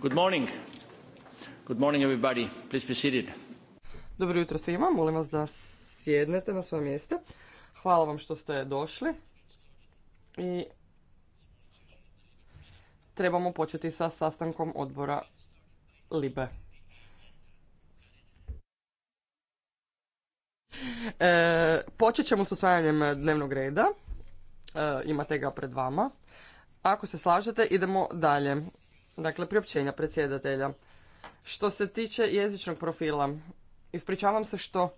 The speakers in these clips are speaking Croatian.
Good morning. Good morning everybody. Please be seated. Dobro jutro svima, molim vas da sjednete na svoje mjesta. Hvala vam što ste došli. I trebamo početi sa sastankom odbora Libe. E, počet ćemo s usvajanjem dnevnog reda. E, imate ga pred vama. Ako se slažete, idemo dalje. Dakle, priopćenja predsjedatelja. Što se tiče jezičnog profila, ispričavam se što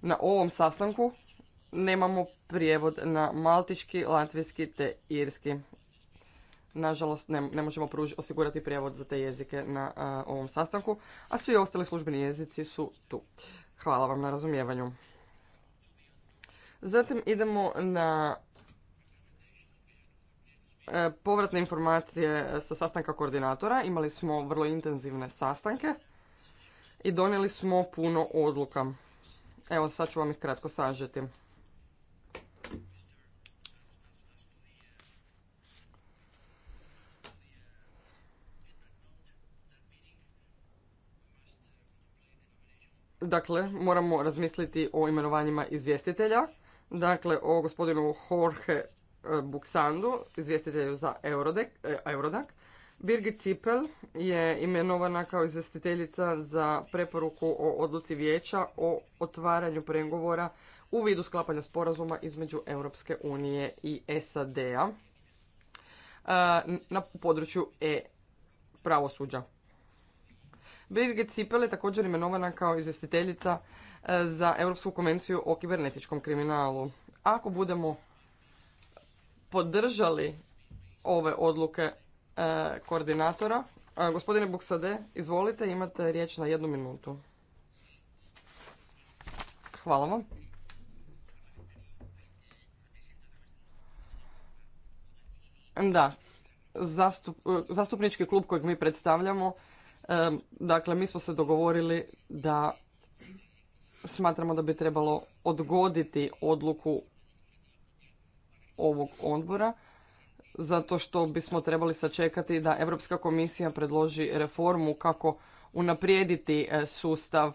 na ovom sastanku nemamo prijevod na maltički, latvijski te irski. Nažalost, ne, možemo osigurati prijevod za te jezike na ovom sastanku, a svi ostali službeni jezici su tu. Hvala vam na razumijevanju. Zatim idemo na E, povratne informacije sa sastanka koordinatora. Imali smo vrlo intenzivne sastanke i donijeli smo puno odluka. Evo sad ću vam ih kratko sažeti. Dakle, moramo razmisliti o imenovanjima izvjestitelja. Dakle, o gospodinu Jorge Buksandu, izvjestitelju za Eurodek, e, Eurodak. Birgit Cipel je imenovana kao izvjestiteljica za preporuku o odluci vijeća o otvaranju pregovora u vidu sklapanja sporazuma između Europske unije i SAD-a e, na području e pravosuđa. Birgit Cipel je također imenovana kao izvjestiteljica e, za Europsku konvenciju o kibernetičkom kriminalu. Ako budemo podržali ove odluke e, koordinatora. E, gospodine Buksade, izvolite, imate riječ na jednu minutu. Hvala vam. Da, e, zastupnički klub kojeg mi predstavljamo, dakle mi smo se dogovorili da smatramo da bi trebalo odgoditi odluku ovog odbora zato što bismo trebali sačekati da Europska komisija predloži reformu kako unaprijediti e, sustav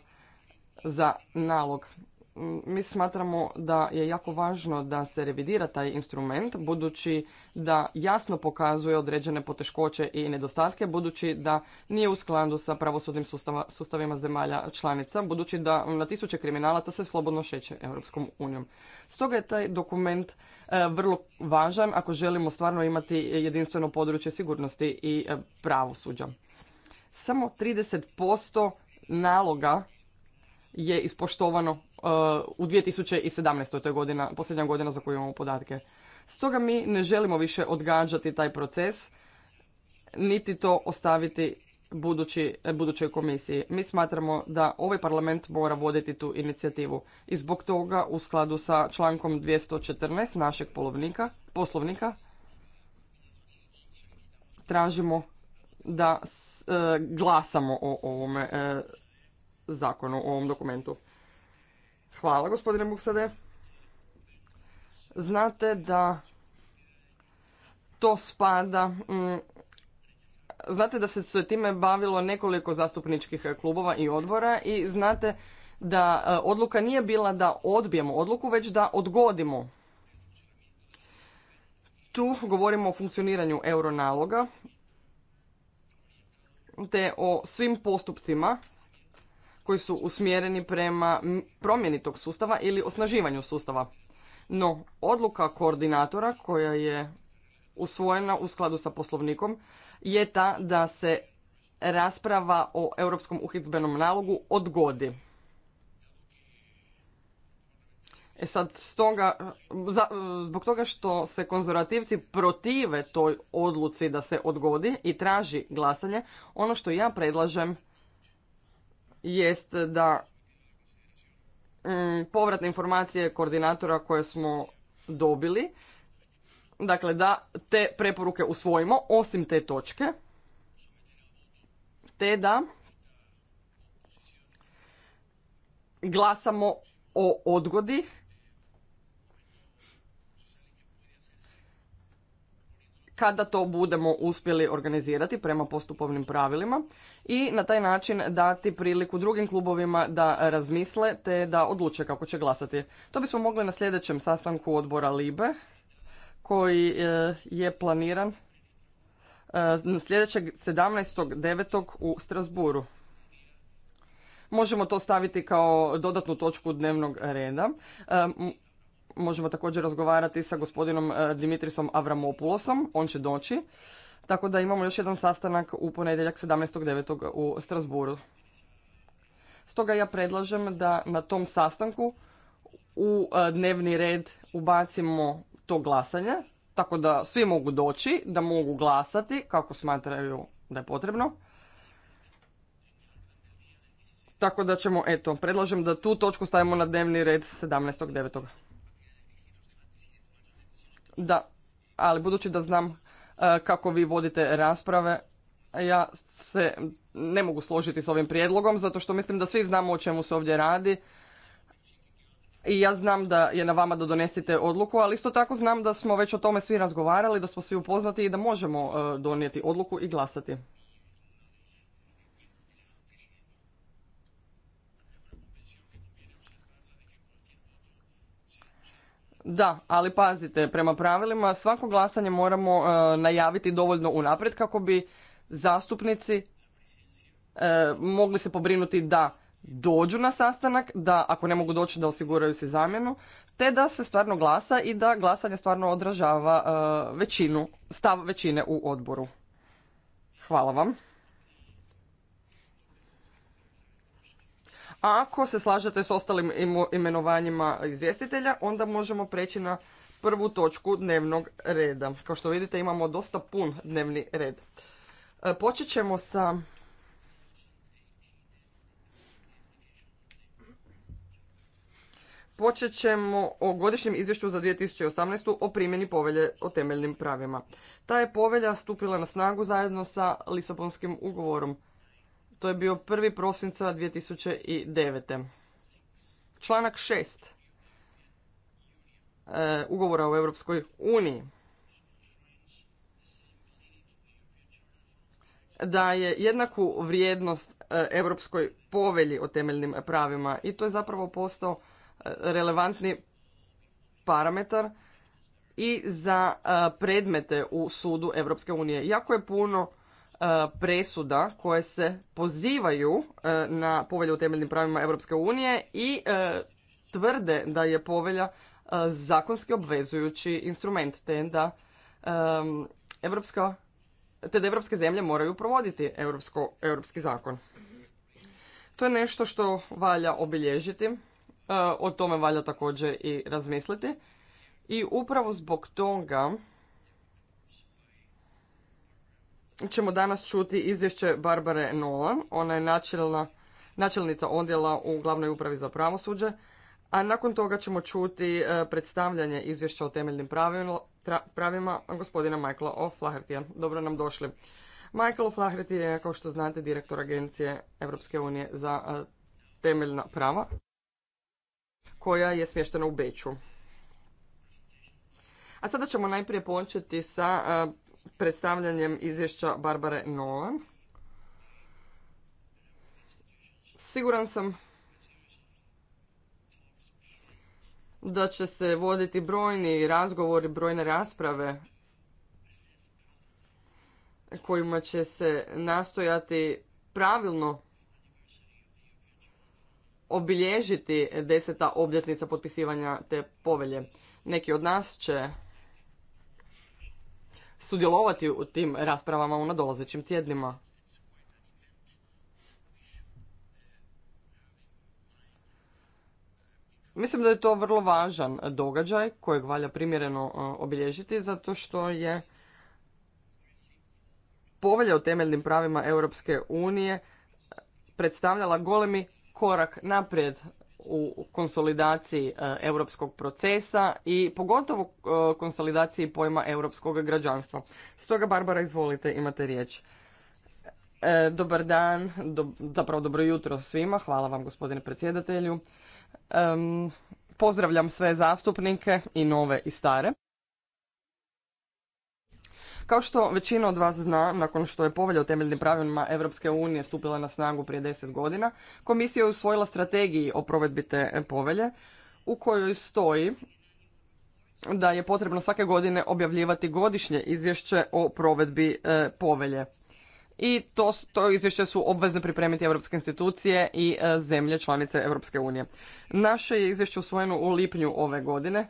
za nalog mi smatramo da je jako važno da se revidira taj instrument budući da jasno pokazuje određene poteškoće i nedostatke budući da nije u skladu sa pravosudnim sustavima zemalja članica budući da na tisuće kriminalaca se slobodno šeće Europskom unijom. Stoga je taj dokument e, vrlo važan ako želimo stvarno imati jedinstveno područje sigurnosti i e, pravosuđa. Samo 30% naloga je ispoštovano uh, u 2017. to je godina, posljednja godina za koju imamo podatke. Stoga mi ne želimo više odgađati taj proces, niti to ostaviti budući, eh, budućoj komisiji. Mi smatramo da ovaj parlament mora voditi tu inicijativu i zbog toga u skladu sa člankom 214 našeg polovnika, poslovnika tražimo da eh, glasamo o ovome eh, zakonu o ovom dokumentu. Hvala gospodine Buksade. Znate da to spada mm, znate da se s time bavilo nekoliko zastupničkih klubova i odbora i znate da e, odluka nije bila da odbijemo odluku, već da odgodimo. Tu govorimo o funkcioniranju euronaloga te o svim postupcima koji su usmjereni prema promjeni tog sustava ili osnaživanju sustava. No, odluka koordinatora koja je usvojena u skladu sa poslovnikom je ta da se rasprava o europskom uhidbenom nalogu odgodi. E sad, stoga, zbog toga što se konzervativci protive toj odluci da se odgodi i traži glasanje, ono što ja predlažem jest da mm, povratne informacije koordinatora koje smo dobili, dakle da te preporuke usvojimo osim te točke, te da glasamo o odgodi kada to budemo uspjeli organizirati prema postupovnim pravilima i na taj način dati priliku drugim klubovima da razmisle te da odluče kako će glasati. To bismo mogli na sljedećem sastanku odbora LIBE koji e, je planiran e, sljedećeg 17.9. u Strasburu. Možemo to staviti kao dodatnu točku dnevnog reda. E, možemo također razgovarati sa gospodinom e, Dimitrisom Avramopulosom, on će doći. Tako da imamo još jedan sastanak u ponedjeljak 17.9. u Strasburu. Stoga ja predlažem da na tom sastanku u e, dnevni red ubacimo to glasanje, tako da svi mogu doći, da mogu glasati kako smatraju da je potrebno. Tako da ćemo, eto, predlažem da tu točku stavimo na dnevni red 17.9. Da, ali budući da znam e, kako vi vodite rasprave, ja se ne mogu složiti s ovim prijedlogom, zato što mislim da svi znamo o čemu se ovdje radi. I ja znam da je na vama da donesete odluku, ali isto tako znam da smo već o tome svi razgovarali, da smo svi upoznati i da možemo e, donijeti odluku i glasati. Da, ali pazite, prema pravilima svako glasanje moramo e, najaviti dovoljno unaprijed kako bi zastupnici e, mogli se pobrinuti da dođu na sastanak, da ako ne mogu doći da osiguraju se zamjenu, te da se stvarno glasa i da glasanje stvarno odražava e, većinu, stav većine u odboru. Hvala vam. ako se slažete s ostalim imenovanjima izvjestitelja, onda možemo preći na prvu točku dnevnog reda. Kao što vidite imamo dosta pun dnevni red. E, počet ćemo sa Počet ćemo o godišnjem izvješću za 2018. o primjeni povelje o temeljnim pravima. Ta je povelja stupila na snagu zajedno sa Lisabonskim ugovorom to je bio 1. prosinca 2009. Članak 6. E, ugovora o Europskoj uniji. da je jednaku vrijednost e, Europskoj povelji o temeljnim pravima i to je zapravo postao e, relevantni parametar i za predmete u sudu Europske unije. Jako je puno E, presuda koje se pozivaju e, na povelju u temeljnim pravima Europske unije i e, tvrde da je povelja zakonski obvezujući instrument te da Europska te da europske zemlje moraju provoditi europski zakon. To je nešto što valja obilježiti, o tome valja također i razmisliti i upravo zbog toga ćemo danas čuti izvješće Barbare Nolan. Ona je načelna, načelnica odjela u glavnoj upravi za pravosuđe. A nakon toga ćemo čuti e, predstavljanje izvješća o temeljnim pravima, tra, pravima gospodina Michaela Flahertija. Dobro nam došli. Michael O'Flaherty je, kao što znate, direktor Agencije Europske unije za e, temeljna prava, koja je smještena u Beću. A sada ćemo najprije početi sa e, predstavljanjem izvješća Barbare Nolan. Siguran sam da će se voditi brojni razgovori, brojne rasprave kojima će se nastojati pravilno obilježiti deseta obljetnica potpisivanja te povelje. Neki od nas će sudjelovati u tim raspravama u nadolazećim tjednima. Mislim da je to vrlo važan događaj kojeg valja primjereno e, obilježiti zato što je povelja o temeljnim pravima Europske unije predstavljala golemi korak naprijed u konsolidaciji e, europskog procesa i pogotovo e, konsolidaciji pojma europskog građanstva. Stoga, Barbara, izvolite, imate riječ. E, dobar dan, zapravo dobro jutro svima, hvala vam gospodine predsjedatelju. pozdravljam sve zastupnike i nove i stare. Kao što većina od vas zna, nakon što je povelja o temeljnim pravilima Europske unije stupila na snagu prije deset godina, komisija je usvojila strategiji o provedbi te povelje u kojoj stoji da je potrebno svake godine objavljivati godišnje izvješće o provedbi e, povelje. I to, to izvješće su obvezne pripremiti europske institucije i e, zemlje članice Europske unije. Naše je izvješće usvojeno u lipnju ove godine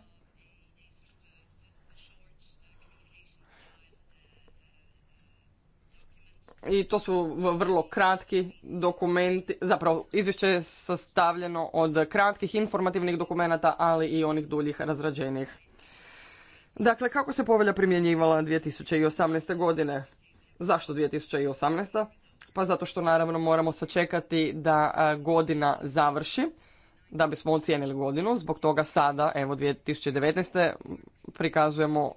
i to su vrlo kratki dokumenti, zapravo izvješće je sastavljeno od kratkih informativnih dokumenata, ali i onih duljih razrađenih. Dakle, kako se povelja primjenjivala 2018. godine? Zašto 2018. Pa zato što naravno moramo sačekati da godina završi, da bismo ocijenili godinu. Zbog toga sada, evo 2019. prikazujemo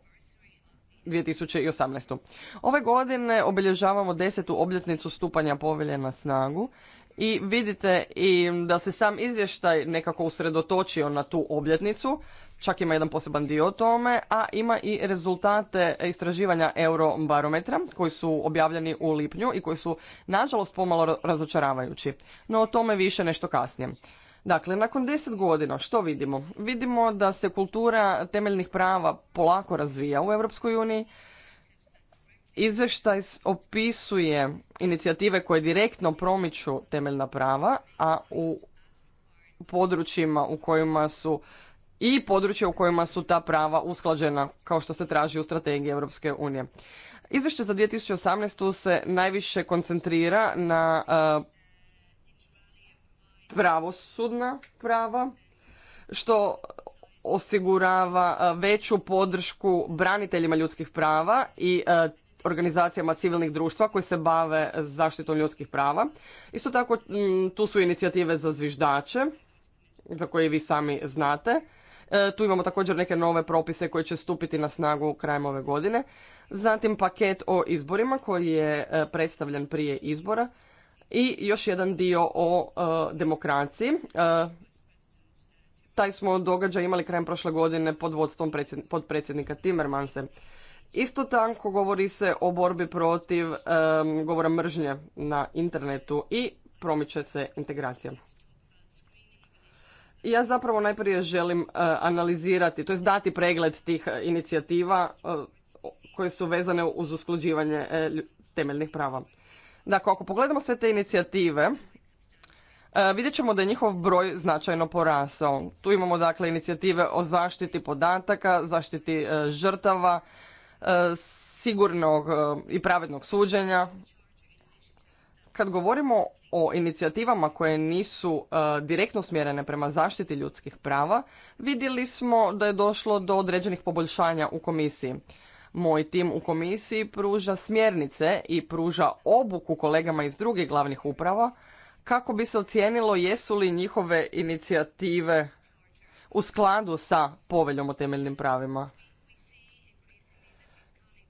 2018. Ove godine obilježavamo desetu obljetnicu stupanja povelje na snagu i vidite i da se sam izvještaj nekako usredotočio na tu obljetnicu, čak ima jedan poseban dio o tome, a ima i rezultate istraživanja Eurobarometra koji su objavljeni u lipnju i koji su nažalost pomalo razočaravajući, no o tome više nešto kasnije. Dakle, nakon deset godina što vidimo? Vidimo da se kultura temeljnih prava polako razvija u Europskoj uniji. Izveštaj opisuje inicijative koje direktno promiču temeljna prava, a u područjima u kojima su i područja u kojima su ta prava usklađena kao što se traži u strategiji Europske unije. Izvješće za 2018. se najviše koncentrira na e, pravosudna prava, što osigurava e, veću podršku braniteljima ljudskih prava i e, organizacijama civilnih društva koji se bave zaštitom ljudskih prava. Isto tako tu su inicijative za zviždače, za koje vi sami znate. E, tu imamo također neke nove propise koje će stupiti na snagu krajem ove godine. Zatim paket o izborima koji je predstavljen prije izbora i još jedan dio o e, demokraciji. E, taj smo događaj imali krajem prošle godine pod vodstvom podpredsjednika Timmermanse. Isto tako govori se o borbi protiv e, govora mržnje na internetu i promiče se integracija. Ja zapravo najprije želim analizirati, to je dati pregled tih inicijativa koje su vezane uz usklađivanje temeljnih prava. Dakle, ako pogledamo sve te inicijative, e, vidjet ćemo da je njihov broj značajno porasao. Tu imamo dakle inicijative o zaštiti podataka, zaštiti e, žrtava, e, sigurnog i pravednog suđenja. Kad govorimo o inicijativama koje nisu direktno smjerene prema zaštiti ljudskih prava, vidjeli smo da je došlo do određenih poboljšanja u komisiji. Moj tim u komisiji pruža smjernice i pruža obuku kolegama iz drugih glavnih uprava kako bi se ocijenilo jesu li njihove inicijative u skladu sa poveljom o temeljnim pravima.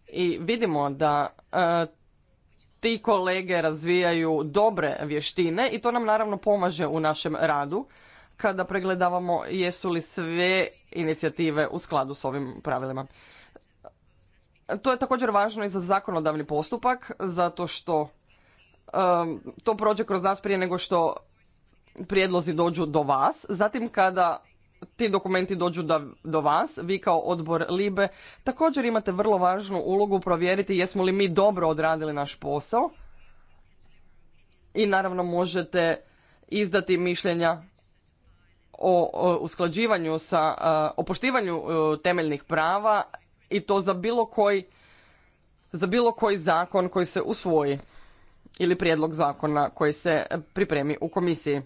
I vidimo da e, ti kolege razvijaju dobre vještine i to nam naravno pomaže u našem radu kada pregledavamo jesu li sve inicijative u skladu s ovim pravilima. To je također važno i za zakonodavni postupak, zato što um, to prođe kroz nas prije nego što prijedlozi dođu do vas. Zatim kada ti dokumenti dođu da, do vas, vi kao odbor LIBE također imate vrlo važnu ulogu provjeriti jesmo li mi dobro odradili naš posao i naravno možete izdati mišljenja o, o usklađivanju sa, uh, o poštivanju uh, temeljnih prava i to za bilo koji za bilo koji zakon koji se usvoji ili prijedlog zakona koji se pripremi u komisiji.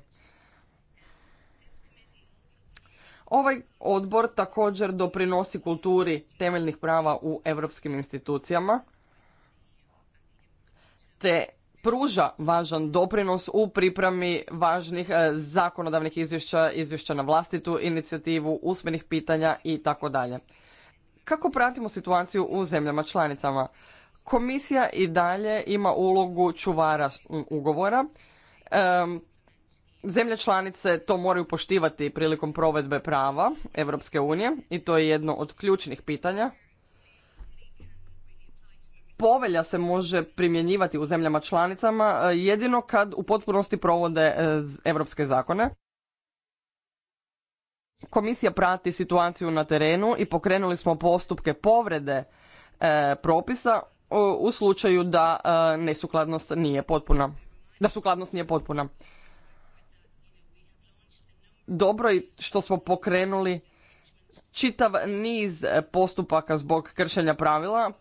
Ovaj odbor također doprinosi kulturi temeljnih prava u europskim institucijama te pruža važan doprinos u pripremi važnih e, zakonodavnih izvješća, izvješća na vlastitu inicijativu, usmenih pitanja i tako dalje. Kako pratimo situaciju u zemljama članicama? Komisija i dalje ima ulogu čuvara ugovora. Zemlje članice to moraju poštivati prilikom provedbe prava Europske unije i to je jedno od ključnih pitanja. Povelja se može primjenjivati u zemljama članicama e, jedino kad u potpunosti provode europske zakone. Komisija prati situaciju na terenu i pokrenuli smo postupke povrede e, propisa e, u, slučaju da e, nesukladnost nije potpuna, da sukladnost nije potpuna. Dobro je što smo pokrenuli čitav niz postupaka zbog kršenja pravila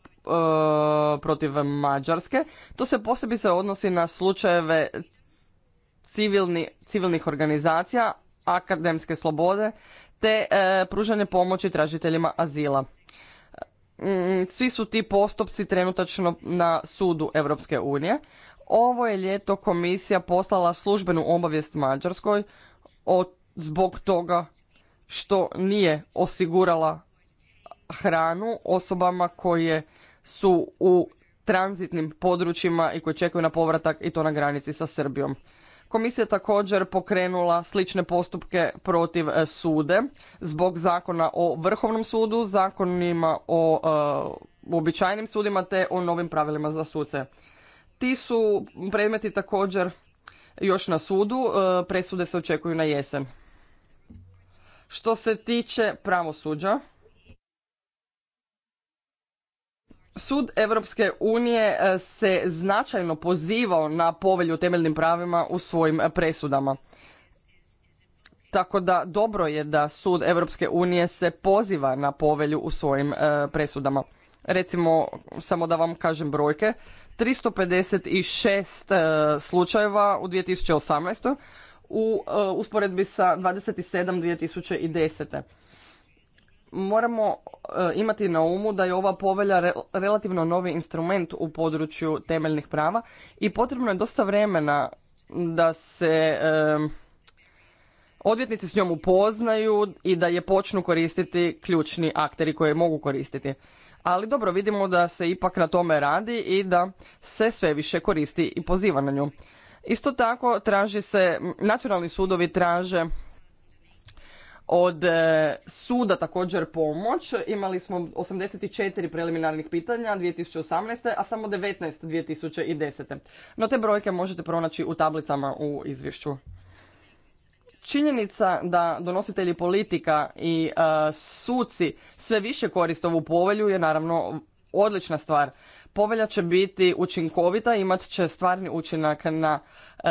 protiv Mađarske. To se posebice odnosi na slučajeve civilnih organizacija, akademske slobode te e, pružanje pomoći tražiteljima azila. Mm, svi su ti postupci trenutačno na sudu Europske unije. Ovo je ljeto komisija poslala službenu obavijest Mađarskoj zbog toga što nije osigurala hranu osobama koje su u tranzitnim područjima i koje čekaju na povratak i to na granici sa Srbijom. Komisija je također pokrenula slične postupke protiv e, sude zbog zakona o Vrhovnom sudu, zakonima o e, uobičajenim sudima te o novim pravilima za suce. Ti su predmeti također još na sudu, e, presude se očekuju na jesen. Što se tiče pravosuđa, Sud Europske unije e, se značajno pozivao na povelju temeljnim pravima u svojim presudama. Tako da dobro je da sud Europske unije se poziva na povelju u svojim e, presudama. Recimo, samo da vam kažem brojke, 356 e, slučajeva u 2018. u usporedbi sa 27 2010 moramo e, imati na umu da je ova povelja relativno novi instrument u području temeljnih prava i potrebno je dosta vremena da se e, odvjetnici s njom upoznaju i da je počnu koristiti ključni akteri koje mogu koristiti. Ali dobro, vidimo da se ipak na tome radi i da se sve više koristi i poziva na nju. Isto tako traži se, nacionalni sudovi traže od e, suda također pomoć. Imali smo 84 preliminarnih pitanja 2018. a samo 19 2010. No te brojke možete pronaći u tablicama u izvješću. Činjenica da donositelji politika i e, suci sve više koriste ovu povelju je naravno odlična stvar povelja će biti učinkovita, imat će stvarni učinak na e,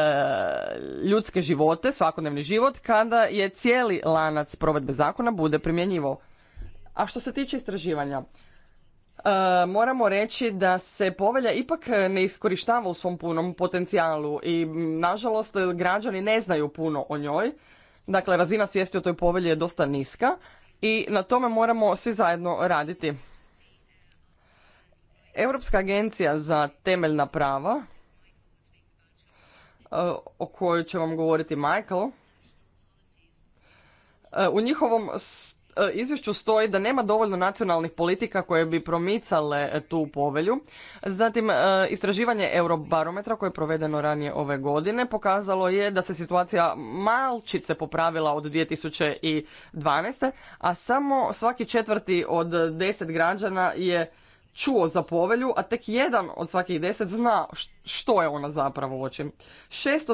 ljudske živote, svakodnevni život, kada je cijeli lanac provedbe zakona bude primjenjivo. A što se tiče istraživanja, e, moramo reći da se povelja ipak ne iskorištava u svom punom potencijalu i nažalost građani ne znaju puno o njoj. Dakle, razina svijesti o toj povelji je dosta niska i na tome moramo svi zajedno raditi. Europska agencija za temeljna prava, e, o kojoj će vam govoriti Michael, e, u njihovom e, izvješću stoji da nema dovoljno nacionalnih politika koje bi promicale tu povelju. Zatim, istraživanje Eurobarometra koje je provedeno ranije ove godine pokazalo je da se situacija malčice popravila od 2012. a samo svaki četvrti od deset građana je čuo za povelju, a tek jedan od svakih deset zna što je ona zapravo oči.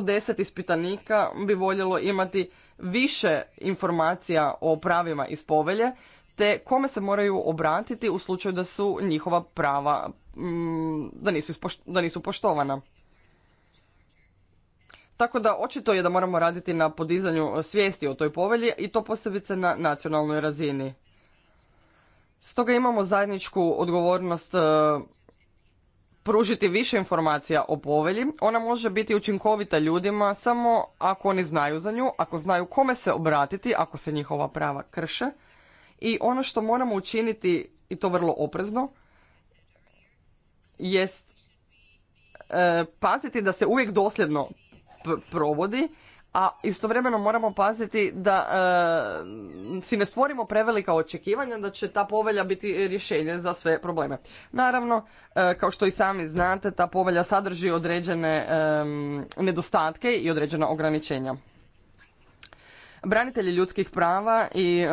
deset ispitanika bi voljelo imati više informacija o pravima iz povelje, te kome se moraju obratiti u slučaju da su njihova prava, mm, da nisu, da nisu poštovana. Tako da očito je da moramo raditi na podizanju svijesti o toj povelji i to posebice na nacionalnoj razini. Stoga imamo zajedničku odgovornost e, pružiti više informacija o povelji. Ona može biti učinkovita ljudima samo ako oni znaju za nju, ako znaju kome se obratiti, ako se njihova prava krše. I ono što moramo učiniti, i to vrlo oprezno, jest e, paziti da se uvijek dosljedno provodi a istovremeno moramo paziti da e, si ne stvorimo prevelika očekivanja da će ta povelja biti rješenje za sve probleme. Naravno, eh, kao što i sami znate, ta povelja sadrži određene eh, nedostatke i određena ograničenja. Branitelji ljudskih prava i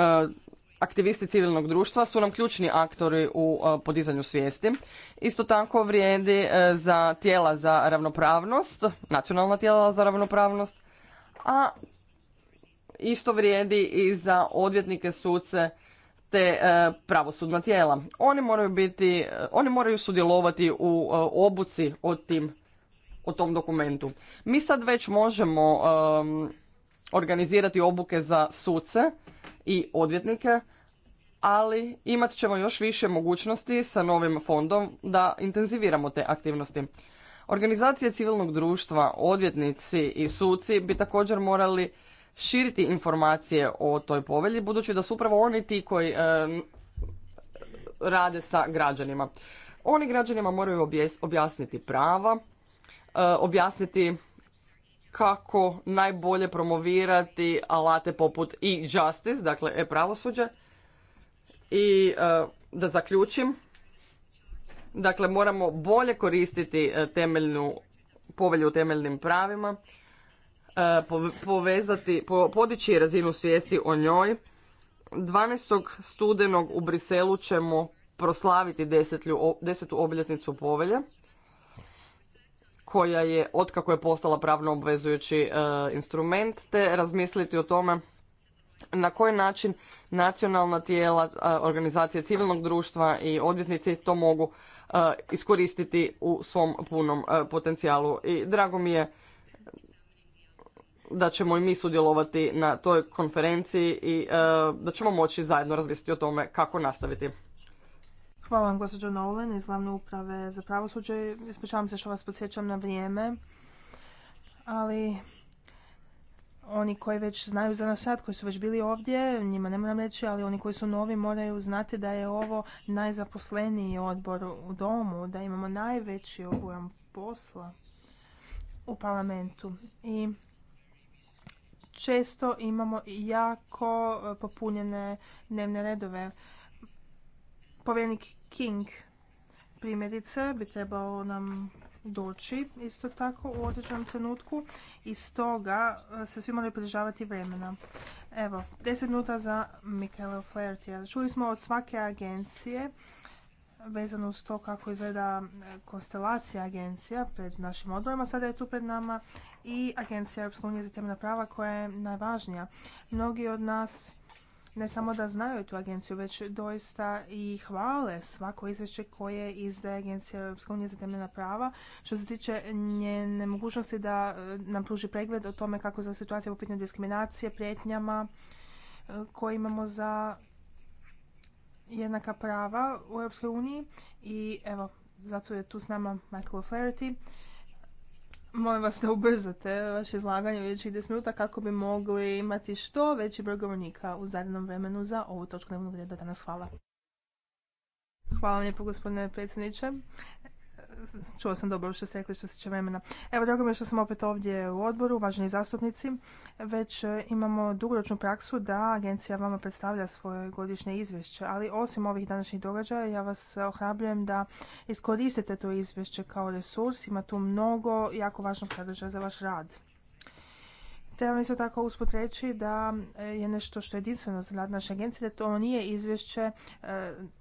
aktivisti civilnog društva su nam ključni aktori u podizanju svijesti. Isto tako vrijedi za tijela za ravnopravnost, nacionalna tijela za ravnopravnost, a isto vrijedi i za odvjetnike, suce te e, pravosudna tijela. Oni moraju, biti, e, moraju sudjelovati u e, obuci o, tom dokumentu. Mi sad već možemo organizirati obuke za suce i odvjetnike, ali imat ćemo još više mogućnosti sa novim fondom da intenziviramo te aktivnosti. Organizacije civilnog društva, odvjetnici i suci bi također morali širiti informacije o toj povelji, budući da su upravo oni ti koji e, rade sa građanima. Oni građanima moraju objasniti prava, e, objasniti kako najbolje promovirati alate poput e-justice, dakle e-pravosuđe. I e, da zaključim, Dakle, moramo bolje koristiti e, temeljnu povelju u temeljnim pravima, e, povezati, podići razinu svijesti o njoj. 12. studenog u Briselu ćemo proslaviti desetlju, desetu obljetnicu povelje koja je, otkako je postala pravno obvezujući e, instrument, te razmisliti o tome na koji način nacionalna tijela, organizacije civilnog društva i odvjetnici to mogu iskoristiti u svom punom potencijalu. I drago mi je da ćemo i mi sudjelovati na toj konferenciji i da ćemo moći zajedno razmisliti o tome kako nastaviti. Hvala vam, gospođo Nolan iz Glavne uprave za pravosuđe. Ispričavam se što vas podsjećam na vrijeme, ali oni koji već znaju za nas rad, koji su već bili ovdje, njima ne moram reći, ali oni koji su novi moraju znati da je ovo najzaposleniji odbor u domu, da imamo najveći obujam posla u parlamentu. I često imamo jako popunjene dnevne redove. Povjerenik King primjerice bi trebao nam doći isto tako u određenom trenutku i stoga e, se svi moraju pridržavati vremena. Evo, 10 minuta za Michaela Flaherty. Čuli smo od svake agencije vezano uz to kako izgleda e, konstelacija agencija pred našim odborima. Sada je tu pred nama i Agencija Europske unije za temeljna prava koja je najvažnija. Mnogi od nas ne samo da znaju tu agenciju, već doista i hvale svako izvješće koje izdaje Agencija Europske unije za temeljna prava što se tiče njene mogućnosti da e, nam pruži pregled o tome kako za situacija po pitanju diskriminacije, prijetnjama e, koje imamo za jednaka prava u Europskoj uniji i evo zato je tu s nama Michael Flaherty Molim vas da ubrzate vaše izlaganje u idućih 10 minuta kako bi mogli imati što veći broj govornika u zadnjem vremenu za ovu točku dnevnog reda danas. Hvala. Hvala vam lijepo gospodine predsjedniče čuo sam dobro što ste rekli što se tiče vremena. Evo, drago mi je što sam opet ovdje u odboru, uvaženi zastupnici. Već e, imamo dugoročnu praksu da agencija vama predstavlja svoje godišnje izvješće, ali osim ovih današnjih događaja ja vas ohrabljujem da iskoristite to izvješće kao resurs. Ima tu mnogo jako važnog sadržaja za vaš rad. Trebam isto tako usput reći da e, je nešto što je jedinstveno za rad naše agencije, da to nije izvješće e,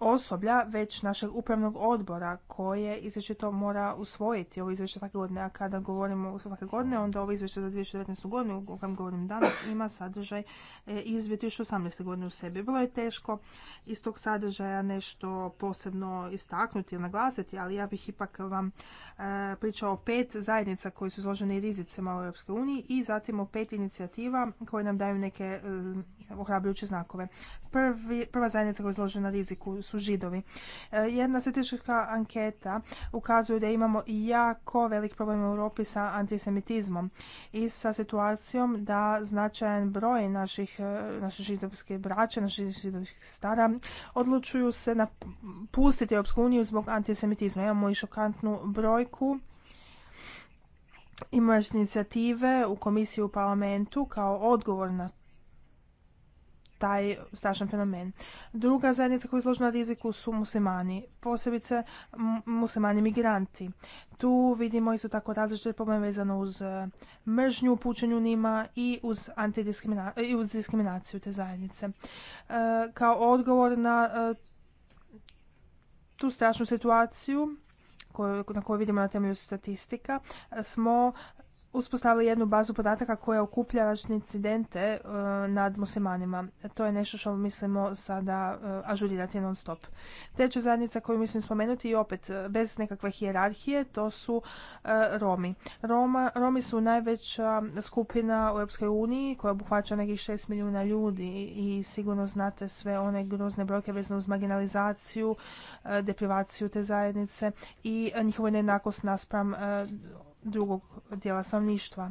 osoblja, već našeg upravnog odbora koje izvješće mora usvojiti. Ovo izvješće svake godine, a kada govorimo svake godine, onda ovo izvješće za 2019. godinu, o kojem govorim danas, ima sadržaj e, iz 2018. godine u sebi. Bilo je teško iz tog sadržaja nešto posebno istaknuti ili naglasiti, ali ja bih ipak vam pričao o pet zajednica koji su izloženi rizicima u EU i zatim o pet inicijativa koje nam daju neke eh, ohrabrujuće znakove. prva zajednica koja je izložena riziku su židovi. Eh, jedna statistička anketa ukazuje da imamo jako velik problem u Europi sa antisemitizmom i sa situacijom da značajan broj naših, eh, naše židovske braće, naših židovskih stara odlučuju se napustiti Europsku uniju zbog antisemitizma. Imamo i šokantnu brojku imaš inicijative u komisiji u parlamentu kao odgovor na taj strašan fenomen. Druga zajednica koja je izložena riziku su muslimani, posebice muslimani migranti. Tu vidimo isto tako različite probleme vezano uz e, mržnju upućenju njima i uz, i uz diskriminaciju te zajednice. E, kao odgovor na e, tu strašnu situaciju koju, na koju vidimo na temelju statistika smo uspostavili jednu bazu podataka koja okuplja incidente e, nad muslimanima. To je nešto što mislimo sada e, ažurirati non stop. Treća zajednica koju mislim spomenuti i opet e, bez nekakve hijerarhije, to su Romi. Roma, Romi su najveća skupina u Europskoj uniji koja obuhvaća nekih 6 milijuna ljudi i sigurno znate sve one grozne brojke vezane uz marginalizaciju, deprivaciju te zajednice i njihovu nejednakost naspram drugog dijela stanovništva.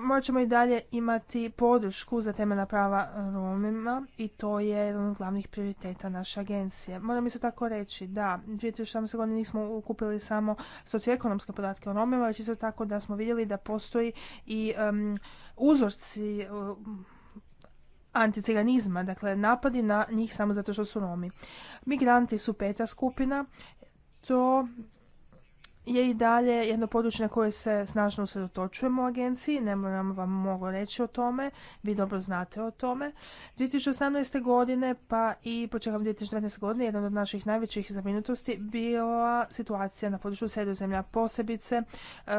Morat i dalje imati podršku za temeljna prava Romima i to je jedan od glavnih prioriteta naše agencije. Moram isto tako reći da 2017. godine nismo ukupili samo socioekonomske podatke o Romima, već isto tako da smo vidjeli da postoji i uzorci anticiganizma, dakle napadi na njih samo zato što su Romi. Migranti su peta skupina, to je i dalje jedno područje na koje se snažno usredotočujemo u agenciji, ne moram vam mogu reći o tome, vi dobro znate o tome. 2018. godine pa i početkom 2019. godine jedan od naših najvećih zabrinutosti bila situacija na području sredozemlja, posebice e,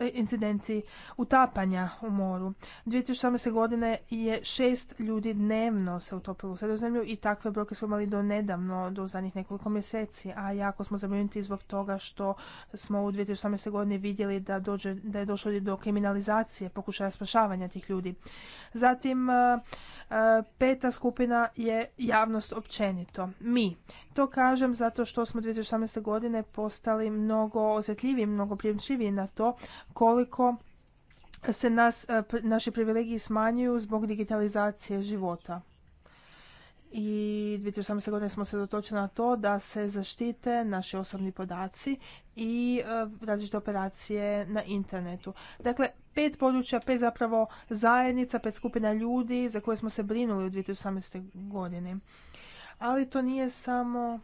e, incidenti utapanja u moru. 2018. godine je šest ljudi dnevno se utopilo u sredozemlju i takve broke smo imali do nedavno, do zadnjih nekoliko mjeseci, a jako smo zabrinuti zbog toga što smo u 2018. godini vidjeli da, dođe, da je došlo do kriminalizacije pokušaja spašavanja tih ljudi. Zatim, e, e, peta skupina je javnost općenito. Mi. To kažem zato što smo 2018. godine postali mnogo osjetljiviji, mnogo prijemčiviji na to koliko se nas, e, naši privilegiji smanjuju zbog digitalizacije života i 2018. godine smo se dotočili na to da se zaštite naši osobni podaci i e, različite operacije na internetu. Dakle, pet područja, pet zapravo zajednica, pet skupina ljudi za koje smo se brinuli u 2018. godini. Ali to nije samo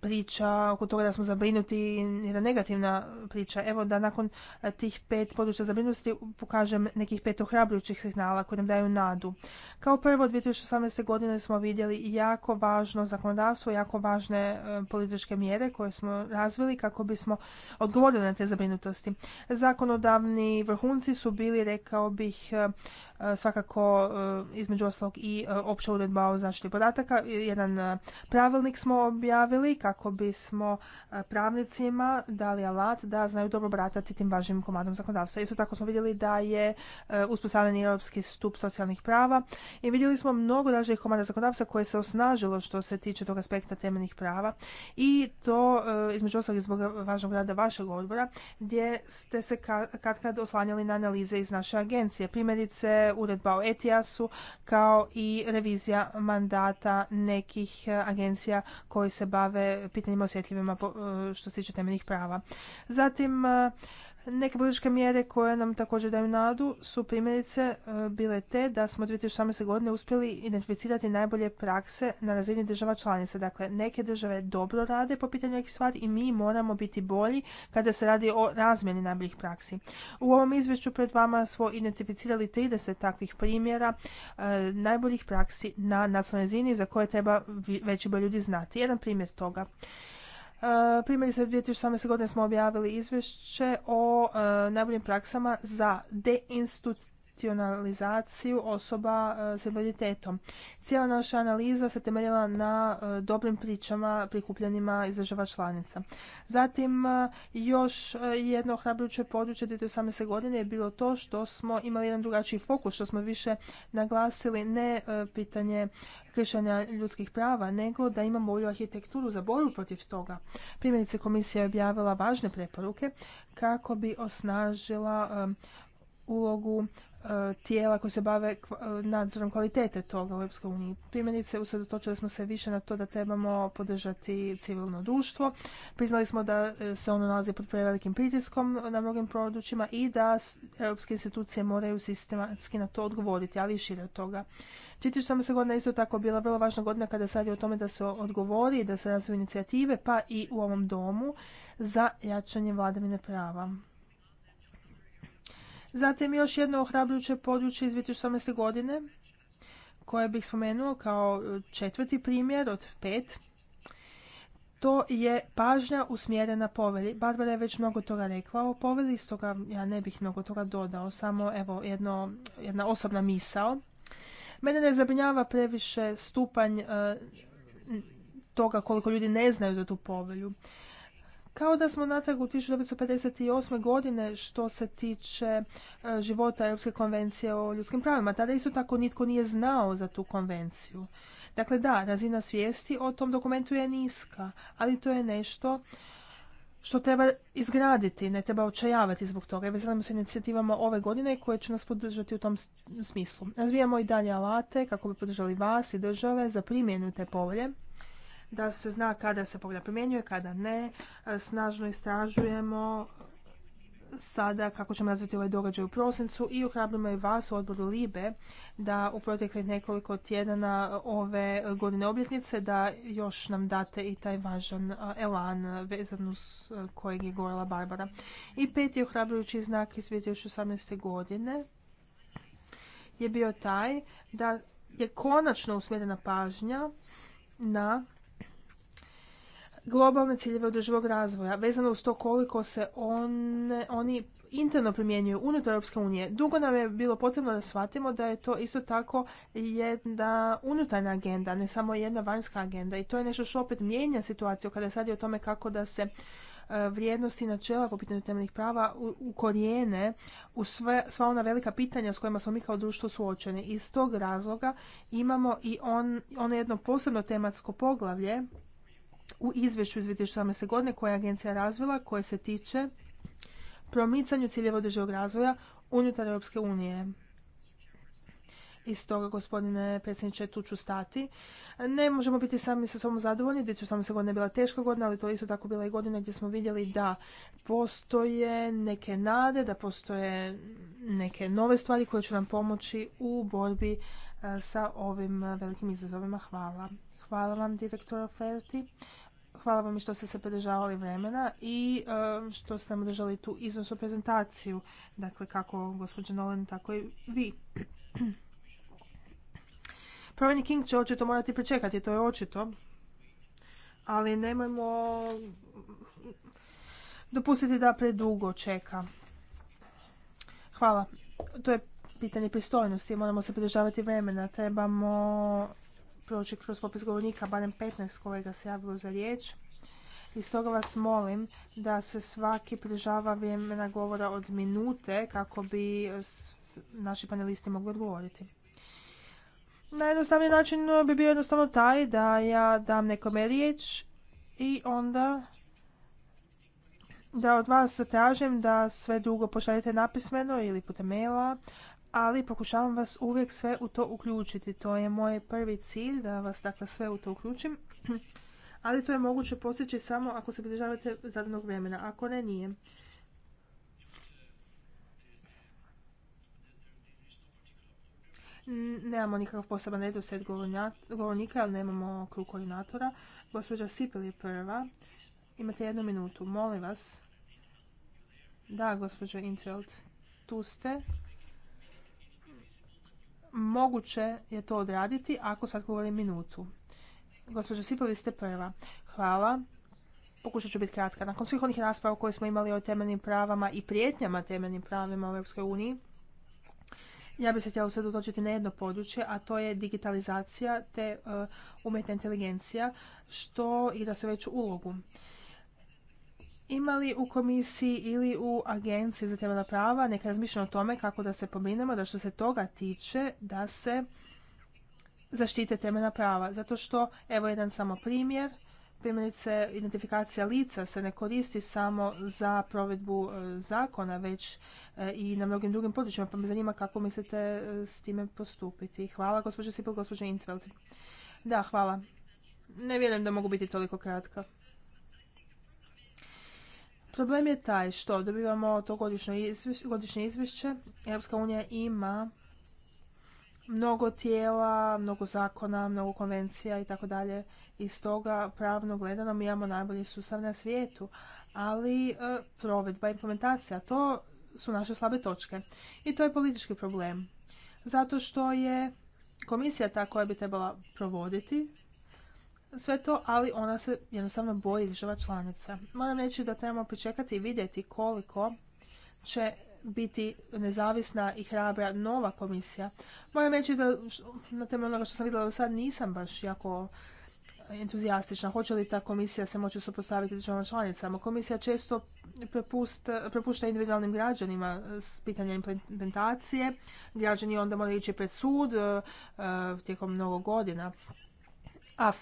priča oko toga da smo zabrinuti jedna negativna priča. Evo da nakon e, tih pet područja zabrinutosti pokažem nekih pet ohrabrujućih signala koji nam daju nadu. Kao prvo 2018. godine smo vidjeli jako važno zakonodavstvo, jako važne e, političke mjere koje smo razvili kako bismo odgovorili na te zabrinutosti. Zakonodavni vrhunci su bili, rekao bih, e, E, svakako e, između ostalog i e, opća uredba o zaštiti podataka. Jedan pravilnik smo objavili kako bismo pravnicima dali alat da znaju dobro bratati tim važnim komadom zakonodavstva. Isto tako smo vidjeli da je uspostavljen europski stup socijalnih prava i vidjeli smo mnogo različitih komada zakonodavstva koje se osnažilo što se tiče tog aspekta temeljnih prava i to između ostalog zbog važnog rada vašeg odbora gdje ste se katkad oslanjali na analize iz naše agencije. Primjerice uredba o ETIAS-u kao i revizija mandata nekih e, agencija koji se bave pitanjima osjetljivima e, što se tiče temeljnih prava. Zatim e, Neke političke mjere koje nam također daju nadu su primjerice e, bile te da smo 2018. godine uspjeli identificirati najbolje prakse na razini država članica. Dakle, neke države dobro rade po pitanju nekih stvari i mi moramo biti bolji kada se radi o razmjeni najboljih praksi. U ovom izvješću pred vama smo identificirali 30 takvih primjera e, najboljih praksi na nacionalnoj razini za koje treba veći broj ljudi znati. Jedan primjer toga E, primjerice, 2018. godine smo objavili izvješće o e, najboljim praksama za deinstitucionalizaciju institucionalizaciju osoba e, s invaliditetom. Cijela naša analiza se temeljila na e, dobrim pričama prikupljenima iz država članica. Zatim, e, još jedno ohrabrujuće područje 2018. godine je bilo to što smo imali jedan drugačiji fokus, što smo više naglasili ne pitanje kršenja ljudskih prava, nego da imamo bolju arhitekturu za borbu protiv toga. Primjerice, komisija je objavila važne preporuke kako bi osnažila ulogu E, tijela koji se bave e, nadzorom kvalitete toga u EU. uniji. Primjerice, usredotočili smo se više na to da trebamo podržati civilno društvo. Priznali smo da e, se ono nalazi pod prevelikim pritiskom na mnogim područjima i da europske institucije moraju sistematski na to odgovoriti, ali i šire od toga. se godina isto tako bila vrlo važna godina kada se radi o tome da se odgovori i da se razvoju inicijative, pa i u ovom domu, za jačanje vladavine prava. Zatim još jedno ohrabrujuće područje iz 2018. godine koje bih spomenuo kao e, četvrti primjer od pet. To je pažnja usmjerena poveli. Barbara je već mnogo toga rekla o poveli, stoga ja ne bih mnogo toga dodao, samo evo jedno, jedna osobna misao. Mene ne zabrinjava previše stupanj e, toga koliko ljudi ne znaju za tu povelju. Kao da smo natrag u 1958. godine što se tiče e, života Europske konvencije o ljudskim pravima. Tada isto tako nitko nije znao za tu konvenciju. Dakle, da, razina svijesti o tom dokumentu je niska, ali to je nešto što treba izgraditi, ne treba očajavati zbog toga. I veselimo se inicijativama ove godine koje će nas podržati u tom smislu. Razvijamo i dalje alate kako bi podržali vas i države za primjenu te povolje da se zna kada se pogleda primjenjuje, kada ne. E, snažno istražujemo sada kako ćemo razviti ovaj događaj u prosincu i ohrabrimo i vas u odboru Libe da u proteklih nekoliko tjedana ove godine obljetnice da još nam date i taj važan elan vezan uz e, kojeg je govorila Barbara. I peti ohrabrujući znak iz 2018. godine je bio taj da je konačno usmjerena pažnja na globalne ciljeve održivog razvoja, vezano uz to koliko se oni interno primjenjuju unutar Europske unije. Dugo nam je bilo potrebno da shvatimo da je to isto tako jedna unutarnja agenda, ne samo jedna vanjska agenda. I to je nešto što opet mijenja situaciju kada se radi o tome kako da se e, vrijednosti i načela po pitanju temeljnih prava ukorijene u sve, sva ona velika pitanja s kojima smo mi kao društvo suočeni. Iz tog razloga imamo i on, ono jedno posebno tematsko poglavlje u izvješću iz se godine koja je agencija razvila koje se tiče promicanju ciljeva održivog razvoja unutar Europske unije. I stoga, gospodine predsjedniče, tu ću stati. Ne možemo biti sami sa sobom zadovoljni, 2018. godina je bila teška godina, ali to je isto tako bila i godina gdje smo vidjeli da postoje neke nade, da postoje neke nove stvari koje će nam pomoći u borbi eh, sa ovim eh, velikim izazovima. Hvala. Hvala vam, direktor Oferti. Hvala vam što ste se pridržavali vremena i e, što ste nam držali tu iznosu prezentaciju. Dakle, kako gospođa Nolan, tako i vi. Praveni King će očito morati pričekati, to je očito. Ali nemojmo dopustiti da predugo čeka. Hvala. To je pitanje pristojnosti. Moramo se pridržavati vremena. Trebamo proći kroz popis govornika, barem 15 kolega se javilo za riječ. I stoga vas molim da se svaki prižava vremena govora od minute kako bi naši panelisti mogli odgovoriti. Najjednostavniji način bi bio jednostavno taj da ja dam nekome riječ i onda da od vas zatražim da sve drugo pošaljete napismeno ili putem maila ali pokušavam vas uvijek sve u to uključiti. To je moj prvi cilj, da vas dakle sve u to uključim. Ali to je moguće postići samo ako se pridržavate zadanog vremena. Ako ne, nije. Nemamo nikakav poseban redoslijed govornika, ali nemamo krug koordinatora. Gospođa Sipel je prva. Imate jednu minutu, molim vas. Da, gospođo Intveld, tu ste moguće je to odraditi ako sad govorim minutu. Gospođo Sipovi ste prva. Hvala. Pokušat ću biti kratka. Nakon svih onih rasprava koje smo imali o temeljnim pravama i prijetnjama temeljnim pravima u EU, ja bih se htjela usredotočiti na jedno područje, a to je digitalizacija te e, umjetna inteligencija, što igra sve veću ulogu. Ima li u komisiji ili u agenciji za temeljna prava neka razmišljena o tome kako da se pominemo, da što se toga tiče da se zaštite temeljna prava? Zato što, evo jedan samo primjer, primjerice identifikacija lica se ne koristi samo za provedbu e, zakona, već e, i na mnogim drugim područjima, pa me zanima kako mislite e, s time postupiti. Hvala, gospođo Sipil, gospođo Intveld. Da, hvala. Ne vjerujem da mogu biti toliko kratka. Problem je taj što dobivamo to godišnje izvješće. Europska unija ima mnogo tijela, mnogo zakona, mnogo konvencija i tako dalje. I stoga pravno gledano mi imamo najbolji sustav na svijetu, ali e, provedba, implementacija, to su naše slabe točke. I to je politički problem. Zato što je komisija ta koja bi trebala provoditi sve to, ali ona se jednostavno boji država članica. Moram reći da trebamo pričekati i vidjeti koliko će biti nezavisna i hrabra nova komisija. Moram reći da na temelju onoga što sam vidjela do sad nisam baš jako entuzijastična. Hoće li ta komisija se moći suprotstaviti državama članicama? Komisija često prepust, prepušta individualnim građanima e, s pitanja implementacije. Građani onda moraju ići pred sud e, e, tijekom mnogo godina. A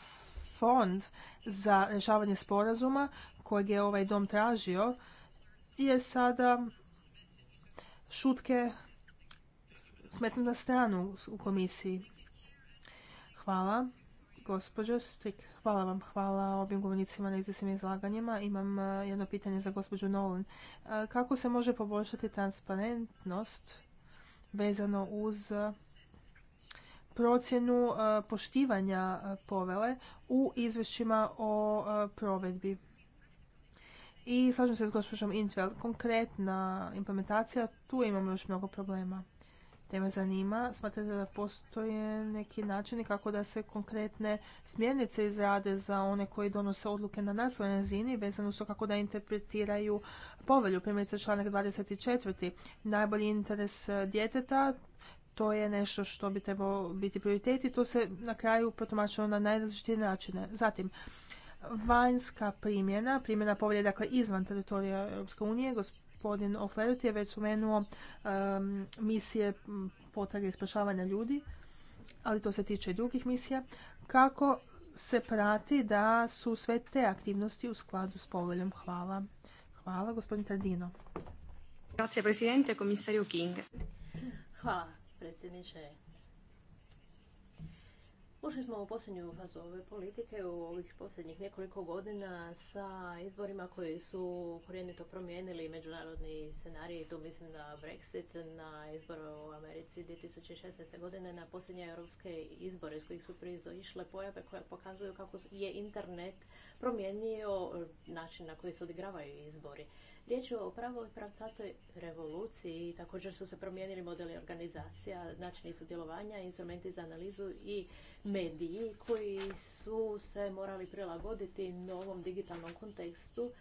fond za rješavanje sporazuma kojeg je ovaj dom tražio je sada šutke smetnu na stranu u komisiji. Hvala. Gospođo Strik, hvala vam, hvala ovim govornicima na izvjesnim izlaganjima. Imam eh, jedno pitanje za gospođu Nolan. Eh, kako se može poboljšati transparentnost vezano uz procjenu e, poštivanja e, povele u izvješćima o e, provedbi. I slažem se s gospođom Intveld, konkretna implementacija, tu imamo još mnogo problema. Te me zanima, smatrate da postoje neki načini kako da se konkretne smjernice izrade za one koji donose odluke na nacionalnoj razini vezano su kako da interpretiraju povelju, primjerice članak 24. Najbolji interes djeteta to je nešto što bi trebalo biti prioritet i to se na kraju protumačilo na najrazličitije načine. Zatim, vanjska primjena, primjena povelje dakle izvan teritorija Europske unije, gospodin Oflerut je već spomenuo um, misije potrage i spašavanja ljudi, ali to se tiče i drugih misija, kako se prati da su sve te aktivnosti u skladu s poveljom. Hvala. Hvala, gospodin Tardino. Grazie, presidente, King. Hvala predsjedniče. Ušli smo u posljednju fazu ove politike u ovih posljednjih nekoliko godina sa izborima koji su korijenito promijenili međunarodni scenarij, tu mislim na Brexit, na izbor u Americi 2016. godine, na posljednje europske izbore s kojih su prizoišle pojave koje pokazuju kako je internet promijenio način na koji se odigravaju izbori. Riječ je o pravoj pravcatoj revoluciji i također su se promijenili modeli organizacija, načini sudjelovanja, instrumenti za analizu i mediji koji su se morali prilagoditi novom digitalnom kontekstu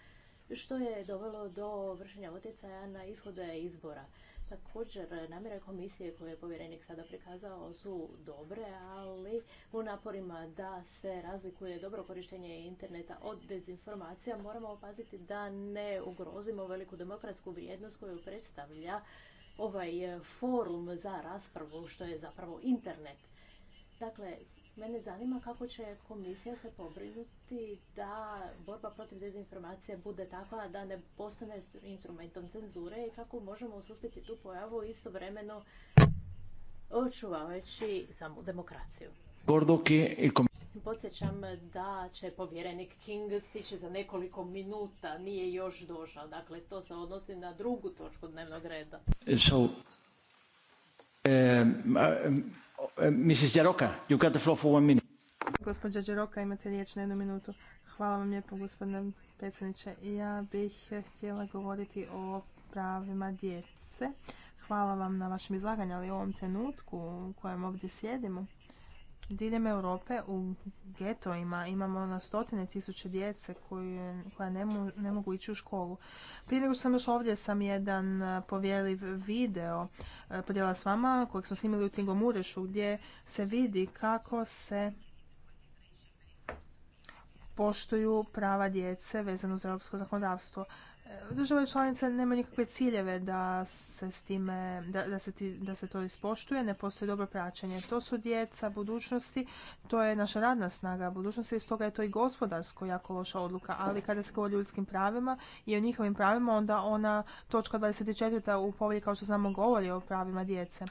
što je dovelo do vršenja utjecaja na ishode izbora. Također, namjere komisije koje je povjerenik sada prikazao su dobre, ali u naporima da se razlikuje dobro korištenje interneta od dezinformacija moramo opaziti da ne ugrozimo veliku demokratsku vrijednost koju predstavlja ovaj forum za raspravu što je zapravo internet. Dakle, Mene zanima kako će komisija se pobrinuti da borba protiv dezinformacije bude takva da ne postane instrumentom cenzure i kako možemo osustiti tu pojavu istovremeno očuvajući samu demokraciju. Podsjećam da će povjerenik King stići za nekoliko minuta, nije još došao. Dakle, to se odnosi na drugu točku dnevnog reda. Eh, Eh, Mrs. Jaroka, you got the floor for one minute. imate riječ na jednu minutu. Hvala vam lijepo, gospodine predsjedniče. Ja bih eh, htjela govoriti o pravima djece. Hvala vam na vašem izlaganju, ali u ovom trenutku u kojem ovdje sjedimo, diljem Europe u getoima imamo na stotine tisuće djece koja ne, mogu ići u školu. Prije nego sam još ovdje sam jedan povijeliv video podijela s vama kojeg smo snimili u urešu, gdje se vidi kako se poštuju prava djece vezano za europsko zakonodavstvo države članice nemaju nikakve ciljeve da se s time, da, da, se da se to ispoštuje, ne postoji dobro praćenje. To su djeca budućnosti, to je naša radna snaga budućnosti i stoga je to i gospodarsko jako loša odluka. Ali kada se govori o ljudskim pravima i o njihovim pravima, onda ona točka 24. u povijek, kao što znamo govori o pravima djece.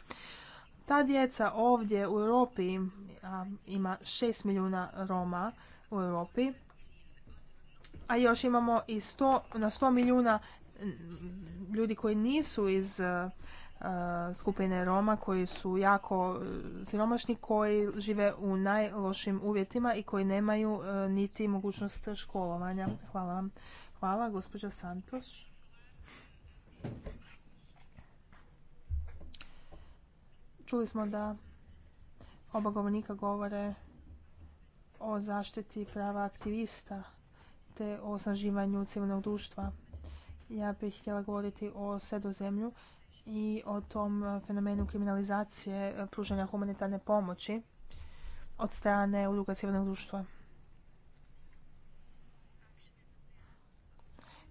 Ta djeca ovdje u Europi, ima 6 milijuna Roma u Europi, a još imamo i na 100 milijuna ljudi koji nisu iz e, skupine Roma koji su jako e, siromašni, koji žive u najlošim uvjetima i koji nemaju e, niti mogućnost školovanja. Hvala vam. Hvala, gospođa Santos. Čuli smo da oba govornika govore o zaštiti prava aktivista te o osnaživanju civilnog društva. Ja bih htjela govoriti o sredozemlju i o tom fenomenu kriminalizacije pružanja humanitarne pomoći od strane udruga civilnog društva.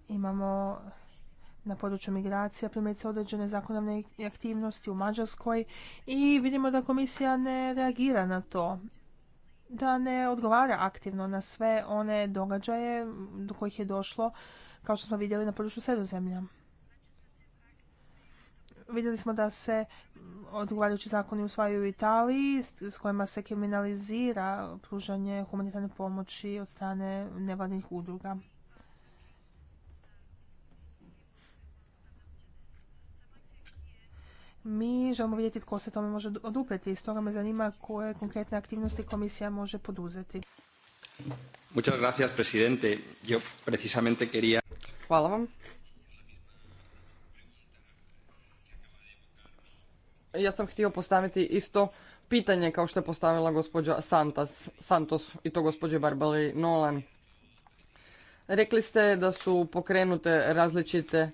Imamo na području migracija primjerice određene zakonodavne aktivnosti u Mađarskoj i vidimo da komisija ne reagira na to da ne odgovara aktivno na sve one događaje do kojih je došlo, kao što smo vidjeli na području sredozemlja. Vidjeli smo da se odgovarajući zakoni usvajaju u Italiji s kojima se kriminalizira pružanje humanitarne pomoći od strane nevladnih udruga. mi želimo vidjeti tko se tome može odupeti i stoga me zanima koje konkretne aktivnosti komisija može poduzeti. Hvala vam. Ja sam htio postaviti isto pitanje kao što je postavila gospođa Santos i to gospođe Barbali Nolan. Rekli ste da su pokrenute različite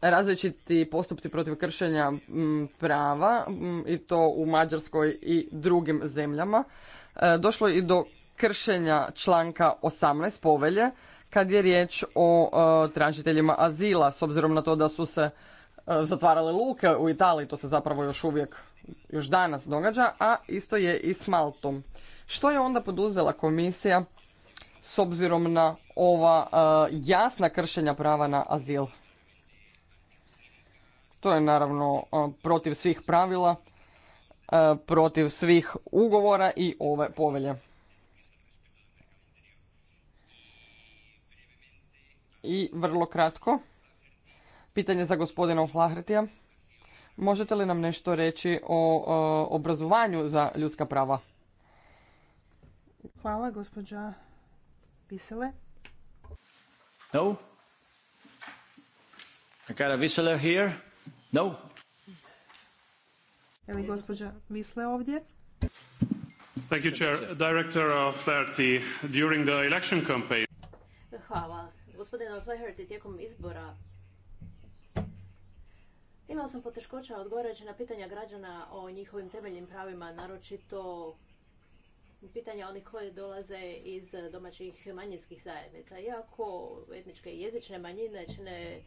različiti postupci protiv kršenja mm, prava mm, i to u Mađarskoj i drugim zemljama. E, došlo je i do kršenja članka 18 povelje kad je riječ o e, tražiteljima azila s obzirom na to da su se e, zatvarale luke u Italiji, to se zapravo još uvijek još danas događa, a isto je i s Maltom. Što je onda poduzela komisija s obzirom na ova jasna kršenja prava na azil? To je naravno e, protiv svih pravila, e, protiv svih ugovora i ove povelje. I vrlo kratko, pitanje za gospodina Flahertija. Možete li nam nešto reći o, e, obrazovanju za ljudska prava? Hvala, gospođa Visele. No? Visele here. No. Je li gospođa misle ovdje? Thank you, Chair. Director Flaherty, during the election campaign... Hvala. Gospodine Flaherty, tijekom izbora Imao sam poteškoća odgovarajući na pitanja građana o njihovim temeljnim pravima, naročito pitanja onih koje dolaze iz domaćih manjinskih zajednica. Iako etničke i jezične manjine čine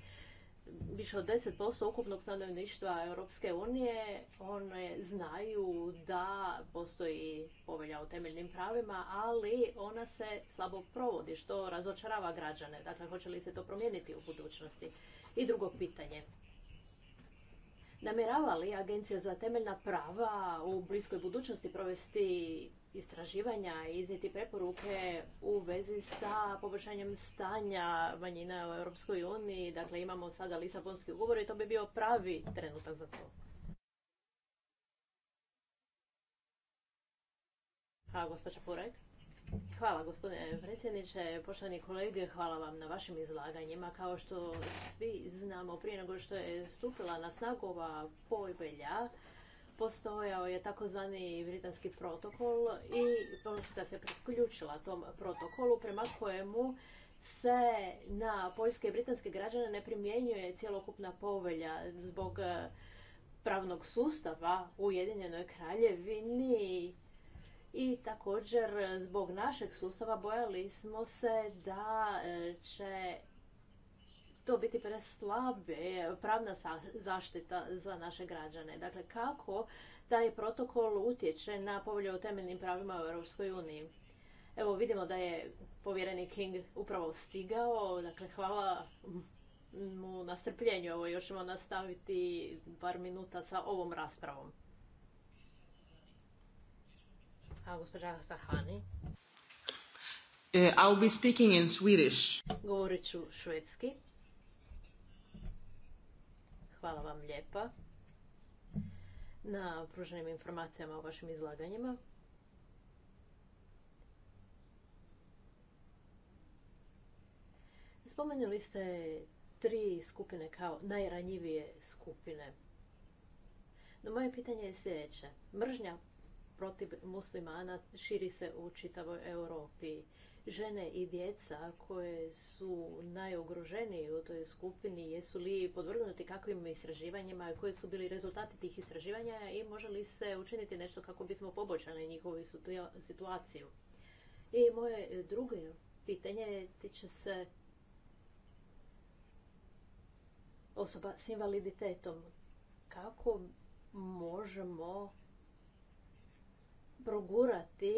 više od 10% ukupnog stanovništva Europske unije, one znaju da postoji povelja o temeljnim pravima, ali ona se slabo provodi, što razočarava građane. Dakle, hoće li se to promijeniti u budućnosti? I drugo pitanje. Namjerava li Agencija za temeljna prava u bliskoj budućnosti provesti istraživanja i izniti preporuke u vezi sa poboljšanjem stanja manjina u Europskoj uniji. Dakle, imamo sada Lisabonski ugovor i to bi bio pravi trenutak za to. A, gospođa Hvala gospodine predsjedniče, poštovani kolege, hvala vam na vašim izlaganjima. Kao što svi znamo, prije nego što je stupila na snagu ova povelja, postojao je takozvani britanski protokol i Poljska se priključila tom protokolu prema kojemu se na poljske i britanske građane ne primjenjuje cjelokupna povelja zbog eh, pravnog sustava u Ujedinjenoj kraljevini i također zbog našeg sustava bojali smo se da eh, će to biti preslabe pravna zaštita za naše građane. Dakle, kako taj protokol utječe na povolje o temeljnim pravima u Europskoj uniji? Evo, vidimo da je povjereni King upravo stigao. Dakle, hvala mu na strpljenju. Evo, još ćemo nastaviti par minuta sa ovom raspravom. A gospođa Sahani. Uh, I'll be speaking in Swedish. Govorit ću švedski. Hvala vam lijepa na pruženim informacijama o vašim izlaganjima. Spomenuli ste tri skupine kao najranjivije skupine. No moje pitanje je sljedeće. Mržnja protiv muslimana širi se u čitavoj Europi žene i djeca koje su najugroženiji u toj skupini, jesu li podvrgnuti kakvim istraživanjima, koji su bili rezultati tih istraživanja i može li se učiniti nešto kako bismo poboljšali njihovu situaciju. I moje drugo pitanje tiče se osoba s invaliditetom. Kako možemo progurati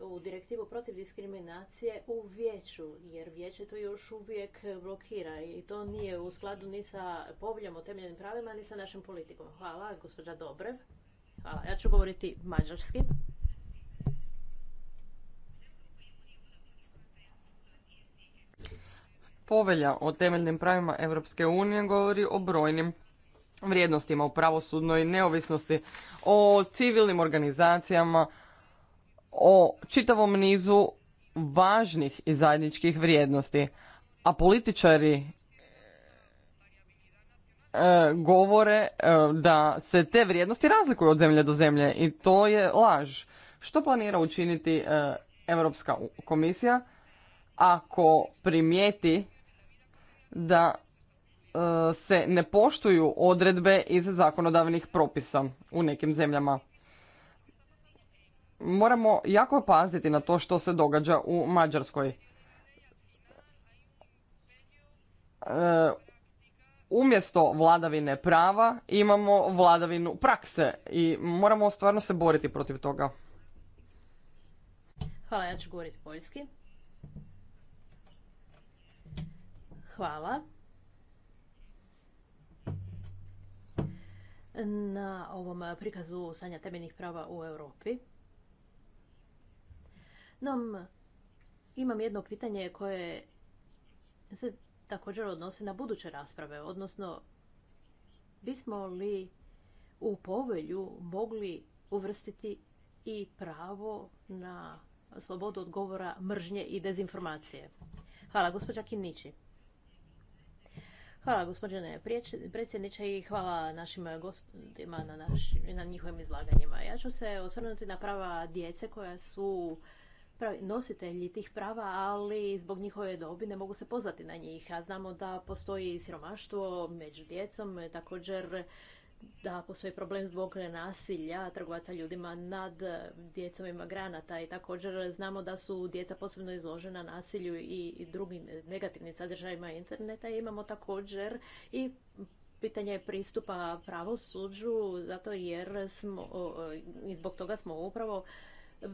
u direktivu protiv diskriminacije u vijeću, jer vijeće to još uvijek blokira i to nije u skladu ni sa poveljom o temeljnim pravima ni sa našim politikom. Hvala, gospođa Dobrev. Hvala, ja ću govoriti mađarski. Povelja o temeljnim pravima Europske unije govori o brojnim vrijednostima u pravosudnoj neovisnosti, o civilnim organizacijama, o čitavom nizu važnih i zajedničkih vrijednosti, a političari e, govore e, da se te vrijednosti razlikuju od zemlje do zemlje i to je laž. Što planira učiniti e, Europska komisija ako primijeti da se ne poštuju odredbe iz zakonodavnih propisa u nekim zemljama? moramo jako paziti na to što se događa u Mađarskoj. E, umjesto vladavine prava imamo vladavinu prakse i moramo stvarno se boriti protiv toga. Hvala, ja ću govoriti poljski. Hvala. Na ovom prikazu sanja temeljnih prava u Europi. No, imam jedno pitanje koje se također odnosi na buduće rasprave, odnosno bismo li u povelju mogli uvrstiti i pravo na slobodu odgovora mržnje i dezinformacije. Hvala, gospođa Kinnići. Hvala, gospodine predsjedniče i hvala našim gospodima na, na njihovim izlaganjima. Ja ću se osvrnuti na prava djece koja su nositelji tih prava, ali zbog njihove dobi ne mogu se pozvati na njih. A znamo da postoji siromaštvo među djecom, također da postoji problem zbog nasilja trgovaca ljudima nad djecom imigranata i također znamo da su djeca posebno izložena nasilju i drugim negativnim sadržajima interneta i imamo također i pitanje pristupa pravosuđu zato jer smo i zbog toga smo upravo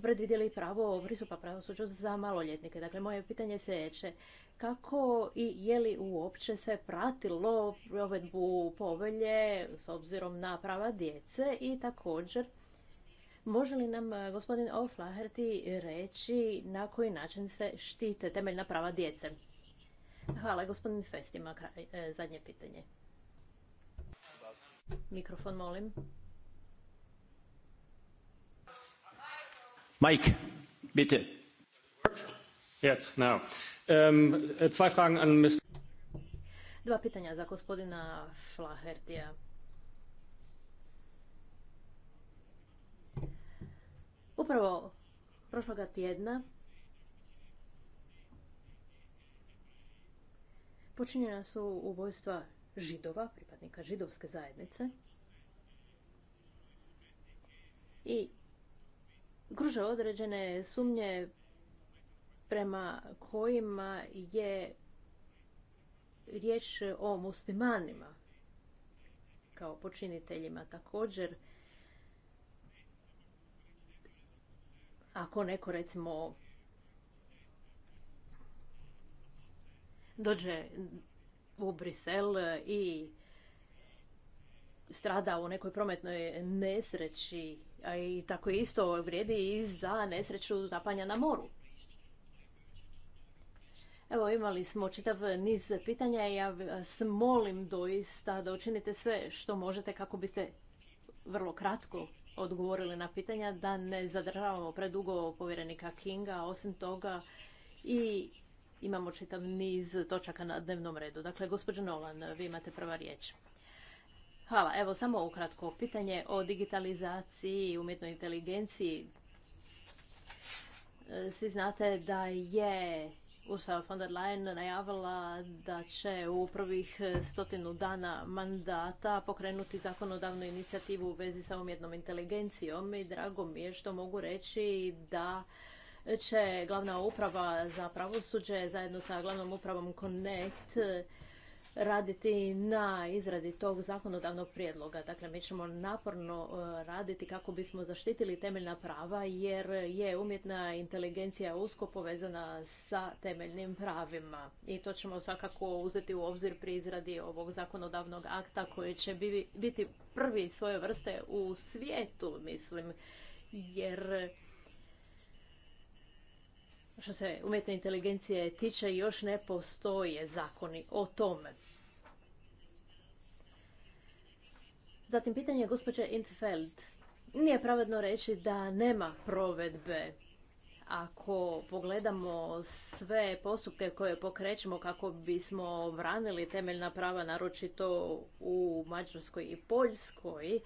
predvidjeli pravo pristupa pravosuđu za maloljetnike. Dakle, moje pitanje sljedeće. Kako i je li uopće se pratilo provedbu povelje s obzirom na prava djece i također Može li nam eh, gospodin O'Flaherty reći na koji način se štite temeljna prava djece? Hvala, gospodin Festima eh, zadnje pitanje. Mikrofon, molim. Mike, bitte. Ähm, äh, Dva pitanja za gospodina Flahertija. Upravo prošloga tjedna počinjena su ubojstva židova, pripadnika židovske zajednice. I kruže određene sumnje prema kojima je riječ o muslimanima kao počiniteljima također. Ako neko recimo dođe u Brisel i stradao u nekoj prometnoj nesreći, a i tako isto vrijedi i za nesreću zapanja na moru. Evo, imali smo čitav niz pitanja i ja vas molim doista da učinite sve što možete kako biste vrlo kratko odgovorili na pitanja, da ne zadržavamo predugo povjerenika Kinga, osim toga i imamo čitav niz točaka na dnevnom redu. Dakle, gospođo Nolan, vi imate prva riječ. Hvala. Evo samo ukratko pitanje o digitalizaciji i umjetnoj inteligenciji. Svi znate da je Ursula von der Leyen najavila da će u prvih stotinu dana mandata pokrenuti zakonodavnu inicijativu u vezi sa umjetnom inteligencijom i drago mi je što mogu reći da će glavna uprava za pravosuđe zajedno sa glavnom upravom Connect raditi na izradi tog zakonodavnog prijedloga. Dakle, mi ćemo naporno e, raditi kako bismo zaštitili temeljna prava jer je umjetna inteligencija usko povezana sa temeljnim pravima. I to ćemo svakako uzeti u obzir pri izradi ovog zakonodavnog akta koji će biti prvi svoje vrste u svijetu, mislim. Jer što se umjetne inteligencije tiče, još ne postoje zakoni o tome. Zatim pitanje gospođe Intfeld. Nije pravedno reći da nema provedbe ako pogledamo sve postupke koje pokrećemo kako bismo branili temeljna prava, naročito u Mađarskoj i Poljskoj,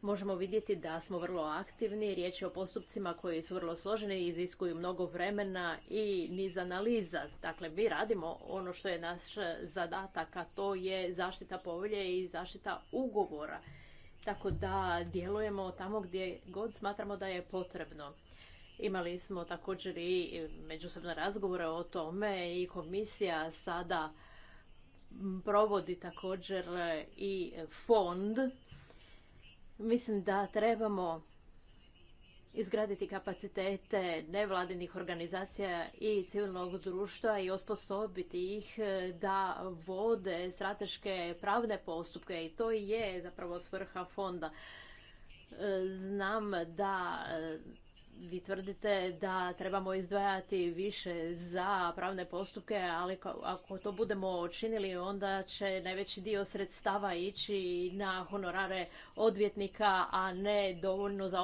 možemo vidjeti da smo vrlo aktivni. Riječ je o postupcima koji su vrlo složeni i iziskuju mnogo vremena i niz analiza. Dakle, mi radimo ono što je naš zadatak, a to je zaštita povelje i zaštita ugovora. Tako da djelujemo tamo gdje god smatramo da je potrebno. Imali smo također i međusobne razgovore o tome i komisija sada provodi također i fond Mislim da trebamo izgraditi kapacitete nevladinih organizacija i civilnog društva i osposobiti ih e, da vode strateške pravne postupke i to je zapravo svrha fonda. E, znam da vi tvrdite da trebamo izdvajati više za pravne postupke, ali ako to budemo činili, onda će najveći dio sredstava ići na honorare odvjetnika, a ne dovoljno za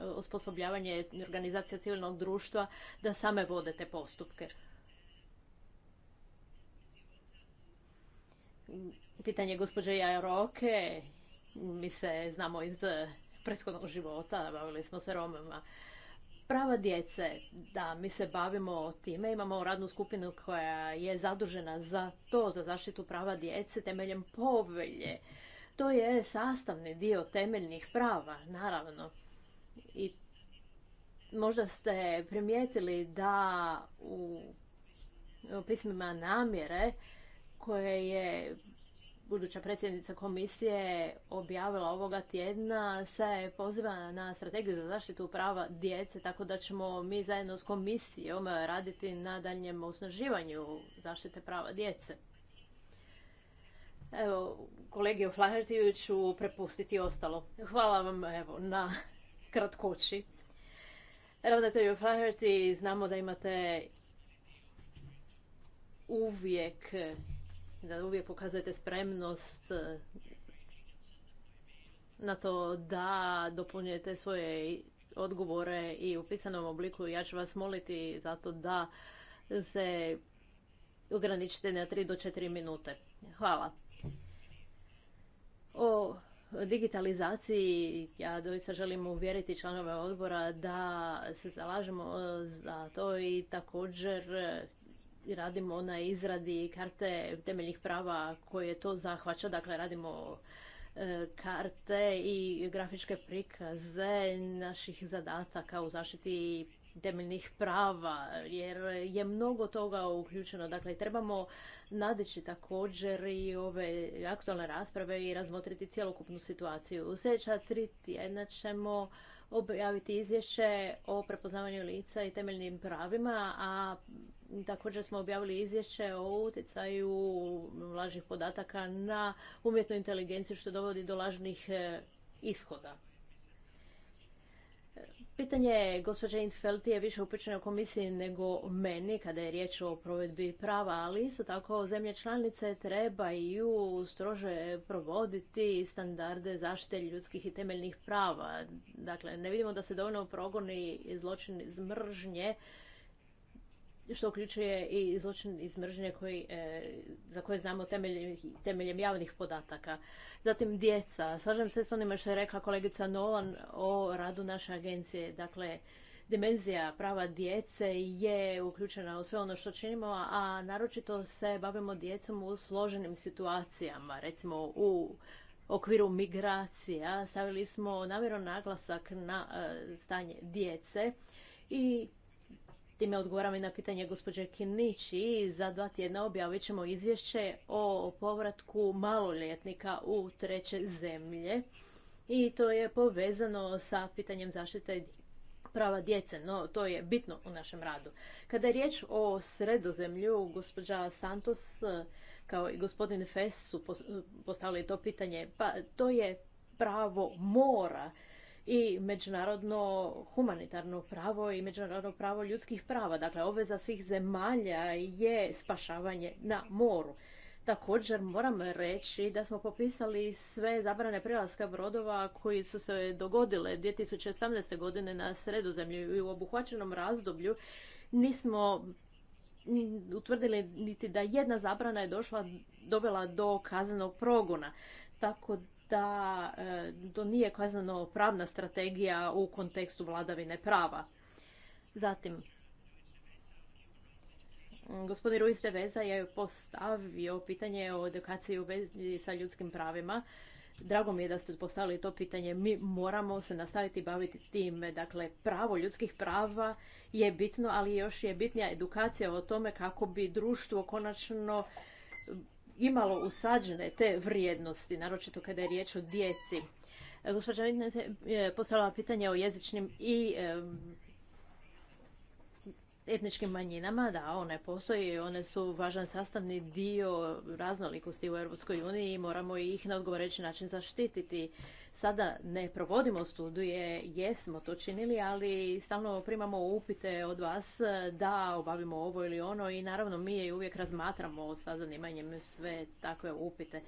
osposobljavanje organizacija civilnog društva da same vode te postupke. Pitanje gospođe Jaroke, mi se znamo iz prethodnog života, bavili smo se romama. Prava djece, da, mi se bavimo time, imamo radnu skupinu koja je zadužena za to, za zaštitu prava djece temeljem povelje. To je sastavni dio temeljnih prava, naravno. I možda ste primijetili da u pismima namjere koje je buduća predsjednica komisije objavila ovoga tjedna se pozivana na strategiju za zaštitu prava djece, tako da ćemo mi zajedno s komisijom raditi na daljnjem osnaživanju zaštite prava djece. Evo, kolegi Oflahertiju ću prepustiti ostalo. Hvala vam evo, na kratkoći. Ravnatelju Flaherty, znamo da imate uvijek da uvijek pokazujete spremnost e, na to da dopunjujete svoje odgovore i u pisanom obliku. Ja ću vas moliti zato da se ograničite na 3 do 4 minute. Hvala. O digitalizaciji ja doista želim uvjeriti članove odbora da se zalažemo e, za to i također radimo na izradi karte temeljnih prava koje to zahvaća. Dakle, radimo e, karte i grafičke prikaze naših zadataka u zaštiti temeljnih prava, jer je mnogo toga uključeno. Dakle, trebamo nadići također i ove aktualne rasprave i razmotriti cjelokupnu situaciju. U sljedeća tri tjedna ćemo objaviti izvješće o prepoznavanju lica i temeljnim pravima, a Također smo objavili izvješće o utjecaju lažnih podataka na umjetnu inteligenciju što dovodi do lažnih e, ishoda. Pitanje gospođe infelti je više upućeno komisiji nego meni kada je riječ o provedbi prava, ali isto tako zemlje članice trebaju strože provoditi standarde zaštite ljudskih i temeljnih prava. Dakle, ne vidimo da se dovoljno progoni zločin iz što uključuje i zločin iz mržnje e, za koje znamo temeljem javnih podataka. Zatim djeca. Slažem se s onima što je rekla kolegica Nolan o radu naše agencije. Dakle, dimenzija prava djece je uključena u sve ono što činimo, a naročito se bavimo djecom u složenim situacijama, recimo u okviru migracija. Stavili smo namjerno naglasak na e, stanje djece i Time odgovaram i na pitanje gospođe Kinići. Za dva tjedna objavit ćemo izvješće o povratku maloljetnika u treće zemlje. I to je povezano sa pitanjem zaštite prava djece, no to je bitno u našem radu. Kada je riječ o sredozemlju, gospođa Santos kao i gospodin Fes su postavili to pitanje, pa to je pravo mora i međunarodno humanitarno pravo i međunarodno pravo ljudskih prava. Dakle, obveza svih zemalja je spašavanje na moru. Također moram reći da smo popisali sve zabrane prilaska brodova koji su se dogodile 2018. godine na sredozemlju i u obuhvaćenom razdoblju nismo utvrdili niti da jedna zabrana je došla, dovela do kaznenog progona. Tako da e, to nije kazneno pravna strategija u kontekstu vladavine prava. Zatim, gospodin Ruiz de Veza je postavio pitanje o edukaciji u vezi sa ljudskim pravima. Drago mi je da ste postavili to pitanje. Mi moramo se nastaviti baviti time. Dakle, pravo ljudskih prava je bitno, ali još je bitnija edukacija o tome kako bi društvo konačno imalo usađene te vrijednosti, naročito kada je riječ o djeci. Gospođa je postavila pitanje o jezičnim i etničkim manjinama, da, one postoje, one su važan sastavni dio raznolikosti u Europskoj uniji i moramo ih na odgovarajući način zaštititi. Sada ne provodimo studije, jesmo to činili, ali stalno primamo upite od vas da obavimo ovo ili ono i naravno mi je uvijek razmatramo sa zanimanjem sve takve upite.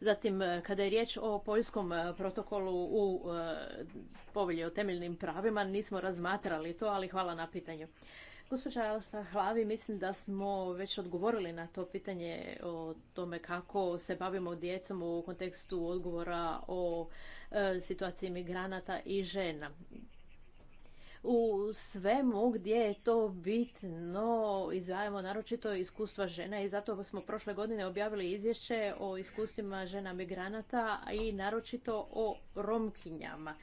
Zatim, kada je riječ o poljskom protokolu u e, povelji o temeljnim pravima, nismo razmatrali to, ali hvala na pitanju. Gospođa Alsa Hlavi, mislim da smo već odgovorili na to pitanje o tome kako se bavimo djecom u kontekstu odgovora o e, situaciji migranata i žena. U svemu gdje je to bitno, izdvajamo naročito iskustva žena i zato smo prošle godine objavili izvješće o iskustvima žena migranata i naročito o romkinjama.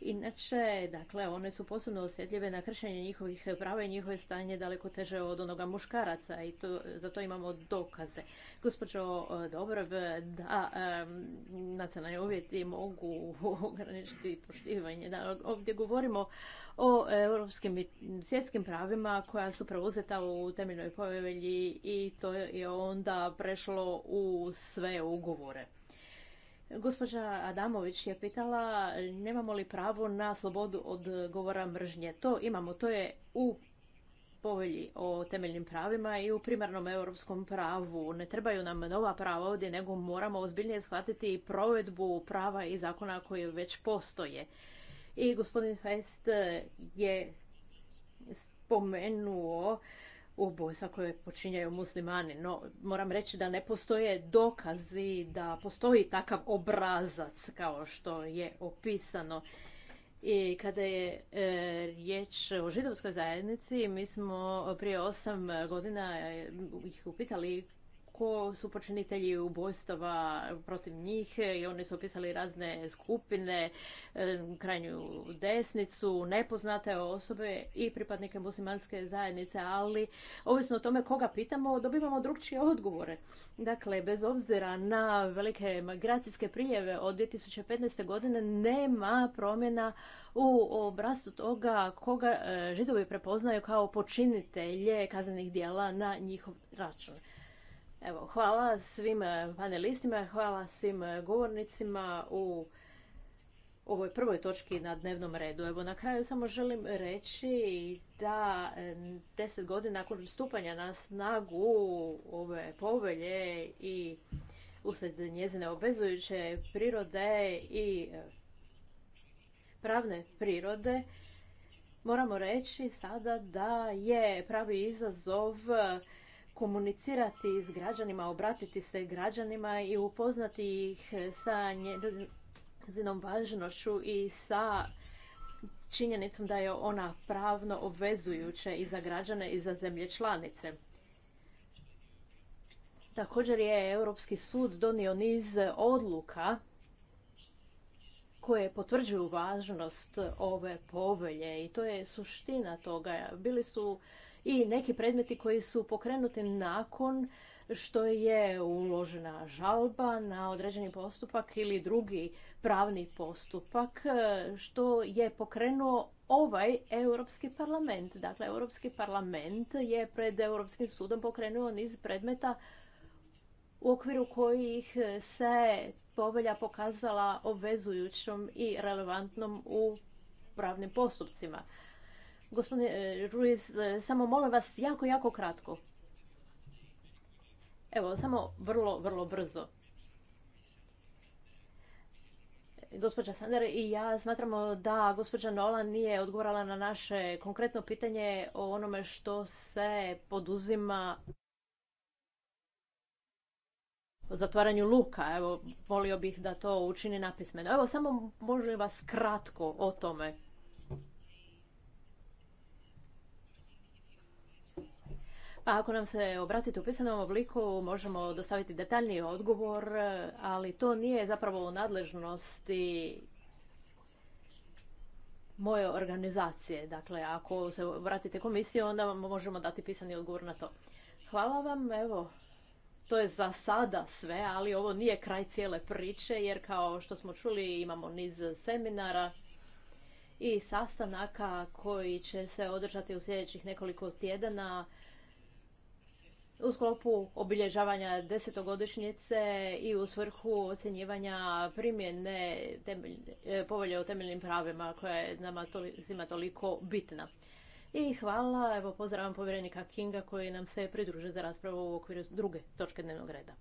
Inače, dakle, one su posebno osjetljive na kršenje njihovih prava i njihove stanje daleko teže od onoga muškaraca i to, za to imamo dokaze. Gospođo eh, Dobrov, da nacionalni uvjeti mogu ograničiti poštivanje. Da, ovdje govorimo o europskim svjetskim pravima koja su preuzeta u temeljnoj povelji i to je onda prešlo u sve ugovore. Gospođa Adamović je pitala nemamo li pravo na slobodu od govora mržnje. To imamo, to je u povelji o temeljnim pravima i u primarnom europskom pravu. Ne trebaju nam nova prava ovdje, nego moramo ozbiljnije shvatiti provedbu prava i zakona koje već postoje. I gospodin Fest je spomenuo ubojstva koje počinjaju muslimani. No, moram reći da ne postoje dokazi da postoji takav obrazac kao što je opisano. I kada je e, riječ o židovskoj zajednici, mi smo prije osam godina e, ih upitali su počinitelji ubojstava protiv njih i oni su opisali razne skupine, e, krajnju desnicu, nepoznate osobe i pripadnike muslimanske zajednice, ali ovisno o tome koga pitamo, dobivamo drugčije odgovore. Dakle, bez obzira na velike migracijske priljeve od 2015. godine nema promjena u obrastu toga koga e, židovi prepoznaju kao počinitelje kaznenih dijela na njihov račun. Evo, hvala svim eh, panelistima, hvala svim eh, govornicima u ovoj prvoj točki na dnevnom redu. Evo, na kraju samo želim reći da eh, deset godina nakon stupanja na snagu ove povelje i usled njezine obvezujuće prirode i pravne prirode, moramo reći sada da je pravi izazov komunicirati s građanima, obratiti se građanima i upoznati ih sa njezinom važnošću i sa činjenicom da je ona pravno obvezujuća i za građane i za zemlje članice. Također je Europski sud donio niz odluka koje potvrđuju važnost ove povelje i to je suština toga. Bili su i neki predmeti koji su pokrenuti nakon što je uložena žalba na određeni postupak ili drugi pravni postupak e, što je pokrenuo ovaj Europski parlament. Dakle, Europski parlament je pred Europskim sudom pokrenuo niz predmeta u okviru kojih se povelja pokazala obvezujućom i relevantnom u pravnim postupcima. Gospodine e, Ruiz, e, samo molim vas jako, jako kratko. Evo, samo vrlo, vrlo brzo. Gospođa Sander i ja smatramo da gospođa Nolan nije odgovorala na naše konkretno pitanje o onome što se poduzima o zatvaranju luka. Evo, volio bih da to učini napismeno. Evo, samo možem vas kratko o tome. Pa ako nam se obratite u pisanom obliku, možemo dostaviti detaljniji odgovor, ali to nije zapravo u nadležnosti moje organizacije. Dakle, ako se obratite komisiji, onda vam možemo dati pisani odgovor na to. Hvala vam, evo, to je za sada sve, ali ovo nije kraj cijele priče, jer kao što smo čuli imamo niz seminara i sastanaka koji će se održati u sljedećih nekoliko tjedana u sklopu obilježavanja desetogodišnjice i u svrhu ocjenjivanja primjene e, povolje o temeljnim pravima koja je nama toliko bitna. I hvala, evo pozdravam povjerenika Kinga koji nam se pridruže za raspravu u okviru druge točke dnevnog reda.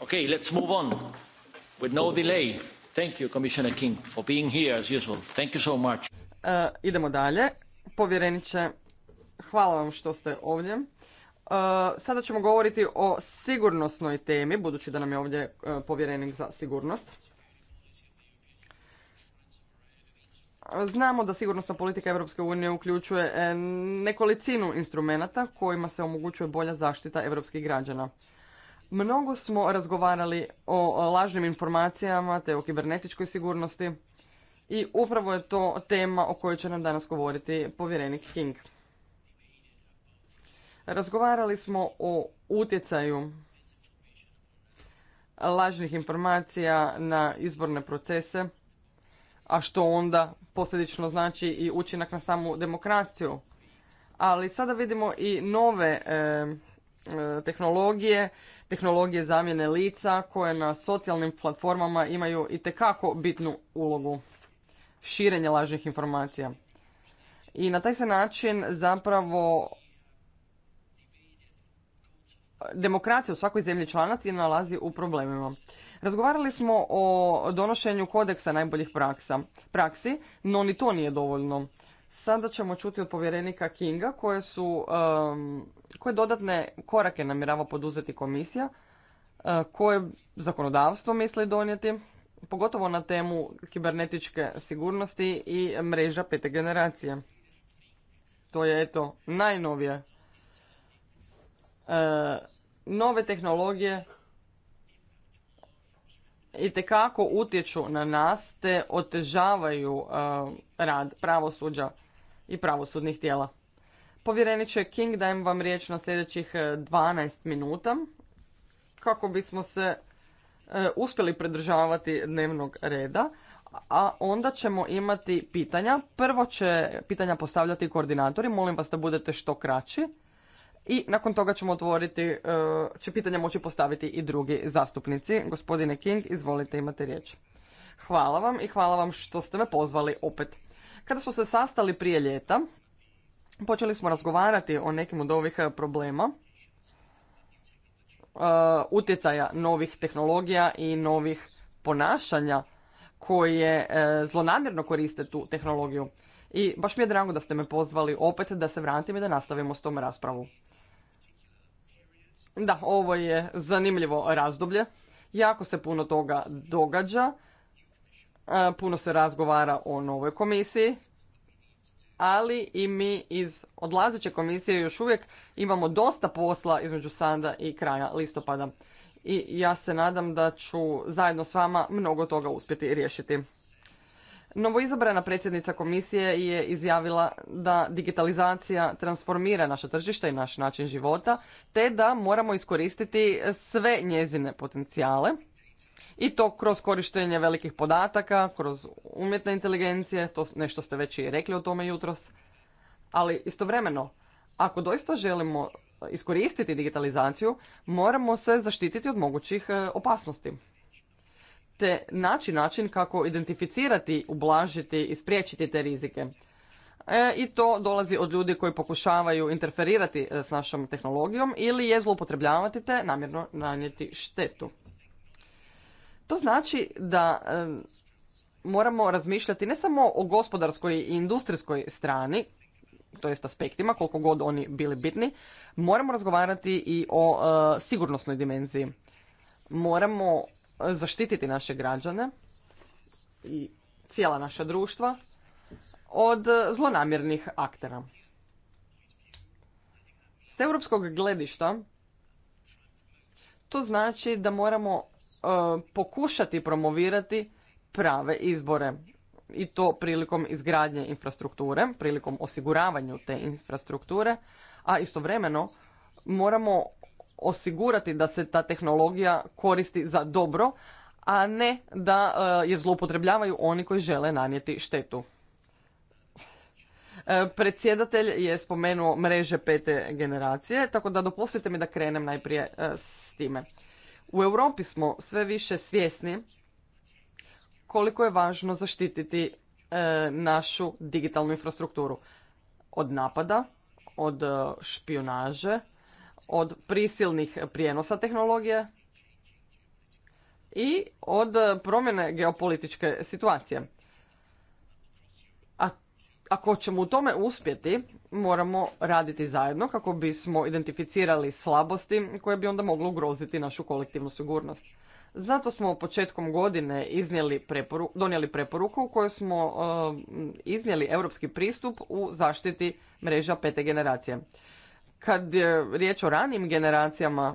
Okay, let's move on with no delay. Thank you, Commissioner King, for being here as usual. Thank you so much. E, idemo dalje. Povjereniče, hvala vam što ste ovdje. E, sada ćemo govoriti o sigurnosnoj temi, budući da nam je ovdje e, povjerenik za sigurnost. Znamo da sigurnosna politika Europske unije uključuje nekolicinu instrumenata kojima se omogućuje bolja zaštita europskih građana. Mnogo smo razgovarali o lažnim informacijama te o kibernetičkoj sigurnosti. I upravo je to tema o kojoj će nam danas govoriti povjerenik King. Razgovarali smo o utjecaju lažnih informacija na izborne procese, a što onda posljedično znači i učinak na samu demokraciju. Ali sada vidimo i nove e, e, tehnologije, tehnologije zamjene lica koje na socijalnim platformama imaju i tekako bitnu ulogu širenje lažnih informacija. I na taj se način zapravo demokracija u svakoj zemlji članac nalazi u problemima. Razgovarali smo o donošenju kodeksa najboljih praksa, praksi, no ni to nije dovoljno. Sada ćemo čuti od povjerenika Kinga koje su, um, koje dodatne korake namjerava poduzeti komisija, uh, koje zakonodavstvo misli donijeti pogotovo na temu kibernetičke sigurnosti i mreža pete generacije. To je eto najnovije. E, nove tehnologije i tekako utječu na nas te otežavaju e, rad pravosuđa i pravosudnih tijela. Povjereniče King, dajem vam riječ na sljedećih 12 e, minuta kako bismo se E, uspjeli pridržavati dnevnog reda, a onda ćemo imati pitanja. Prvo će pitanja postavljati koordinatori, molim vas da budete što kraći. I nakon toga ćemo otvoriti, e, će pitanja moći postaviti i drugi zastupnici. Gospodine King, izvolite, imate riječ. Hvala vam i hvala vam što ste me pozvali opet. Kada smo se sastali prije ljeta, počeli smo razgovarati o nekim od ovih problema Uh, utjecaja novih tehnologija i novih ponašanja koje uh, zlonamjerno koriste tu tehnologiju. I baš mi je drago da ste me pozvali opet da se vratim i da nastavimo s tom raspravu. Da, ovo je zanimljivo razdoblje. Jako se puno toga događa. Uh, puno se razgovara o novoj komisiji ali i mi iz odlazeće komisije još uvijek imamo dosta posla između sada i kraja listopada. I ja se nadam da ću zajedno s vama mnogo toga uspjeti riješiti. Novoizabrana predsjednica komisije je izjavila da digitalizacija transformira naše tržište i naš način života, te da moramo iskoristiti sve njezine potencijale i to kroz korištenje velikih podataka, kroz umjetne inteligencije, to nešto ste već i rekli o tome jutros. Ali istovremeno, ako doista želimo iskoristiti digitalizaciju, moramo se zaštititi od mogućih e, opasnosti. Te naći način kako identificirati, ublažiti i spriječiti te rizike. E, I to dolazi od ljudi koji pokušavaju interferirati e, s našom tehnologijom ili je zloupotrebljavati te namjerno nanijeti štetu. To znači da moramo razmišljati ne samo o gospodarskoj i industrijskoj strani, to jest aspektima, koliko god oni bili bitni, moramo razgovarati i o e, sigurnosnoj dimenziji. Moramo zaštititi naše građane i cijela naša društva od zlonamjernih aktera. S europskog gledišta to znači da moramo E, pokušati promovirati prave izbore i to prilikom izgradnje infrastrukture, prilikom osiguravanju te infrastrukture, a istovremeno moramo osigurati da se ta tehnologija koristi za dobro, a ne da e, je zloupotrebljavaju oni koji žele nanijeti štetu. E, predsjedatelj je spomenuo mreže pete generacije, tako da dopustite mi da krenem najprije s time. U Europi smo sve više svjesni koliko je važno zaštititi e, našu digitalnu infrastrukturu od napada, od e, špionaže, od prisilnih prijenosa tehnologije i od e, promjene geopolitičke situacije ako ćemo u tome uspjeti, moramo raditi zajedno kako bismo identificirali slabosti koje bi onda moglo ugroziti našu kolektivnu sigurnost. Zato smo početkom godine iznijeli preporu, donijeli preporuku u kojoj smo um, iznijeli europski pristup u zaštiti mreža pete generacije. Kad je riječ o ranijim generacijama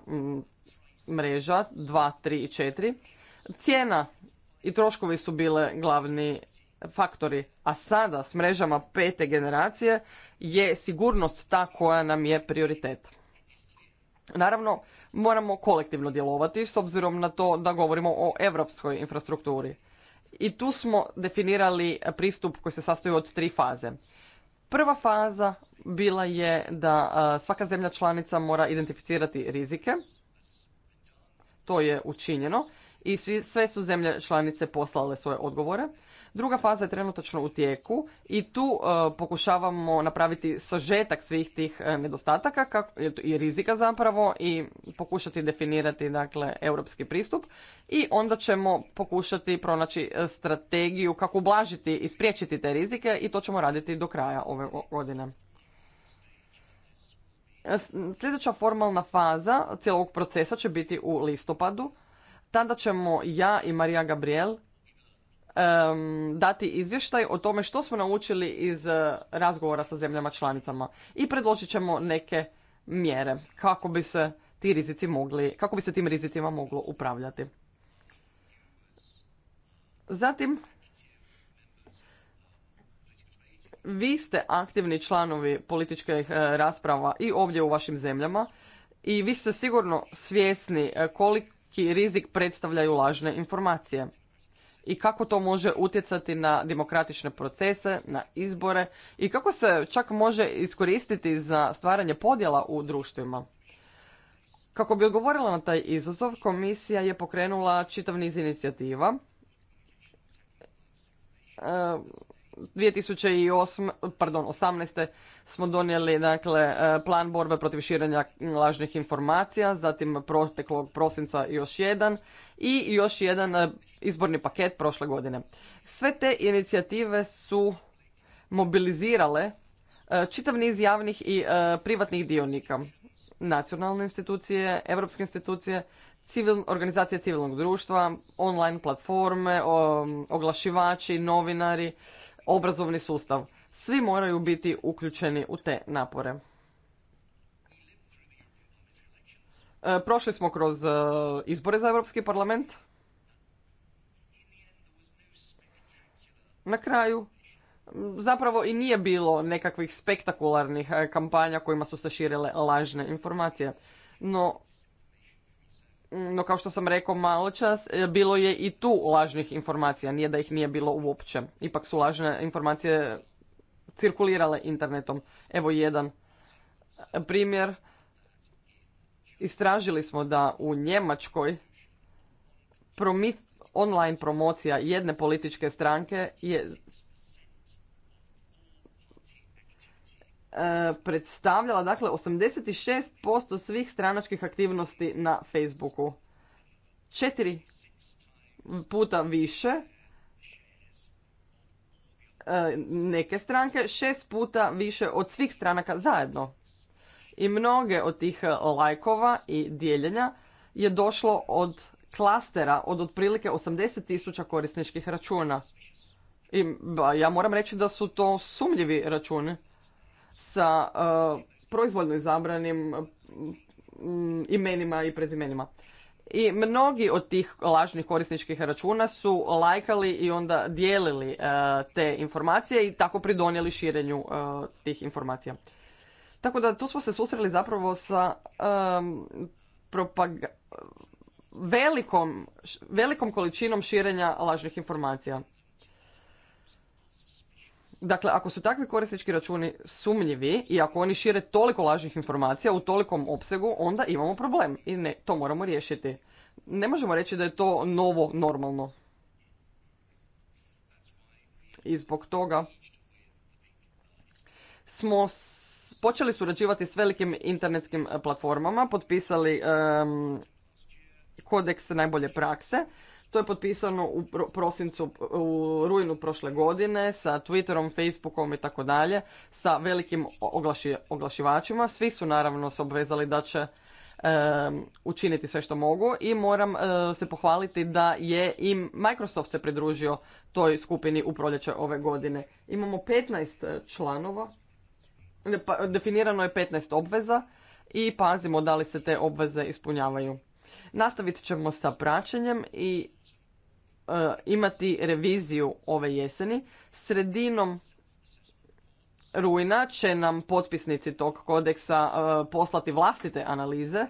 mreža 2, 3 i 4, cijena i troškovi su bile glavni faktori. A sada s mrežama pete generacije je sigurnost ta koja nam je prioritet. Naravno, moramo kolektivno djelovati s obzirom na to da govorimo o europskoj infrastrukturi. I tu smo definirali pristup koji se sastoji od tri faze. Prva faza bila je da svaka zemlja članica mora identificirati rizike. To je učinjeno i sve su zemlje članice poslale svoje odgovore. Druga faza je trenutačno u tijeku i tu e, pokušavamo napraviti sažetak svih tih e, nedostataka i rizika zapravo i pokušati definirati dakle europski pristup i onda ćemo pokušati pronaći e, strategiju kako ublažiti i spriječiti te rizike i to ćemo raditi do kraja ove godine. Sljedeća formalna faza cijelog procesa će biti u listopadu. Tada ćemo ja i Marija Gabriel dati izvještaj o tome što smo naučili iz eh, razgovora sa zemljama članicama i predložit ćemo neke mjere kako bi se ti rizici mogli, kako bi se tim rizicima moglo upravljati. Zatim, vi ste aktivni članovi političkih eh, rasprava i ovdje u vašim zemljama i vi ste sigurno svjesni eh, koliki rizik predstavljaju lažne informacije i kako to može utjecati na demokratične procese, na izbore i kako se čak može iskoristiti za stvaranje podjela u društvima. Kako bi odgovorila na taj izazov, komisija je pokrenula čitav niz inicijativa e, 2008, pardon, 18. smo donijeli dakle, e, plan borbe protiv širenja lažnih informacija, zatim proteklog prosinca još jedan i još jedan e, izborni paket prošle godine. Sve te inicijative su mobilizirale e, čitav niz javnih i privatnih dionika. Nacionalne institucije, europske institucije, civil, organizacije civilnog društva, online platforme, oglašivači, novinari, obrazovni sustav. Svi moraju biti uključeni u te napore. E, prošli smo kroz e, izbore za Europski parlament. Na kraju zapravo i nije bilo nekakvih spektakularnih e, kampanja kojima su se širile lažne informacije. No, no kao što sam rekao malo čas, e, bilo je i tu lažnih informacija, nije da ih nije bilo uopće. Ipak su lažne informacije cirkulirale internetom. Evo jedan e, primjer. Istražili smo da u Njemačkoj promit, online promocija jedne političke stranke je E, predstavljala dakle 86% svih stranačkih aktivnosti na Facebooku. Četiri puta više e, neke stranke, šest puta više od svih stranaka zajedno. I mnoge od tih e, lajkova i dijeljenja je došlo od klastera od otprilike 80 tisuća korisničkih računa. I ja moram reći da su to sumljivi računi sa e, proizvoljno izabranim imenima i prezimenima. I mnogi od tih lažnih korisničkih računa su lajkali i onda dijelili e, te informacije i tako pridonijeli širenju e, tih informacija. Tako da tu smo se susreli zapravo sa um, velikom, velikom količinom širenja lažnih informacija. Dakle, ako su takvi korisnički računi sumnjivi i ako oni šire toliko lažnih informacija u tolikom opsegu, onda imamo problem i ne, to moramo riješiti. Ne možemo reći da je to novo normalno. I zbog toga smo počeli surađivati s velikim internetskim platformama, potpisali kodeks najbolje prakse to je potpisano u prosincu, u rujnu prošle godine sa Twitterom, Facebookom i tako dalje, sa velikim oglašivačima. Svi su naravno se obvezali da će učiniti sve što mogu i moram e, se pohvaliti da je i Microsoft se pridružio toj skupini u proljeće ove godine. Imamo 15 e, članova, pa, definirano je 15 obveza i pazimo da li se te obveze ispunjavaju. Nastavit ćemo sa praćenjem i E, imati reviziju ove jeseni. Sredinom rujna će nam potpisnici tog kodeksa e, poslati vlastite analize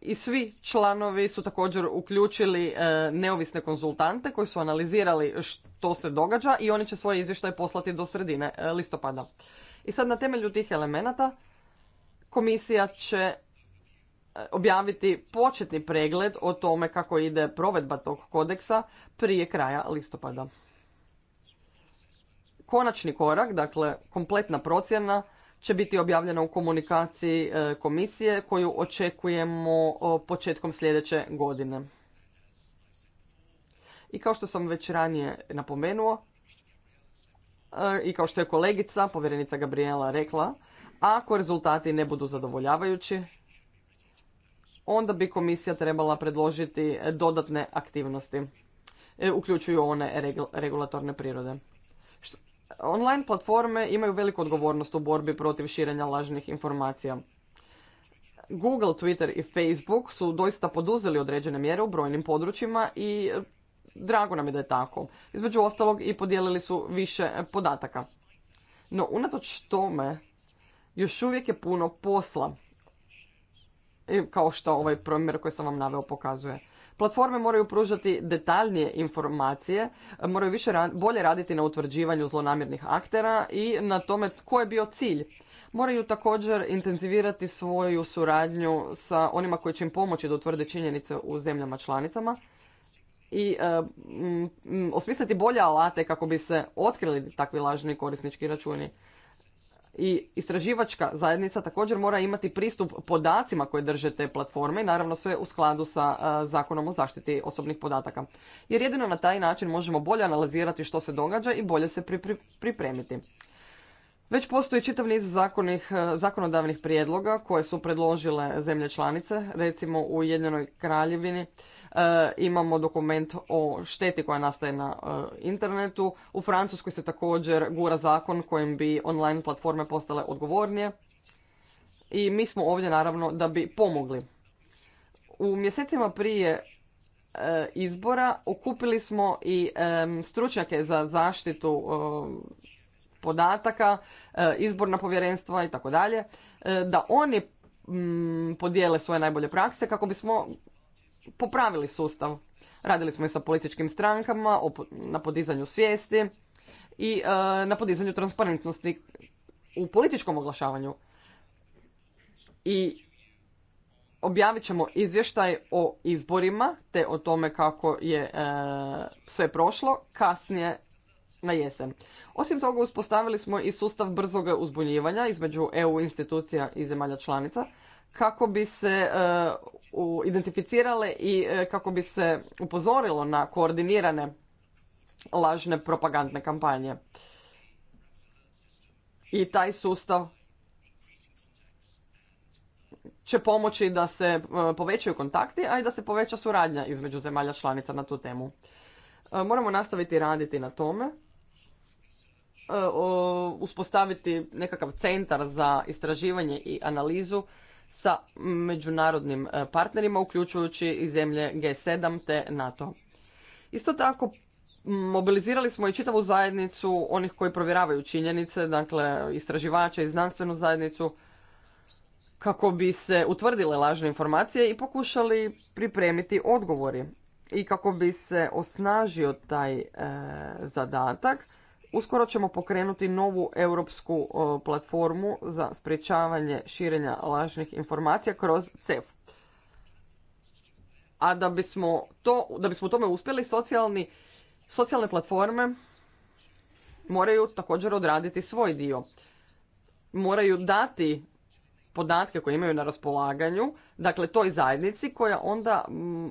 i svi članovi su također uključili e, neovisne konzultante koji su analizirali što se događa i oni će svoje izvještaje poslati do sredine listopada. I sad na temelju tih elemenata komisija će objaviti početni pregled o tome kako ide provedba tog kodeksa prije kraja listopada. Konačni korak, dakle kompletna procjena, će biti objavljena u komunikaciji e, komisije koju očekujemo početkom sljedeće godine. I kao što sam već ranije napomenuo, e, i kao što je kolegica, povjerenica Gabriela, rekla, ako rezultati ne budu zadovoljavajući, onda bi komisija trebala predložiti dodatne aktivnosti, e, uključuju one regulatorne prirode. Online platforme imaju veliku odgovornost u borbi protiv širenja lažnih informacija. Google, Twitter i Facebook su doista poduzeli određene mjere u brojnim područjima i e, drago nam je da je tako. Između ostalog i podijelili su više podataka. No, unatoč tome, još uvijek je puno posla E, kao što ovaj primjer koji sam vam naveo pokazuje. Platforme moraju pružati detaljnije informacije, moraju više bolje raditi na utvrđivanju zlonamjernih aktera i na tome ko je bio cilj. Moraju također intenzivirati svoju suradnju sa onima koji će im pomoći da utvrde činjenice u zemljama članicama i e, osmisliti bolje alate kako bi se otkrili takvi lažni korisnički računi i istraživačka zajednica također mora imati pristup podacima koje drže te platforme, naravno sve u skladu sa e, zakonom o zaštiti osobnih podataka. Jer jedino na taj način možemo bolje analizirati što se događa i bolje se pripremiti. Već postoji čitav niz zakonih, e, zakonodavnih prijedloga koje su predložile zemlje članice, recimo u Jednjenoj kraljevini E, imamo dokument o šteti koja nastaje na e, internetu. U Francuskoj se također gura zakon kojim bi online platforme postale odgovornije. I mi smo ovdje naravno da bi pomogli. U mjesecima prije e, izbora okupili smo i stručnjake za zaštitu podataka, izborna povjerenstva i tako dalje, da oni podijele svoje najbolje prakse kako bismo popravili sustav. Radili smo i sa političkim strankama na podizanju svijesti i e, na podizanju transparentnosti u političkom oglašavanju. I objavit ćemo izvještaj o izborima te o tome kako je e, sve prošlo kasnije na jesen. Osim toga uspostavili smo i sustav brzog uzbunjivanja između EU institucija i zemalja članica kako bi se e, identificirale i e, kako bi se upozorilo na koordinirane lažne propagandne kampanje. I taj sustav će pomoći da se e, povećaju kontakti, a i da se poveća suradnja između zemalja članica na tu temu. Moramo nastaviti raditi na tome, uspostaviti nekakav centar za istraživanje i analizu sa međunarodnim e, partnerima, uključujući i zemlje G7 te NATO. Isto tako, mobilizirali smo i čitavu zajednicu onih koji provjeravaju činjenice, dakle istraživača i znanstvenu zajednicu, kako bi se utvrdile lažne informacije i pokušali pripremiti odgovori. I kako bi se osnažio taj e, zadatak, Uskoro ćemo pokrenuti novu europsku e, platformu za sprječavanje širenja lažnih informacija kroz CEF. A da bismo, to, da bismo tome uspjeli, socijalni, socijalne platforme moraju također odraditi svoj dio. Moraju dati podatke koje imaju na raspolaganju, dakle toj zajednici koja onda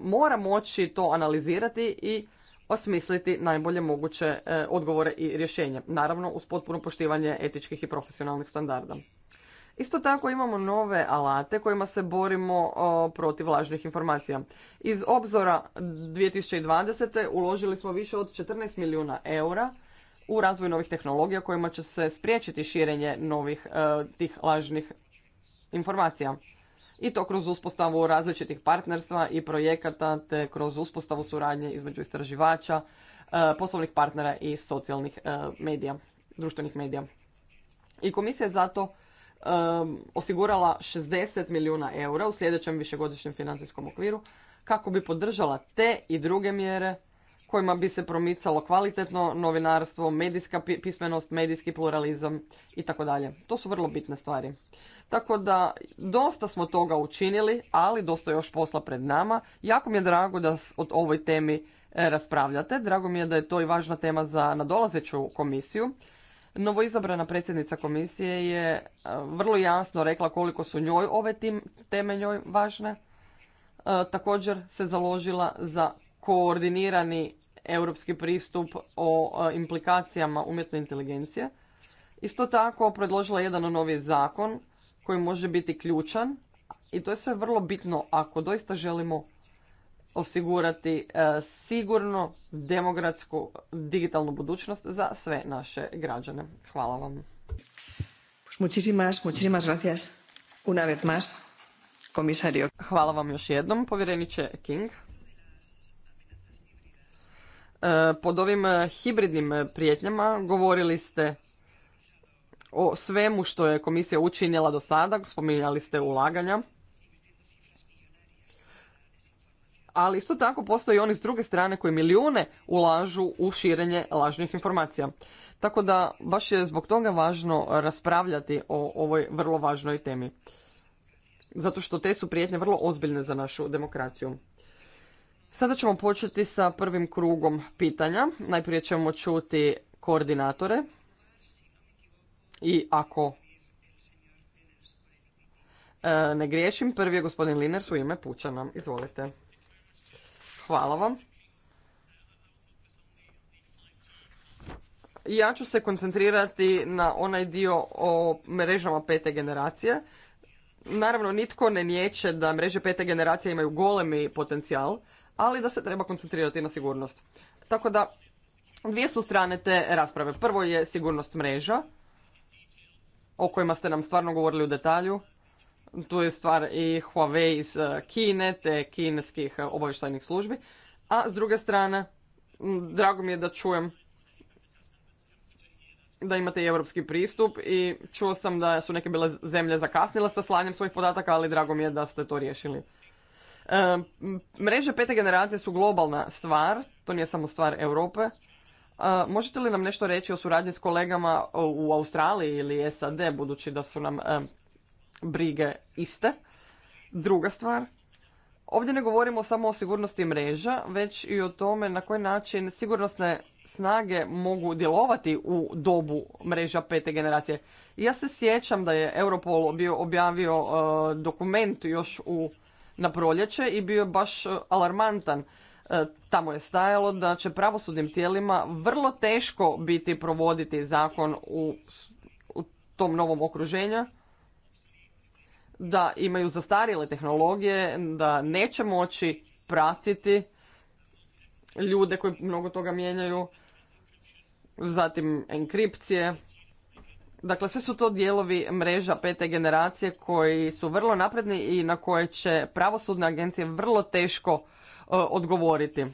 mora moći to analizirati i osmisliti najbolje moguće e, odgovore i rješenje. naravno uz potpuno poštivanje etičkih i profesionalnih standarda. Isto tako imamo nove alate kojima se borimo protiv lažnih informacija. Iz obzora 2020. uložili smo više od 14 milijuna eura u razvoj novih tehnologija kojima će se spriječiti širenje novih e, tih lažnih informacija i to kroz uspostavu različitih partnerstva i projekata te kroz uspostavu suradnje između istraživača, e, poslovnih partnera i socijalnih e, medija, društvenih medija. I komisija je zato e, osigurala 60 milijuna eura u sljedećem višegodišnjem financijskom okviru kako bi podržala te i druge mjere kojima bi se promicalo kvalitetno novinarstvo, medijska pismenost, medijski pluralizam i tako dalje. To su vrlo bitne stvari. Tako da dosta smo toga učinili, ali dosta još posla pred nama. Jako mi je drago da o ovoj temi e, raspravljate. Drago mi je da je to i važna tema za nadolazeću komisiju. Novoizabrana predsjednica komisije je e, vrlo jasno rekla koliko su njoj ove teme njoj važne. E, također se založila za koordinirani europski pristup o implikacijama umjetne inteligencije. Isto tako predložila jedan novi zakon koji može biti ključan i to je sve vrlo bitno ako doista želimo osigurati e, sigurno demokratsku digitalnu budućnost za sve naše građane. Hvala vam. Muchísimas, muchísimas Hvala vam još jednom, povjereniče King. E, pod ovim hibridnim prijetnjama govorili ste o svemu što je komisija učinila do sada, spominjali ste ulaganja, ali isto tako postoje i oni s druge strane koji milijune ulažu u širenje lažnih informacija. Tako da baš je zbog toga važno raspravljati o ovoj vrlo važnoj temi. Zato što te su prijetnje vrlo ozbiljne za našu demokraciju. Sada ćemo početi sa prvim krugom pitanja. Najprije ćemo čuti koordinatore i ako e, ne griješim, prvi je gospodin Liners u ime nam. Izvolite. Hvala vam. Ja ću se koncentrirati na onaj dio o mrežama pete generacije. Naravno, nitko ne niječe da mreže pete generacije imaju golemi potencijal, ali da se treba koncentrirati na sigurnost. Tako da, dvije su strane te rasprave. Prvo je sigurnost mreža, o kojima ste nam stvarno govorili u detalju. Tu je stvar i Huawei iz e, Kine, te kineskih e, obavještajnih službi. A s druge strane, drago mi je da čujem da imate i europski pristup i čuo sam da su neke bile zemlje zakasnile sa slanjem svojih podataka, ali drago mi je da ste to riješili. E, mreže pete generacije su globalna stvar, to nije samo stvar Europe. Možete li nam nešto reći o suradnji s kolegama u Australiji ili SAD, budući da su nam e, brige iste? Druga stvar, ovdje ne govorimo samo o sigurnosti mreža, već i o tome na koji način sigurnosne snage mogu djelovati u dobu mreža pete generacije. Ja se sjećam da je Europol bio objavio e, dokument još u na proljeće i bio je baš e, alarmantan. E, tamo je stajalo da će pravosudnim tijelima vrlo teško biti provoditi zakon u, u tom novom okruženju, da imaju zastarjele tehnologije, da neće moći pratiti ljude koji mnogo toga mijenjaju, zatim enkripcije. Dakle, sve su to dijelovi mreža pete generacije koji su vrlo napredni i na koje će pravosudne agencije vrlo teško E, odgovoriti.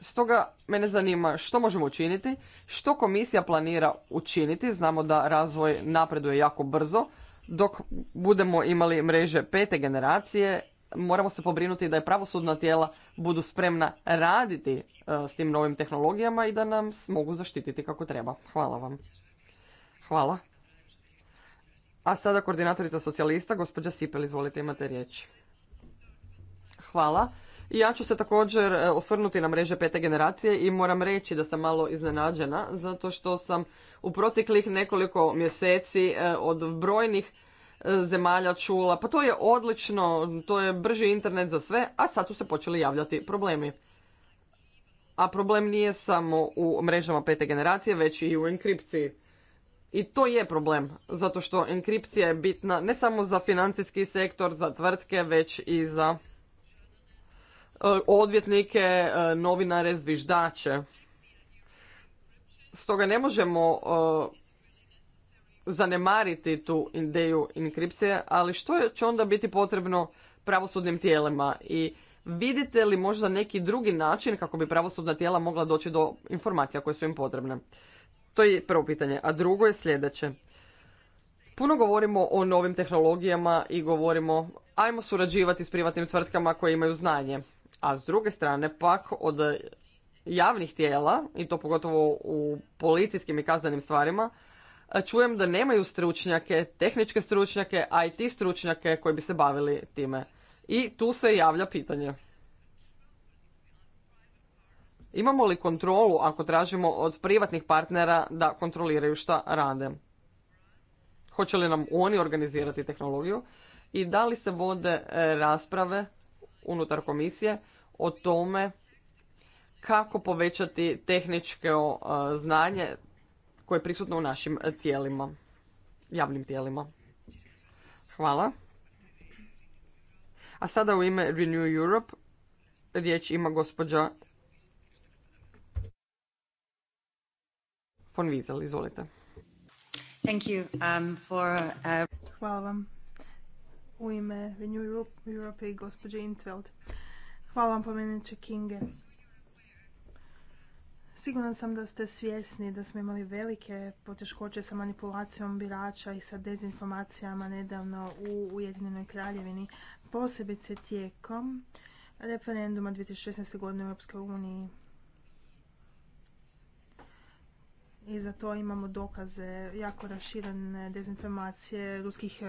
Stoga mene zanima što možemo učiniti, što komisija planira učiniti, znamo da razvoj napreduje jako brzo, dok budemo imali mreže pete generacije, moramo se pobrinuti da je pravosudna tijela budu spremna raditi e, s tim novim tehnologijama i da nam mogu zaštititi kako treba. Hvala vam. Hvala. A sada koordinatorica socijalista, gospođa Sipel, izvolite, imate riječ. Hvala. I ja ću se također e, osvrnuti na mreže pete generacije i moram reći da sam malo iznenađena, zato što sam u proteklih nekoliko mjeseci e, od brojnih e, zemalja čula, pa to je odlično, to je brži internet za sve, a sad su se počeli javljati problemi. A problem nije samo u mrežama pete generacije, već i u enkripciji. I to je problem, zato što enkripcija je bitna ne samo za financijski sektor, za tvrtke, već i za e, odvjetnike, e, novinare, zviždače. Stoga ne možemo e, zanemariti tu ideju enkripcije, ali što će onda biti potrebno pravosudnim tijelima i vidite li možda neki drugi način kako bi pravosudna tijela mogla doći do informacija koje su im potrebne. To je prvo pitanje. A drugo je sljedeće. Puno govorimo o novim tehnologijama i govorimo ajmo surađivati s privatnim tvrtkama koje imaju znanje. A s druge strane pak od javnih tijela, i to pogotovo u policijskim i kaznenim stvarima, čujem da nemaju stručnjake, tehničke stručnjake, IT stručnjake koji bi se bavili time. I tu se javlja pitanje. Imamo li kontrolu ako tražimo od privatnih partnera da kontroliraju šta rade? Hoće li nam oni organizirati tehnologiju? I da li se vode e, rasprave unutar komisije o tome kako povećati tehničko e, znanje koje je prisutno u našim tijelima, javnim tijelima. Hvala. A sada u ime Renew Europe riječ ima gospođa von izvolite. Thank you, um, for, uh, Hvala vam u ime Renew Europe, i gospođe Intveld. Hvala vam pomeniče Kinge. Siguran sam da ste svjesni da smo imali velike poteškoće sa manipulacijom birača i sa dezinformacijama nedavno u Ujedinjenoj kraljevini, posebice tijekom referenduma 2016. godine u Europskoj uniji. i za to imamo dokaze jako raširene dezinformacije ruskih e,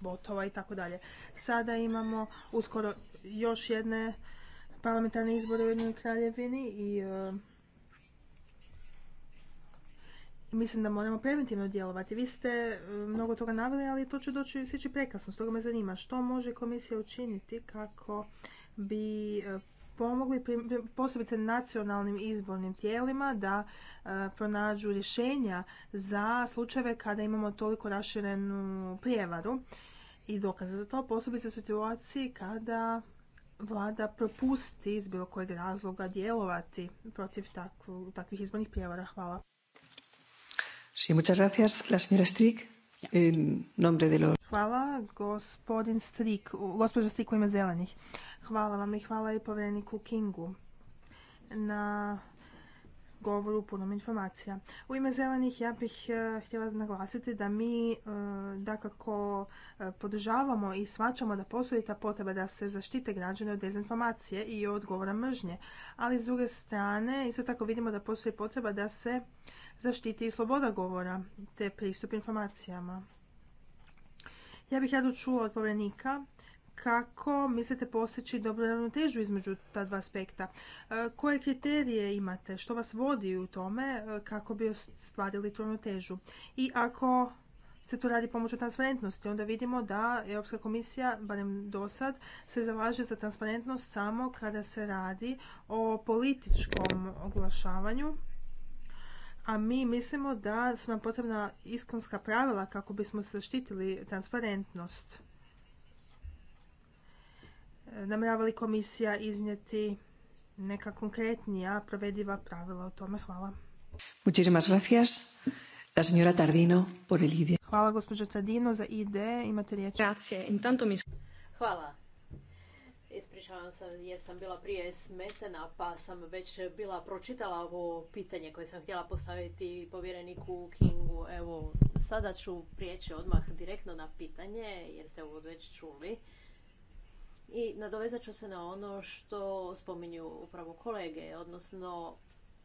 botova i tako dalje. Sada imamo uskoro još jedne parlamentarne izbore u Jednoj kraljevini i e, mislim da moramo preventivno djelovati. Vi ste e, mnogo toga naveli, ali to će doći sveći prekasno. Stoga me zanima što može komisija učiniti kako bi pomogli posebice nacionalnim izbornim tijelima da e, pronađu rješenja za slučajeve kada imamo toliko raširenu prijevaru i dokaze za to, posebice u situaciji kada vlada propusti iz bilo kojeg razloga djelovati protiv takvih izbornih prijevara. Hvala. Hvala, gospodin Strik, gospođa Strik u ime zelenih. Hvala vam i hvala i povjereniku Kingu na govoru punom informacija. U ime zelenih ja bih e, htjela naglasiti da mi e, dakako e, podržavamo i svačamo da postoji ta potreba da se zaštite građane od dezinformacije i od govora mržnje, ali s druge strane isto tako vidimo da postoji potreba da se zaštiti i sloboda govora te pristup informacijama. Ja bih rado čula od povjerenika kako mislite postići dobru ravnotežu između ta dva aspekta? E, koje kriterije imate? Što vas vodi u tome e, kako bi ostvarili tu ravnotežu? I ako se to radi pomoću transparentnosti, onda vidimo da Europska komisija, barem do sad, se zalaže za transparentnost samo kada se radi o političkom oglašavanju a mi mislimo da su nam potrebna iskonska pravila kako bismo zaštitili transparentnost namjerava li komisija iznijeti neka konkretnija provediva pravila o tome? Hvala. E. Hvala gospođo Tardino za ide Imate riječ. Hvala. Ispričavam se jer sam bila prije smetena pa sam već bila pročitala ovo pitanje koje sam htjela postaviti povjereniku Kingu. Evo, sada ću prijeći odmah direktno na pitanje jer ste ovo već čuli. I nadovezat ću se na ono što spominju upravo kolege, odnosno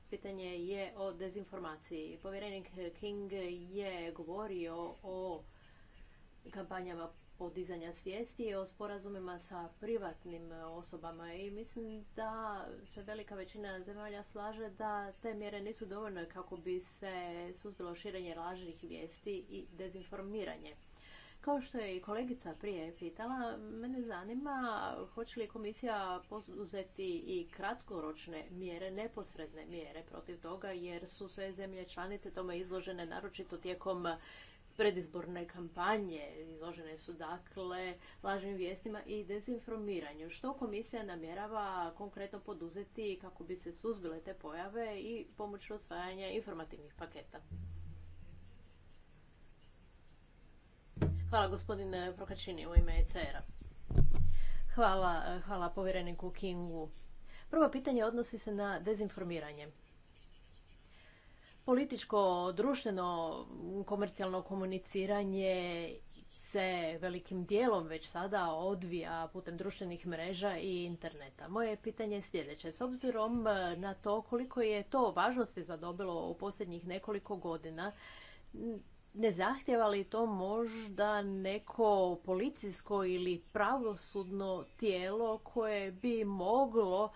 pitanje je o dezinformaciji. Povjerenik King je govorio o kampanjama podizanja svijesti i o sporazumima sa privatnim osobama i mislim da se velika većina zemalja slaže da te mjere nisu dovoljne kako bi se suzbilo širenje lažnih vijesti i dezinformiranje. Kao što je i kolegica prije pitala, mene zanima hoće li komisija poduzeti i kratkoročne mjere, neposredne mjere protiv toga, jer su sve zemlje članice tome izložene, naročito tijekom predizborne kampanje, izložene su dakle lažnim vijestima i dezinformiranju. Što komisija namjerava konkretno poduzeti kako bi se suzbile te pojave i pomoću osvajanja informativnih paketa? Hvala gospodine Prokačini u ime ECR-a. Hvala, hvala povjereniku Kingu. Prvo pitanje odnosi se na dezinformiranje. Političko, društveno, komercijalno komuniciranje se velikim dijelom već sada odvija putem društvenih mreža i interneta. Moje pitanje je sljedeće. S obzirom na to koliko je to važnosti zadobilo u posljednjih nekoliko godina, ne zahtjeva li to možda neko policijsko ili pravosudno tijelo koje bi moglo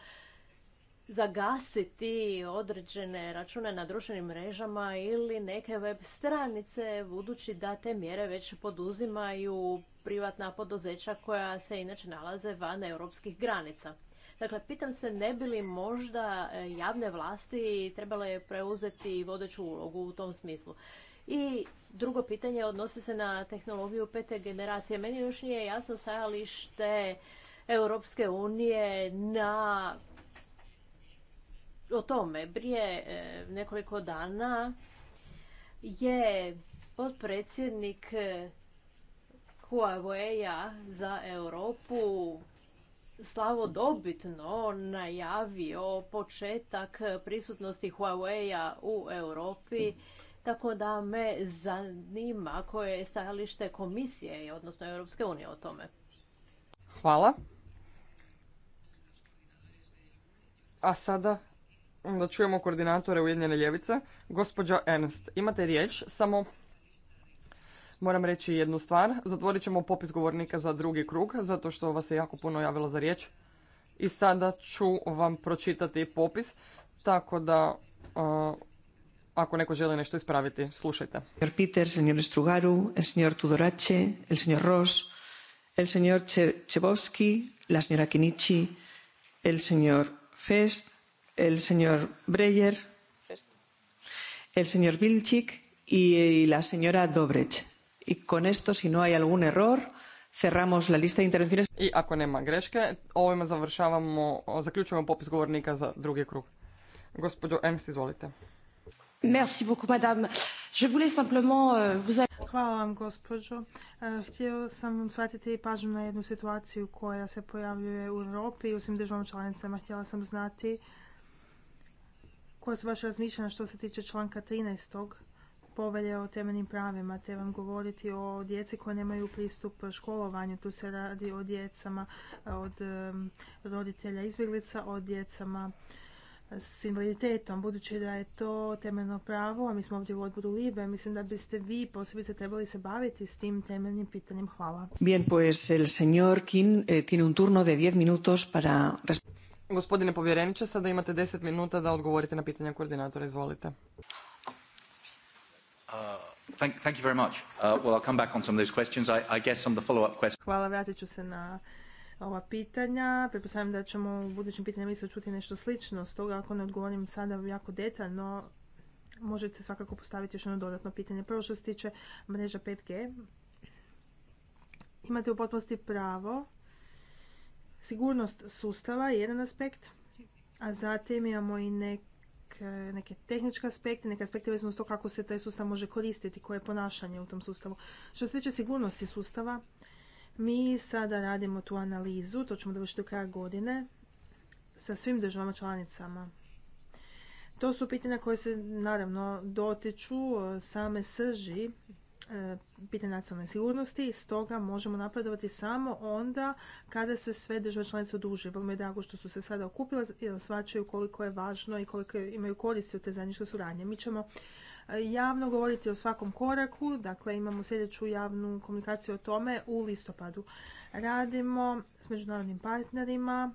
zagasiti određene račune na društvenim mrežama ili neke web stranice, budući da te mjere već poduzimaju privatna poduzeća koja se inače nalaze van europskih granica. Dakle, pitam se ne bi li možda e, javne vlasti trebale preuzeti vodeću ulogu u tom smislu. I drugo pitanje odnosi se na tehnologiju pete generacije. Meni još nije jasno stajalište Europske unije na o tome. Prije e, nekoliko dana je potpredsjednik e, Huawei-a za Europu slavodobitno najavio početak prisutnosti Huawei-a u Europi tako da me zanima koje je stajalište komisije, odnosno Europske unije o tome. Hvala. A sada da čujemo koordinatore Ujedinjene ljevice. Gospođa Ernst, imate riječ, samo moram reći jednu stvar. Zatvorit ćemo popis govornika za drugi krug, zato što vas je jako puno javilo za riječ. I sada ću vam pročitati popis, tako da ako neko želi nešto ispraviti. Slušajte. Sr. Peter, sr. Strugaru, sr. Tudorache, el senjor Ross, el senjor Chebovski, la senjora el Fest, el Breyer, el señor i y la señora i con esto, si no hay algún error, cerramos la lista de intervenciones. I ako nema greške, ovime završavamo, zaključujemo popis govornika za drugi krug. Gospođo Ernst, izvolite. Merci beaucoup, madame. Je voulais euh, Hvala vam, gospođo. E, htio sam vam shvatiti pažnju na jednu situaciju koja se pojavljuje u Europi i u svim državama članicama. Htjela sam znati koja su vaše razmišljanja što se tiče članka 13. povelje o temeljnim pravima, te vam govoriti o djeci koja nemaju pristup školovanju. Tu se radi o djecama e, od roditelja izbjeglica, o djecama s invaliditetom, budući da je to temeljno pravo, a mi smo ovdje u odboru Libe, mislim da biste vi posebice trebali se baviti s tim temeljnim pitanjem. Hvala. Bien, pues el señor Kim eh, tiene un turno de 10 minutos para... Gospodine povjereniče, sada imate 10 minuta da odgovorite na pitanja koordinatora. Izvolite. Hvala, vratit ću se na ova pitanja. Pretpostavljam da ćemo u budućim pitanjima isto čuti nešto slično. Stoga ako ne odgovorim sada jako detaljno, možete svakako postaviti još jedno dodatno pitanje. Prvo što se tiče mreža 5G, imate u potpunosti pravo. Sigurnost sustava je jedan aspekt, a zatim imamo i neke neke tehničke aspekte, neke aspekte vezano s to kako se taj sustav može koristiti, koje je ponašanje u tom sustavu. Što se tiče sigurnosti sustava, mi sada radimo tu analizu, to ćemo dovršiti do kraja godine, sa svim državama članicama. To su pitanja koje se naravno dotiču e, same srži e, pitanja nacionalne sigurnosti stoga možemo napredovati samo onda kada se sve države članice oduže. Vrlo mi je drago što su se sada okupile i svačaju koliko je važno i koliko imaju koristi u te zajedničke suradnje. Mi ćemo javno govoriti o svakom koraku. Dakle, imamo sljedeću javnu komunikaciju o tome u listopadu. Radimo s međunarodnim partnerima,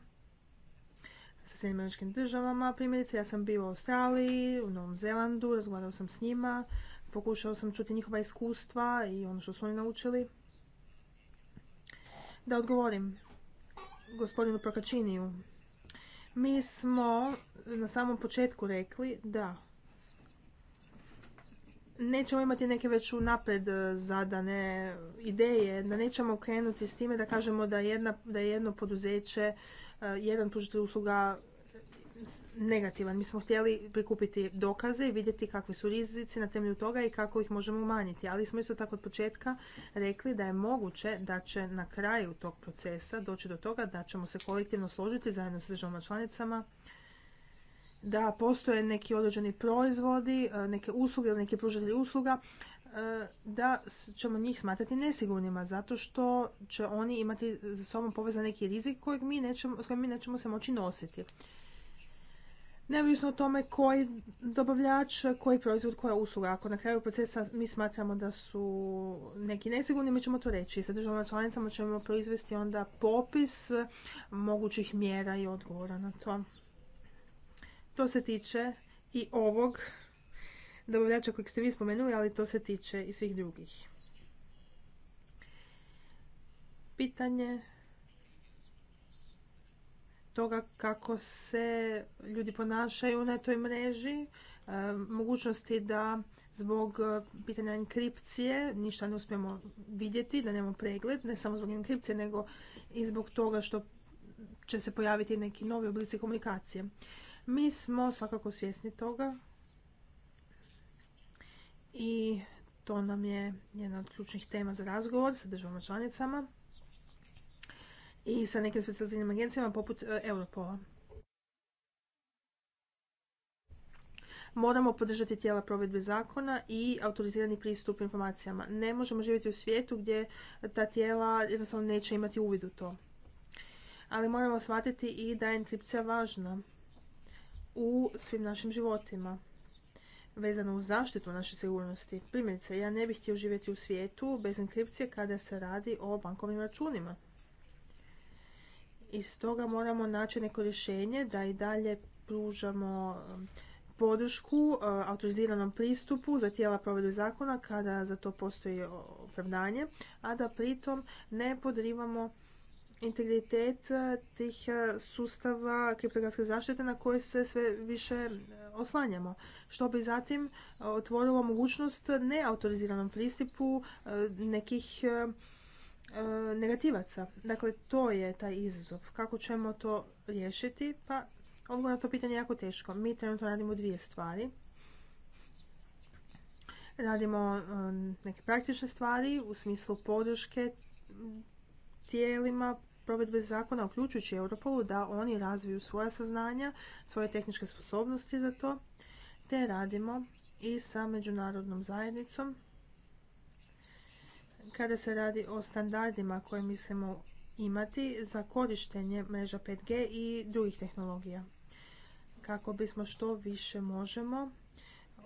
sa Sjedinim državama primjerice. Ja sam bio u Australiji, u Novom Zelandu, razgovarao sam s njima, pokušao sam čuti njihova iskustva i ono što su oni naučili. Da odgovorim gospodinu Prokačiniju. Mi smo na samom početku rekli da nećemo imati neke već unapred e, zadane ideje, da nećemo krenuti s time da kažemo da, jedna, da je jedno poduzeće, e, jedan pružitelj usluga negativan. Mi smo htjeli prikupiti dokaze i vidjeti kakvi su rizici na temelju toga i kako ih možemo umanjiti. Ali smo isto tako od početka rekli da je moguće da će na kraju tog procesa doći do toga da ćemo se kolektivno složiti zajedno s državama članicama da postoje neki određeni proizvodi, e, neke usluge ili neki pružatelji usluga e, da ćemo njih smatrati nesigurnima zato što će oni imati za sobom povezan neki rizik mi nećemo, s kojim mi nećemo se moći nositi. Neovisno o tome koji dobavljač, koji proizvod, koja usluga. Ako na kraju procesa mi smatramo da su neki nesigurni, mi ćemo to reći. Sa državama članicama ćemo proizvesti onda popis mogućih mjera i odgovora na to. To se tiče i ovog dobavljača kojeg ste vi spomenuli, ali to se tiče i svih drugih. Pitanje toga kako se ljudi ponašaju na toj mreži, e, mogućnosti da zbog e, pitanja enkripcije ništa ne uspijemo vidjeti, da nemamo pregled, ne samo zbog enkripcije, nego i zbog toga što će se pojaviti neki novi oblici komunikacije. Mi smo svakako svjesni toga i to nam je jedna od ključnih tema za razgovor sa državama članicama i sa nekim specializiranim agencijama poput e, Europola. Moramo podržati tijela provedbe zakona i autorizirani pristup informacijama. Ne možemo živjeti u svijetu gdje ta tijela jednostavno neće imati uvid u to. Ali moramo shvatiti i da je enkripcija važna u svim našim životima vezano uz zaštitu naše sigurnosti. Primjerice, ja ne bih htio živjeti u svijetu bez enkripcije kada se radi o bankovnim računima. I stoga moramo naći neko rješenje da i dalje pružamo um, podršku uh, autoriziranom pristupu za tijela provedu zakona kada za to postoji opravdanje, a da pritom ne podrivamo integritet eh, tih eh, sustava kriptografske zaštite na koje se sve više eh, oslanjamo, što bi zatim otvorilo mogućnost neautoriziranom pristupu nekih negativaca. Dakle, to je taj izazov. Kako ćemo to riješiti? Pa, odgovor na to pitanje je jako teško. Mi trenutno radimo dvije stvari. Radimo neke praktične stvari u smislu podrške tijelima provedbe zakona, uključujući Europolu, da oni razviju svoja saznanja, svoje tehničke sposobnosti za to, te radimo i sa međunarodnom zajednicom kada se radi o standardima koje mislimo imati za korištenje mreža 5G i drugih tehnologija kako bismo što više možemo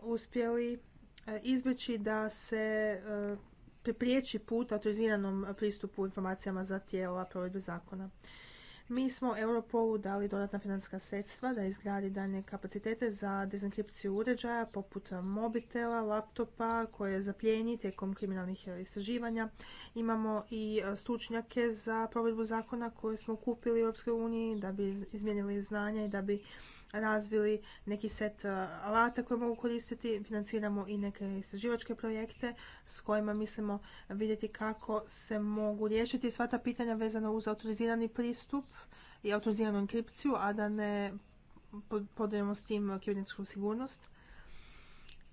uspjeli e, izbjeći da se e, pripriječi put autoriziranom pristupu informacijama za tijela provedbe zakona. Mi smo Europolu dali dodatna financijska sredstva da izgradi daljnje kapacitete za dezenkripciju uređaja poput mobitela, laptopa koje je zapljeni tijekom kriminalnih istraživanja. Imamo i stručnjake za provedbu zakona koje smo kupili u EU da bi izmijenili znanja i da bi razvili neki set e, alata koje mogu koristiti. Financiramo i neke istraživačke projekte s kojima mislimo vidjeti kako se mogu riješiti sva ta pitanja vezana uz autorizirani pristup i autoriziranu enkripciju, a da ne podajemo s tim kibernetičku sigurnost.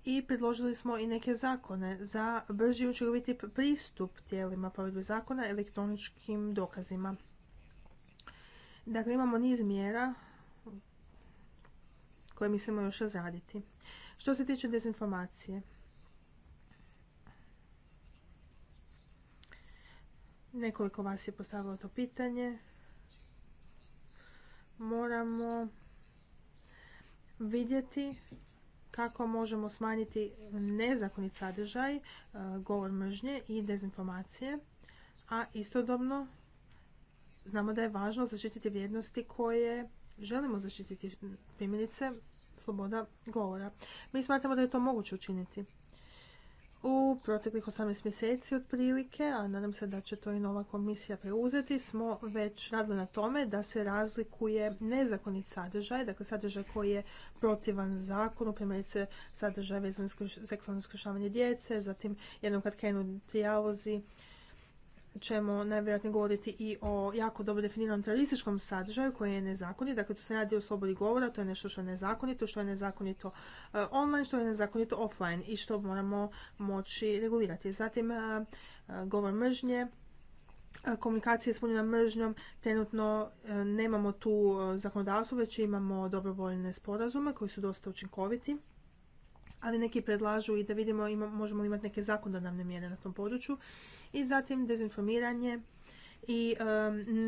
I predložili smo i neke zakone za brži učinkoviti pristup tijelima provedbe zakona elektroničkim dokazima. Dakle, imamo niz mjera koje mislimo još razraditi. Što se tiče dezinformacije, nekoliko vas je postavilo to pitanje. Moramo vidjeti kako možemo smanjiti nezakonit sadržaj, e, govor mržnje i dezinformacije, a istodobno znamo da je važno zaštititi vrijednosti koje želimo zaštititi primjerice sloboda govora. Mi smatramo da je to moguće učiniti. U proteklih 18 mjeseci otprilike, a nadam se da će to i nova komisija preuzeti, smo već radili na tome da se razlikuje nezakonit sadržaj, dakle sadržaj koji je protivan zakonu, primjerice sadržaj vezano za seksualno djece, zatim jednom kad krenu trijalozi, ćemo najvjerojatnije govoriti i o jako dobro definiranom terorističkom sadržaju koji je nezakonit. Dakle, tu se radi o slobodi govora, to je nešto što je nezakonito, što je nezakonito e, online, što je nezakonito offline i što moramo moći regulirati. Zatim, e, e, govor mržnje, komunikacije s punjenom mržnjom. Trenutno nemamo tu zakonodavstvo, već imamo dobrovoljne sporazume koji su dosta učinkoviti ali neki predlažu i da vidimo možemo li imati neke zakonodavne mjere na tom području i zatim dezinformiranje i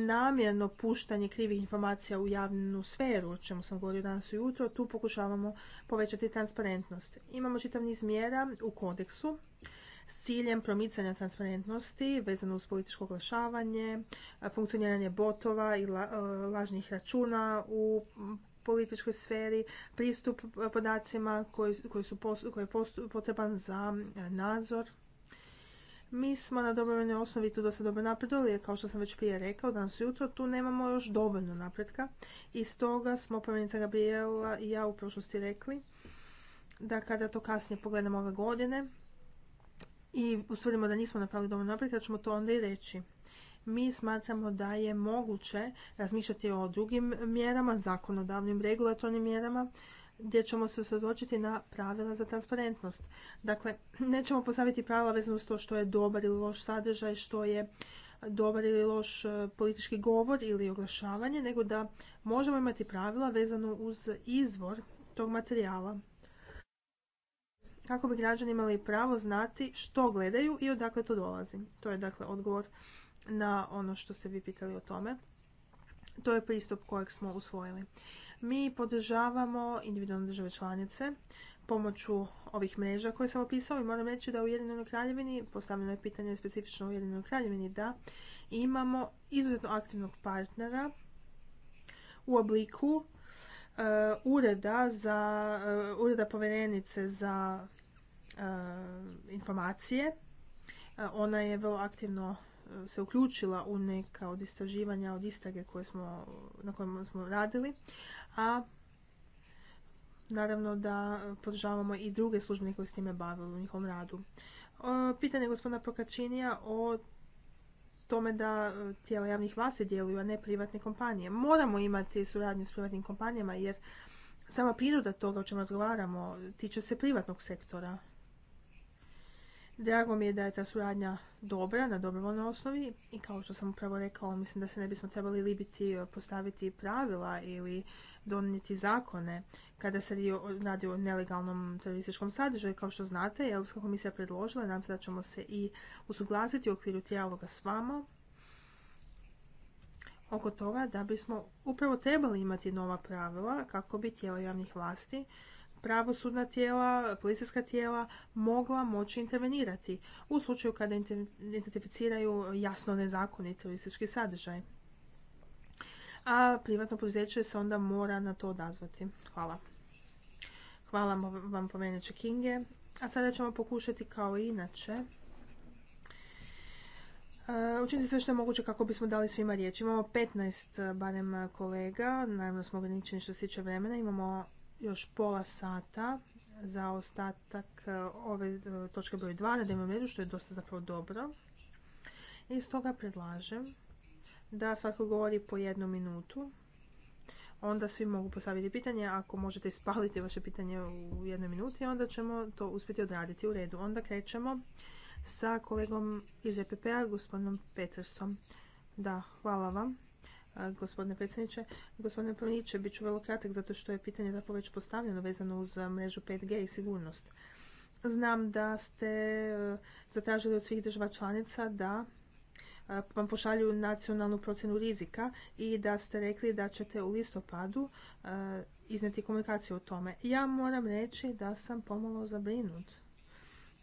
namjerno puštanje krivih informacija u javnu sferu, o čemu sam govorio danas ujutro, tu pokušavamo povećati transparentnost. Imamo čitav niz mjera u kodeksu s ciljem promicanja transparentnosti vezano uz političko oglašavanje, funkcioniranje botova i la, e, lažnih računa u političkoj sferi, pristup podacima koji, koji su koji je potreban za nadzor mi smo na dobrovoljnoj osnovi tu dosta dobro napredovali, jer kao što sam već prije rekao, danas jutro tu nemamo još dovoljno napretka i stoga smo povjerenica Gabriela i ja u prošlosti rekli da kada to kasnije pogledamo ove godine i ustvrdimo da nismo napravili dovoljno napretka, da ćemo to onda i reći. Mi smatramo da je moguće razmišljati o drugim mjerama, zakonodavnim regulatornim mjerama, gdje ćemo se usredočiti na pravila za transparentnost. Dakle, nećemo postaviti pravila vezano s to što je dobar ili loš sadržaj, što je dobar ili loš e, politički govor ili oglašavanje, nego da možemo imati pravila vezano uz izvor tog materijala. Kako bi građani imali pravo znati što gledaju i odakle to dolazi. To je dakle odgovor na ono što ste vi pitali o tome. To je pristup kojeg smo usvojili. Mi podržavamo individualne države članice pomoću ovih mreža koje sam opisao i moram reći da u Ujedinjenoj kraljevini, postavljeno je pitanje specifično u Ujedinjenoj kraljevini, da imamo izuzetno aktivnog partnera u obliku eh, ureda, za, eh, ureda povjerenice za eh, informacije. Ona je vrlo aktivno E, se uključila u neka od istraživanja, od istrage koje smo, na kojima smo radili, a naravno da podržavamo i druge službenike koji se time bave u njihovom radu. E, pitanje gospodina Prokačinija o tome da e, tijela javnih vlasti djeluju, a ne privatne kompanije. Moramo imati suradnju s privatnim kompanijama jer sama priroda toga o čemu razgovaramo tiče se privatnog sektora. Drago mi je da je ta suradnja dobra, na dobrovoljnoj osnovi i kao što sam upravo rekao, mislim da se ne bismo trebali libiti e, postaviti pravila ili donijeti zakone kada se radi o nelegalnom terorističkom sadržaju. Kao što znate, Europska komisija predložila, nam se da ćemo se i usuglasiti u okviru dijaloga s vama oko toga da bismo upravo trebali imati nova pravila kako bi tijela javnih vlasti pravosudna tijela, policijska tijela mogla moći intervenirati u slučaju kada identificiraju jasno nezakonit turistički sadržaj. A privatno poduzeće se onda mora na to odazvati. Hvala. Hvala vam mene Kinge. A sada ćemo pokušati kao i inače e, učiniti sve što je moguće kako bismo dali svima riječ. Imamo 15 e, barem e, kolega, naravno smo ograničeni što se tiče vremena. Imamo još pola sata za ostatak e, ove e, točke broj 2 na dnevnom redu, što je dosta zapravo dobro. I stoga predlažem da svako govori po jednu minutu. Onda svi mogu postaviti pitanje. Ako možete ispaliti vaše pitanje u jednoj minuti, onda ćemo to uspjeti odraditi u redu. Onda krećemo sa kolegom iz EPP-a, gospodinom Petersom. Da, hvala vam gospodine predsjedniče. Gospodine Pavliće, bit ću vrlo kratak zato što je pitanje zapravo već postavljeno vezano uz mrežu 5G i sigurnost. Znam da ste e, zatražili od svih država članica da vam pošalju nacionalnu procjenu rizika i da ste rekli da ćete u listopadu izneti komunikaciju o tome. Ja moram reći da sam pomalo zabrinut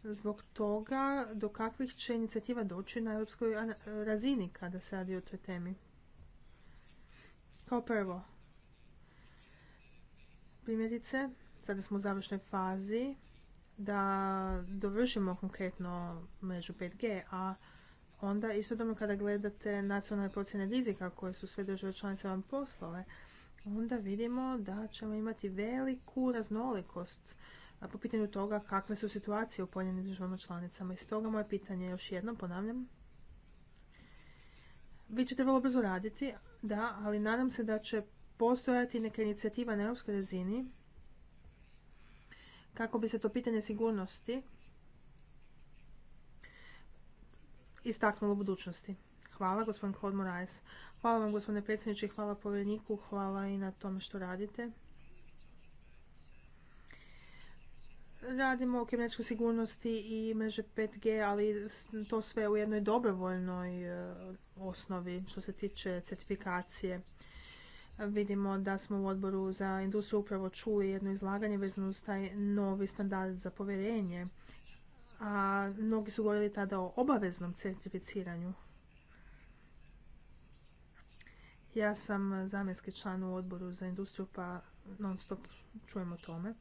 zbog toga do kakvih će inicijativa doći na europskoj razini kada se radi o toj temi. Kao prvo, primjerice, sada smo u završnoj fazi da dovršimo konkretno mrežu 5G, a onda istodobno kada gledate nacionalne procjene rizika koje su sve države članice vam poslale, onda vidimo da ćemo imati veliku raznolikost po pitanju toga kakve su situacije u pojedinim državama članicama. I stoga moje pitanje još jednom ponavljam. Vi ćete vrlo brzo raditi, da, ali nadam se da će postojati neka inicijativa na europskoj razini kako bi se to pitanje sigurnosti istaknulo u budućnosti. Hvala, gospodin Claude Moraes. Hvala vam, gospodine predsjedniče, hvala povjereniku, hvala i na tome što radite. radimo o kibernetičkoj sigurnosti i mreže 5G, ali to sve u jednoj dobrovoljnoj e, osnovi što se tiče certifikacije. Vidimo da smo u odboru za industriju upravo čuli jedno izlaganje vezano uz taj novi standard za povjerenje. A mnogi su govorili tada o obaveznom certificiranju. Ja sam zamjenski član u odboru za industriju, pa non stop čujemo tome.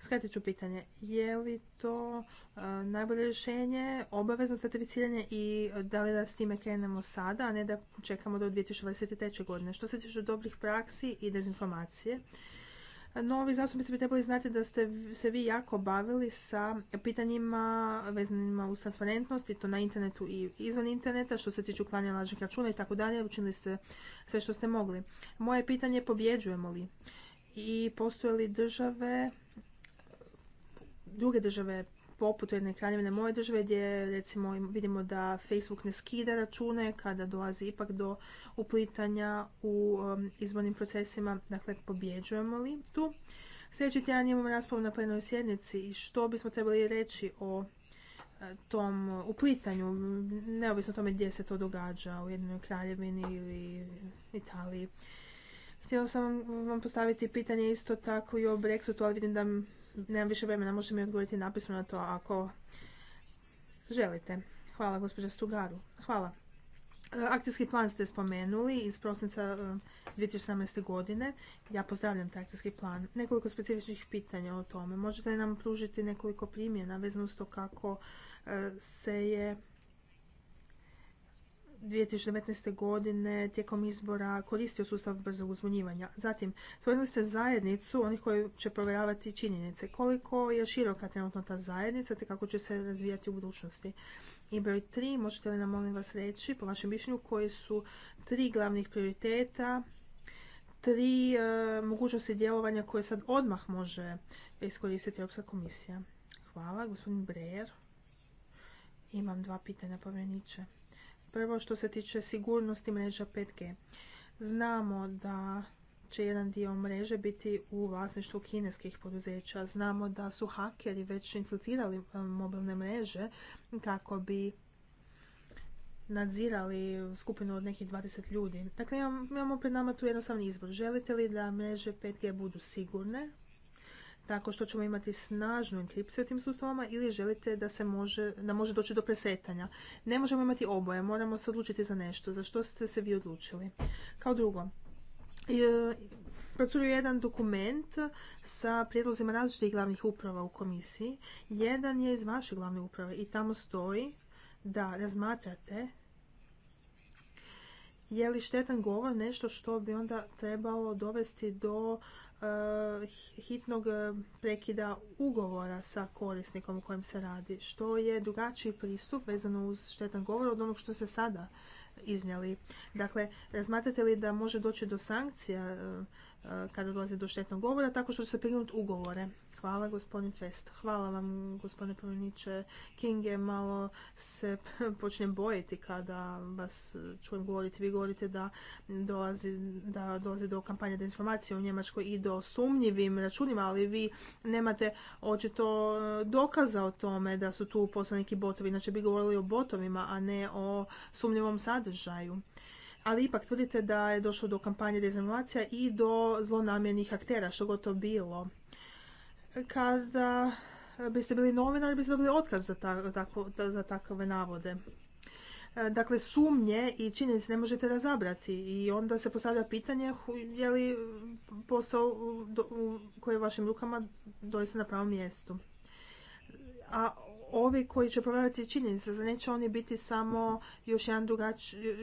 Skratit ću pitanje, je li to e, najbolje rješenje, obavezno certificiranje i da li da s time krenemo sada, a ne da čekamo do 2023. godine. Što se tiče dobrih praksi i dezinformacije, Novi zastupnici bi trebali znati da ste se vi jako bavili sa pitanjima vezanima uz transparentnost i to na internetu i izvan interneta što se tiče uklanja lažnih računa i tako dalje. Učinili ste sve što ste mogli. Moje pitanje je pobjeđujemo li i postoje li države druge države poput jedne kraljevine moje države gdje recimo vidimo da Facebook ne skida račune kada dolazi ipak do uplitanja u um, izbornim procesima, dakle pobjeđujemo li tu. Sljedeći tjedan imamo raspravu na plenoj sjednici i što bismo trebali reći o e, tom uplitanju, neovisno o tome gdje se to događa u jednoj kraljevini ili Italiji. Htjela sam vam postaviti pitanje isto tako i o Brexitu, ali vidim da nemam više vremena. Možete mi odgovoriti napisno na to ako želite. Hvala, gospođa Stugaru. Hvala. E, akcijski plan ste spomenuli iz prosinca 2017. E, godine. Ja pozdravljam taj akcijski plan. Nekoliko specifičnih pitanja o tome. Možete li nam pružiti nekoliko primjena vezano s to kako e, se je 2019. godine tijekom izbora koristio sustav brzog uzbunjivanja. Zatim, stvorili ste zajednicu onih koji će provjeravati činjenice. Koliko je široka trenutno ta zajednica te kako će se razvijati u budućnosti. I broj tri, možete li nam molim vas reći, po vašem mišljenju, koji su tri glavnih prioriteta, tri e, mogućnosti djelovanja koje sad odmah može iskoristiti Europska komisija. Hvala, gospodin Brejer. Imam dva pitanja, povjereniče. Prvo što se tiče sigurnosti mreža 5G. Znamo da će jedan dio mreže biti u vlasništvu kineskih poduzeća. Znamo da su hakeri već infiltrirali e, mobilne mreže kako bi nadzirali skupinu od nekih 20 ljudi. Dakle, imamo pred nama tu jednostavni izbor. Želite li da mreže 5G budu sigurne, tako što ćemo imati snažnu enkripciju u tim sustavama ili želite da se može, da može doći do presetanja. Ne možemo imati oboje, moramo se odlučiti za nešto, za što ste se vi odlučili. Kao drugo, e, procuruje jedan dokument sa prijedlozima različitih glavnih uprava u komisiji. Jedan je iz vaše glavne uprave i tamo stoji da razmatrate je li štetan govor nešto što bi onda trebalo dovesti do Eh, hitnog eh, prekida ugovora sa korisnikom u kojem se radi, što je drugačiji pristup vezano uz štetan govor od onog što se sada iznijeli. Dakle, razmatrate eh, li da može doći do sankcija kada dolazi do štetnog govora tako što će se prinuti ugovore? Hvala gospodin Fest. Hvala vam gospodine predsjedniče Kinge. malo se počne bojiti kada vas čujem govoriti. Vi govorite da dolazi, da dolazi do kampanje dezinformacije u Njemačkoj i do sumnjivim računima, ali vi nemate očito dokaza o tome da su tu poslaniki neki botovi. znači bi govorili o botovima, a ne o sumnjivom sadržaju ali ipak tvrdite da je došlo do kampanje dezinformacija i do zlonamjernih aktera, što god to bilo kada biste bili novinar biste dobili otkaz za, takve navode. E, dakle, sumnje i činjenice ne možete razabrati i onda se postavlja pitanje je li posao koji je u vašim rukama doista na pravom mjestu. A ovi koji će provjeriti činjenice, za neće oni biti samo još jedan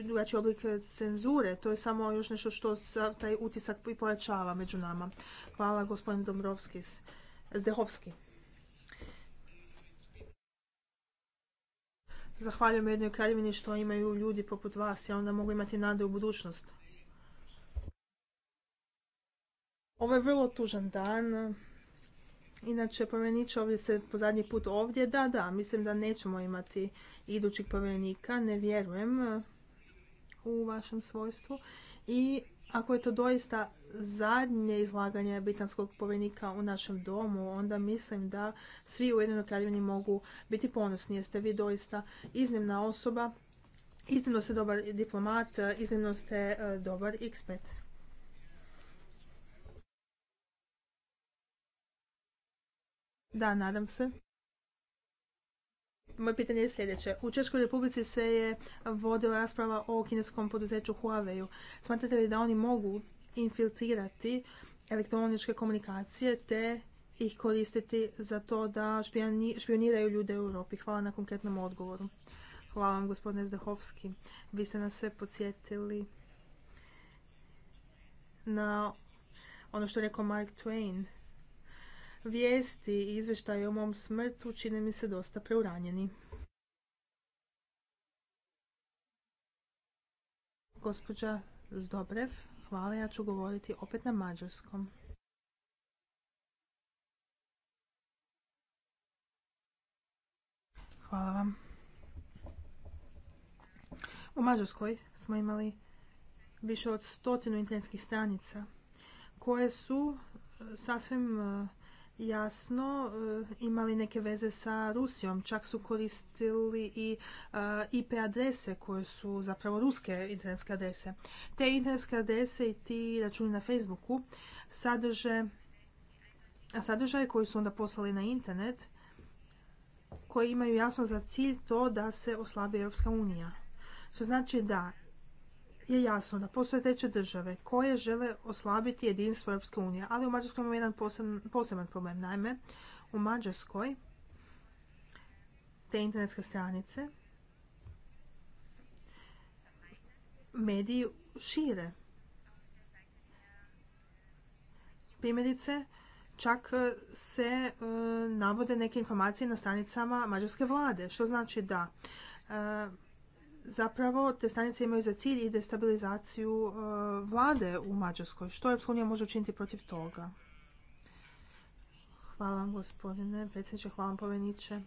drugačiji oblik cenzure. To je samo još nešto što taj utisak pojačava među nama. Hvala gospodin Dombrovskis. Zdehovski. Zahvaljujem jednoj kraljevini što imaju ljudi poput vas, ja onda mogu imati nade u budućnost. Ovo je vrlo tužan dan. Inače, povjerenič ovdje se po zadnji put ovdje. Da, da, mislim da nećemo imati idućeg povjerenika. Ne vjerujem u vašem svojstvu. I ako je to doista zadnje izlaganje britanskog povjerenika u našem domu, onda mislim da svi u Jednoj kraljevini mogu biti ponosni, Jeste vi doista iznimna osoba, iznimno ste dobar diplomat, iznimno ste e, dobar ekspert. Da, nadam se moje pitanje je sljedeće. U Češkoj republici se je vodila rasprava o kineskom poduzeću Huawei. Smatrate li da oni mogu infiltrirati elektroničke komunikacije te ih koristiti za to da špioniraju ljude u Europi? Hvala na konkretnom odgovoru. Hvala vam gospodine Zdehovski. Vi ste nas sve podsjetili na ono što je rekao Mark Twain – Vijesti i izveštaje o mom smrtu čine mi se dosta preuranjeni. Gospođa Zdobrev, hvala, ja ću govoriti opet na mađarskom. Hvala vam. U Mađarskoj smo imali više od stotinu internetskih stranica koje su sasvim eh, jasno e, imali neke veze sa Rusijom. Čak su koristili i e, IP adrese koje su zapravo ruske internetske adrese. Te internetske adrese i ti računi na Facebooku sadrže sadržaje koji su onda poslali na internet koji imaju jasno za cilj to da se oslabi Europska unija. Što znači da je jasno da postoje treće države koje žele oslabiti jedinstvo Europske unije, ali u Mađarskoj imamo jedan poseban problem. Naime, u Mađarskoj te internetske stranice mediji šire. Primjerice, čak se e, navode neke informacije na stranicama mađarske vlade, što znači da e, zapravo te stanice imaju za cilj i destabilizaciju e, vlade u Mađarskoj. Što EU može učiniti protiv toga? Hvala vam gospodine predsjedniče, hvala vam poveniče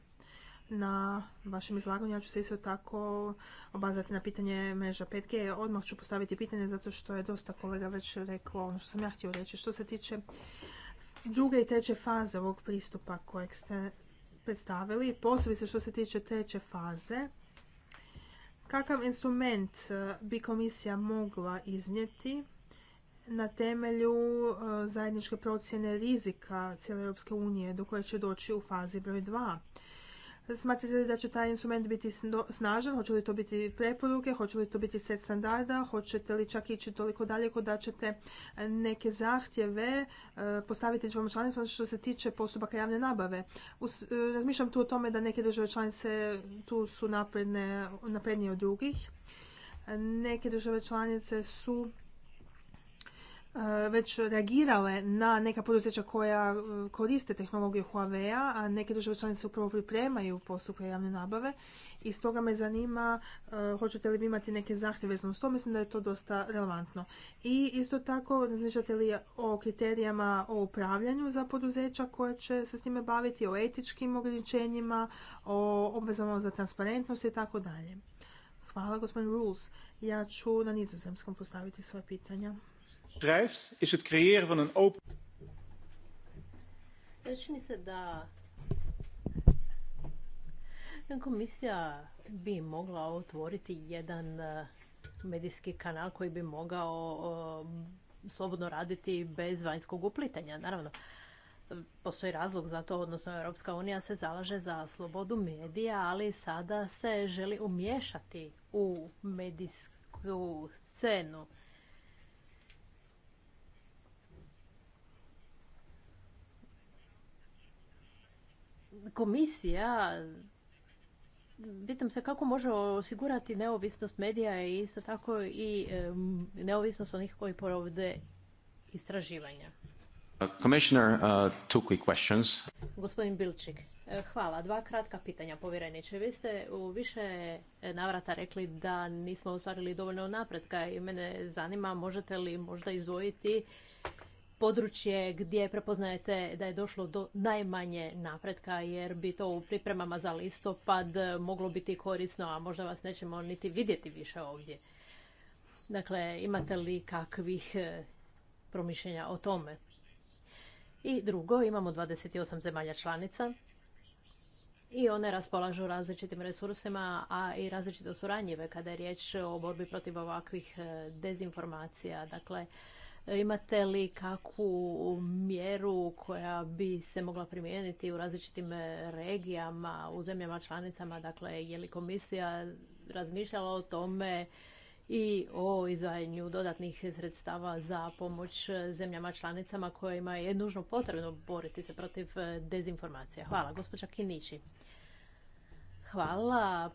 na vašem izlaganju. Ja ću se isto tako obazati na pitanje mreža 5G. Odmah ću postaviti pitanje zato što je dosta kolega već rekao ono što sam ja htio reći. Što se tiče druge i treće faze ovog pristupa kojeg ste predstavili, posebice što se tiče treće faze, Kakav instrument e, bi komisija mogla iznijeti na temelju e, zajedničke procjene rizika cijele Europske unije do koje će doći u fazi broj 2? Smatrate li da će taj instrument biti snažan? Hoće li to biti preporuke? Hoće li to biti set standarda? Hoćete li čak ići toliko dalje kod da ćete neke zahtjeve e, postaviti državama članicama što se tiče postupaka javne nabave? E, razmišljam tu o tome da neke države članice tu su naprednije od drugih. Neke države članice su E, već reagirale na neka poduzeća koja e, koriste tehnologiju Huawei-a, a neke države članice upravo pripremaju postupke javne nabave. I stoga me zanima e, hoćete li imati neke zahtjeve s to, mislim da je to dosta relevantno. I isto tako razmišljate li o kriterijama o upravljanju za poduzeća koja će se s time baviti, o etičkim ograničenjima, o obvezama za transparentnost i tako dalje. Hvala gospodin Rules. Ja ću na nizozemskom postaviti svoje pitanja drijft is het creëren van een open... se da komisija bi mogla otvoriti jedan eh, medijski kanal koji bi mogao eh, slobodno raditi bez vanjskog uplitanja. Naravno, postoji razlog za to, odnosno Europska unija se zalaže za slobodu medija, ali sada se želi umješati u medijsku scenu. komisija pitam se kako može osigurati neovisnost medija i isto tako i neovisnost onih koji provode istraživanja. Uh, Commissioner, uh, two Gospodin Bilčik, e, hvala. Dva kratka pitanja, povjereniče. Vi ste u više navrata rekli da nismo ostvarili dovoljno napretka i mene zanima možete li možda izdvojiti područje gdje prepoznajete da je došlo do najmanje napretka jer bi to u pripremama za listopad moglo biti korisno, a možda vas nećemo niti vidjeti više ovdje. Dakle, imate li kakvih e, promišljenja o tome? I drugo, imamo 28 zemalja članica i one raspolažu različitim resursima, a i različito su ranjive kada je riječ o borbi protiv ovakvih e, dezinformacija. Dakle, E, imate li kakvu mjeru koja bi se mogla primijeniti u različitim e, regijama, u zemljama članicama? Dakle, je li komisija razmišljala o tome i o izvajanju dodatnih sredstava za pomoć e, zemljama članicama kojima je nužno potrebno boriti se protiv dezinformacija? Hvala, gospođa Kinići. Hvala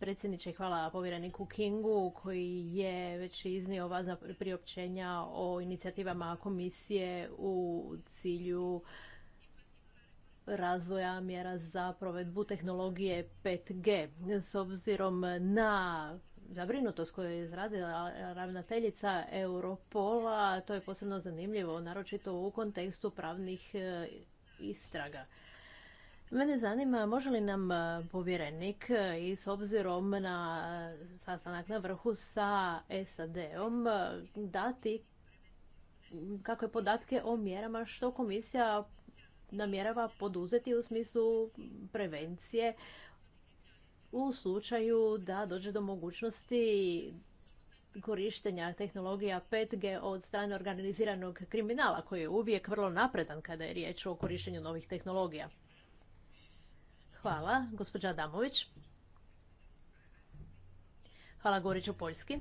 predsjedniče, hvala povjereniku Kingu koji je već iznio ova priopćenja o inicijativama komisije u cilju razvoja mjera za provedbu tehnologije 5G. S obzirom na zabrinutost koju je izradila ravnateljica Europola, to je posebno zanimljivo, naročito u kontekstu pravnih e, istraga. Mene zanima može li nam e, povjerenik e, i s obzirom na e, sastanak na vrhu sa SAD-om dati kakve podatke o mjerama što komisija namjerava poduzeti u smislu prevencije u slučaju da dođe do mogućnosti korištenja tehnologija 5G od strane organiziranog kriminala koji je uvijek vrlo napredan kada je riječ o korištenju novih tehnologija. Hvala, gospođa Adamović. Hvala, Goriću Poljski.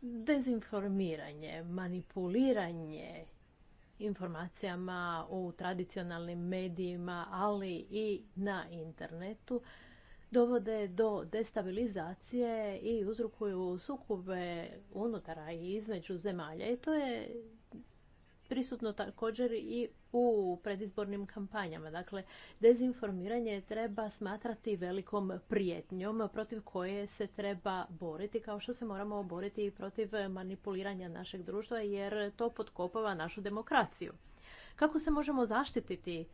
Dezinformiranje, manipuliranje informacijama u tradicionalnim medijima, ali i na internetu, dovode do destabilizacije i uzrokuju sukobe unutara i između zemalja. I to je prisutno također i u predizbornim kampanjama. Dakle, dezinformiranje treba smatrati velikom prijetnjom protiv koje se treba boriti, kao što se moramo boriti i protiv manipuliranja našeg društva, jer to potkopava našu demokraciju. Kako se možemo zaštititi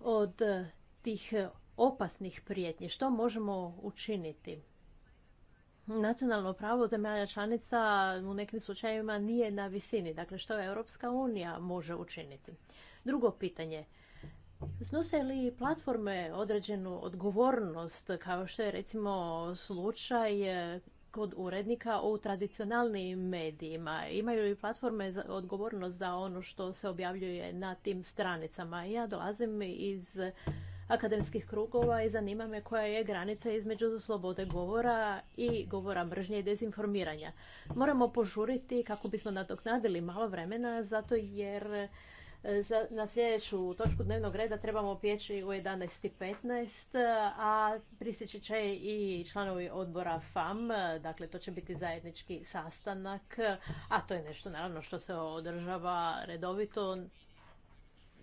od tih opasnih prijetnji? Što možemo učiniti? nacionalno pravo zemalja članica u nekim slučajevima nije na visini. Dakle, što Europska unija može učiniti? Drugo pitanje. Snose li platforme određenu odgovornost, kao što je recimo slučaj e, kod urednika u tradicionalnim medijima? Imaju li platforme odgovornost za ono što se objavljuje na tim stranicama? Ja dolazim iz akademskih krugova i zanima me koja je granica između slobode govora i govora mržnje i dezinformiranja. Moramo požuriti kako bismo nadoknadili malo vremena, zato jer e, na sljedeću točku dnevnog reda trebamo pjeći u 11.15, a prisjeći će i članovi odbora FAM, dakle to će biti zajednički sastanak, a to je nešto naravno što se održava redovito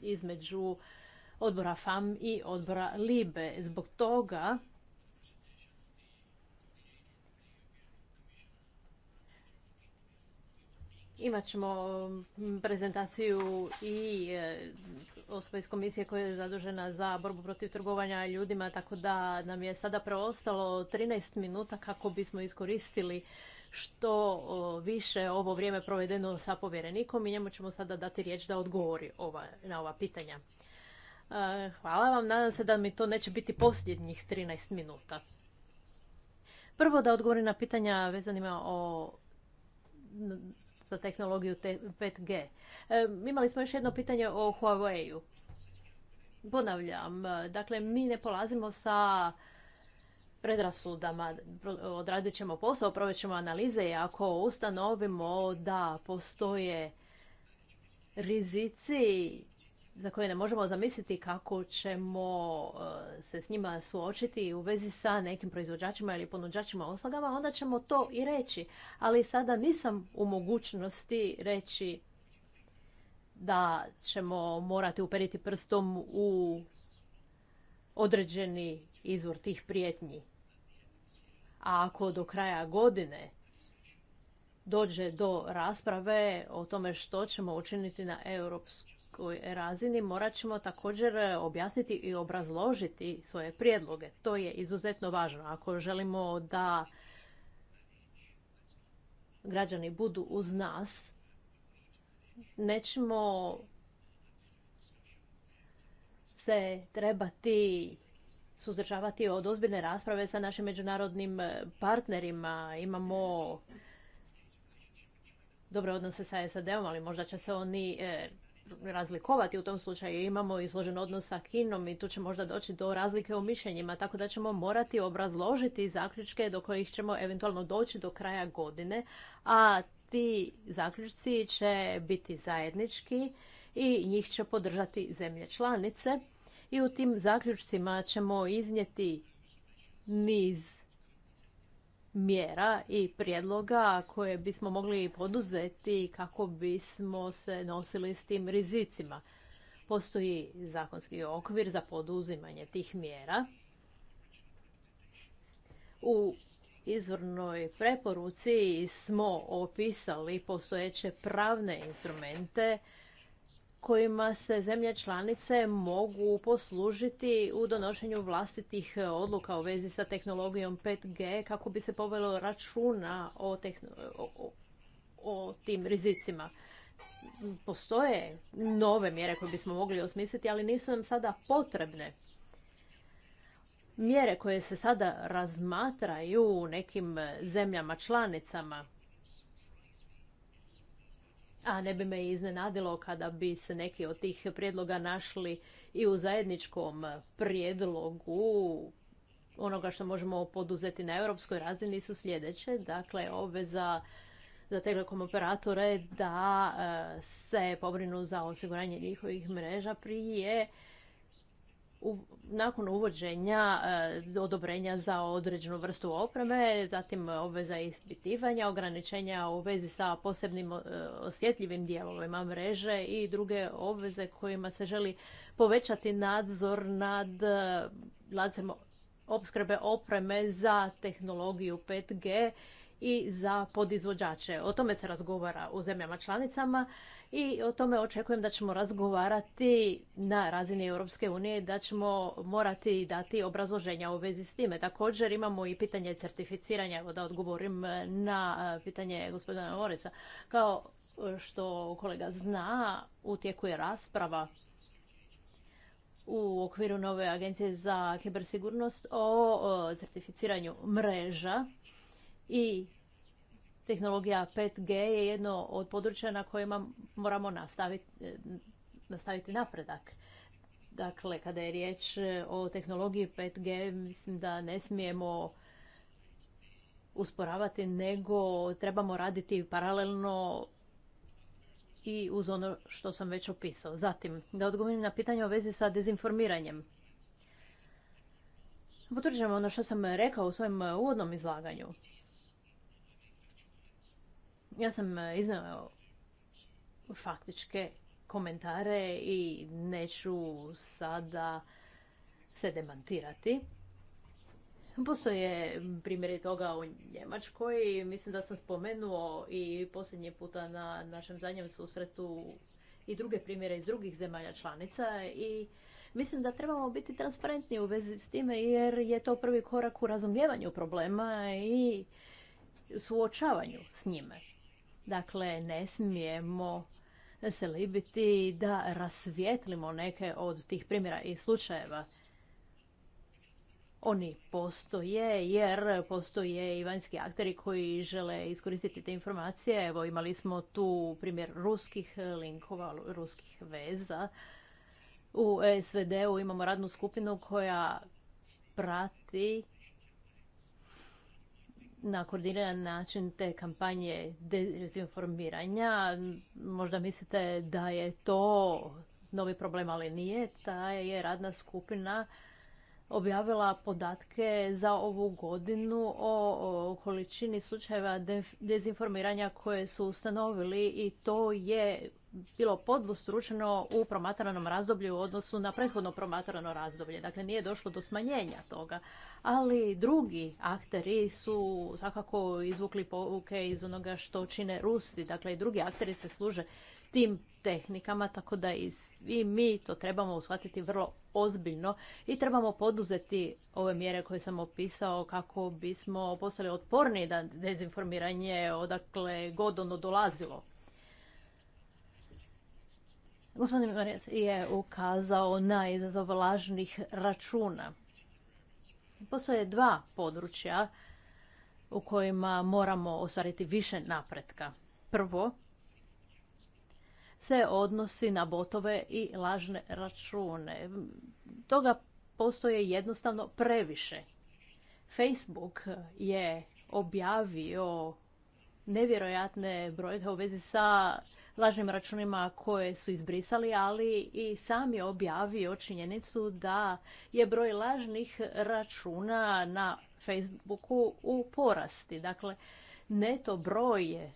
između odbora FAM i odbora LIBE. Zbog toga imat ćemo mm, prezentaciju i e, osoba iz komisije koja je zadužena za borbu protiv trgovanja ljudima, tako da nam je sada preostalo 13 minuta kako bismo iskoristili što više ovo vrijeme provedeno sa povjerenikom i njemu ćemo sada dati riječ da odgovori na ova pitanja. E, hvala vam, nadam se da mi to neće biti posljednjih 13 minuta. Prvo da odgovorim na pitanja vezanima o za tehnologiju 5G. E, imali smo još jedno pitanje o Huawei-u. Ponavljam, e, dakle, mi ne polazimo sa predrasudama, odradit ćemo posao, provjet ćemo analize i ako ustanovimo da postoje rizici za koje ne možemo zamisliti kako ćemo e, se s njima suočiti u vezi sa nekim proizvođačima ili ponuđačima oslagama, onda ćemo to i reći. Ali sada nisam u mogućnosti reći da ćemo morati uperiti prstom u određeni izvor tih prijetnji. A ako do kraja godine dođe do rasprave o tome što ćemo učiniti na europskom razini morat ćemo također e, objasniti i obrazložiti svoje prijedloge. To je izuzetno važno. Ako želimo da građani budu uz nas, nećemo se trebati suzdržavati od ozbiljne rasprave sa našim međunarodnim e, partnerima. Imamo dobre odnose sa SAD-om, ali možda će se oni e, razlikovati u tom slučaju. Imamo izložen odnos sa Kinom i tu će možda doći do razlike u mišljenjima, tako da ćemo morati obrazložiti zaključke do kojih ćemo eventualno doći do kraja godine, a ti zaključci će biti zajednički i njih će podržati zemlje članice. I u tim zaključcima ćemo iznijeti niz mjera i prijedloga koje bismo mogli poduzeti kako bismo se nosili s tim rizicima. Postoji zakonski okvir za poduzimanje tih mjera. U izvornoj preporuci smo opisali postojeće pravne instrumente kojima se zemlje članice mogu poslužiti u donošenju vlastitih odluka u vezi sa tehnologijom 5G kako bi se povelo računa o, o, o tim rizicima. Postoje nove mjere koje bismo mogli osmisliti, ali nisu nam sada potrebne. Mjere koje se sada razmatraju u nekim zemljama članicama a ne bi me iznenadilo kada bi se neki od tih prijedloga našli i u zajedničkom prijedlogu onoga što možemo poduzeti na europskoj razini su sljedeće. Dakle, obveza za telekom operatore da e, se pobrinu za osiguranje njihovih mreža prije nakon uvođenja eh, odobrenja za određenu vrstu opreme, zatim obveza ispitivanja, ograničenja u vezi sa posebnim eh, osjetljivim dijelovima mreže i druge obveze kojima se želi povećati nadzor nad lancem eh, opskrbe opreme za tehnologiju 5G i za podizvođače. O tome se razgovara u zemljama članicama i o tome očekujem da ćemo razgovarati na razini Europske unije da ćemo morati dati obrazloženja u vezi s time. Također imamo i pitanje certificiranja, evo da odgovorim na e, pitanje gospodina Morisa Kao što kolega zna, u tijeku je rasprava u okviru nove agencije za kibersigurnost o e, certificiranju mreža i tehnologija 5G je jedno od područja na kojima moramo nastaviti, nastaviti napredak. Dakle, kada je riječ o tehnologiji 5G, mislim da ne smijemo usporavati, nego trebamo raditi paralelno i uz ono što sam već opisao. Zatim, da odgovorim na pitanje o vezi sa dezinformiranjem. Potvrđujem ono što sam rekao u svojem uvodnom izlaganju. Ja sam e, iznao faktičke komentare i neću sada se demantirati. Postoje primjeri toga u Njemačkoj. Mislim da sam spomenuo i posljednji puta na našem zadnjem susretu i druge primjere iz drugih zemalja članica i mislim da trebamo biti transparentni u vezi s time jer je to prvi korak u razumijevanju problema i suočavanju s njime. Dakle, ne smijemo se libiti da rasvijetlimo neke od tih primjera i slučajeva. Oni postoje jer postoje i vanjski akteri koji žele iskoristiti te informacije. Evo imali smo tu primjer ruskih linkova, ruskih veza. U SVD-u imamo radnu skupinu koja prati na koordiniran način te kampanje dezinformiranja. Možda mislite da je to novi problem, ali nije. Ta je radna skupina objavila podatke za ovu godinu o, količini slučajeva dezinformiranja koje su ustanovili i to je bilo podvostručeno u promatranom razdoblju u odnosu na prethodno promatrano razdoblje. Dakle, nije došlo do smanjenja toga. Ali drugi akteri su svakako izvukli pouke iz onoga što čine Rusi. Dakle, i drugi akteri se služe tim tehnikama, tako da i svi mi to trebamo shvatiti vrlo ozbiljno i trebamo poduzeti ove mjere koje sam opisao kako bismo postali otporni na dezinformiranje odakle god ono dolazilo. Gospodin Marijas je ukazao na izazov lažnih računa. Postoje dva područja u kojima moramo ostvariti više napretka. Prvo se odnosi na botove i lažne račune. Toga postoje jednostavno previše. Facebook je objavio nevjerojatne brojke u vezi sa lažnim računima koje su izbrisali, ali i sam je objavio činjenicu da je broj lažnih računa na Facebooku u porasti. Dakle, neto broj je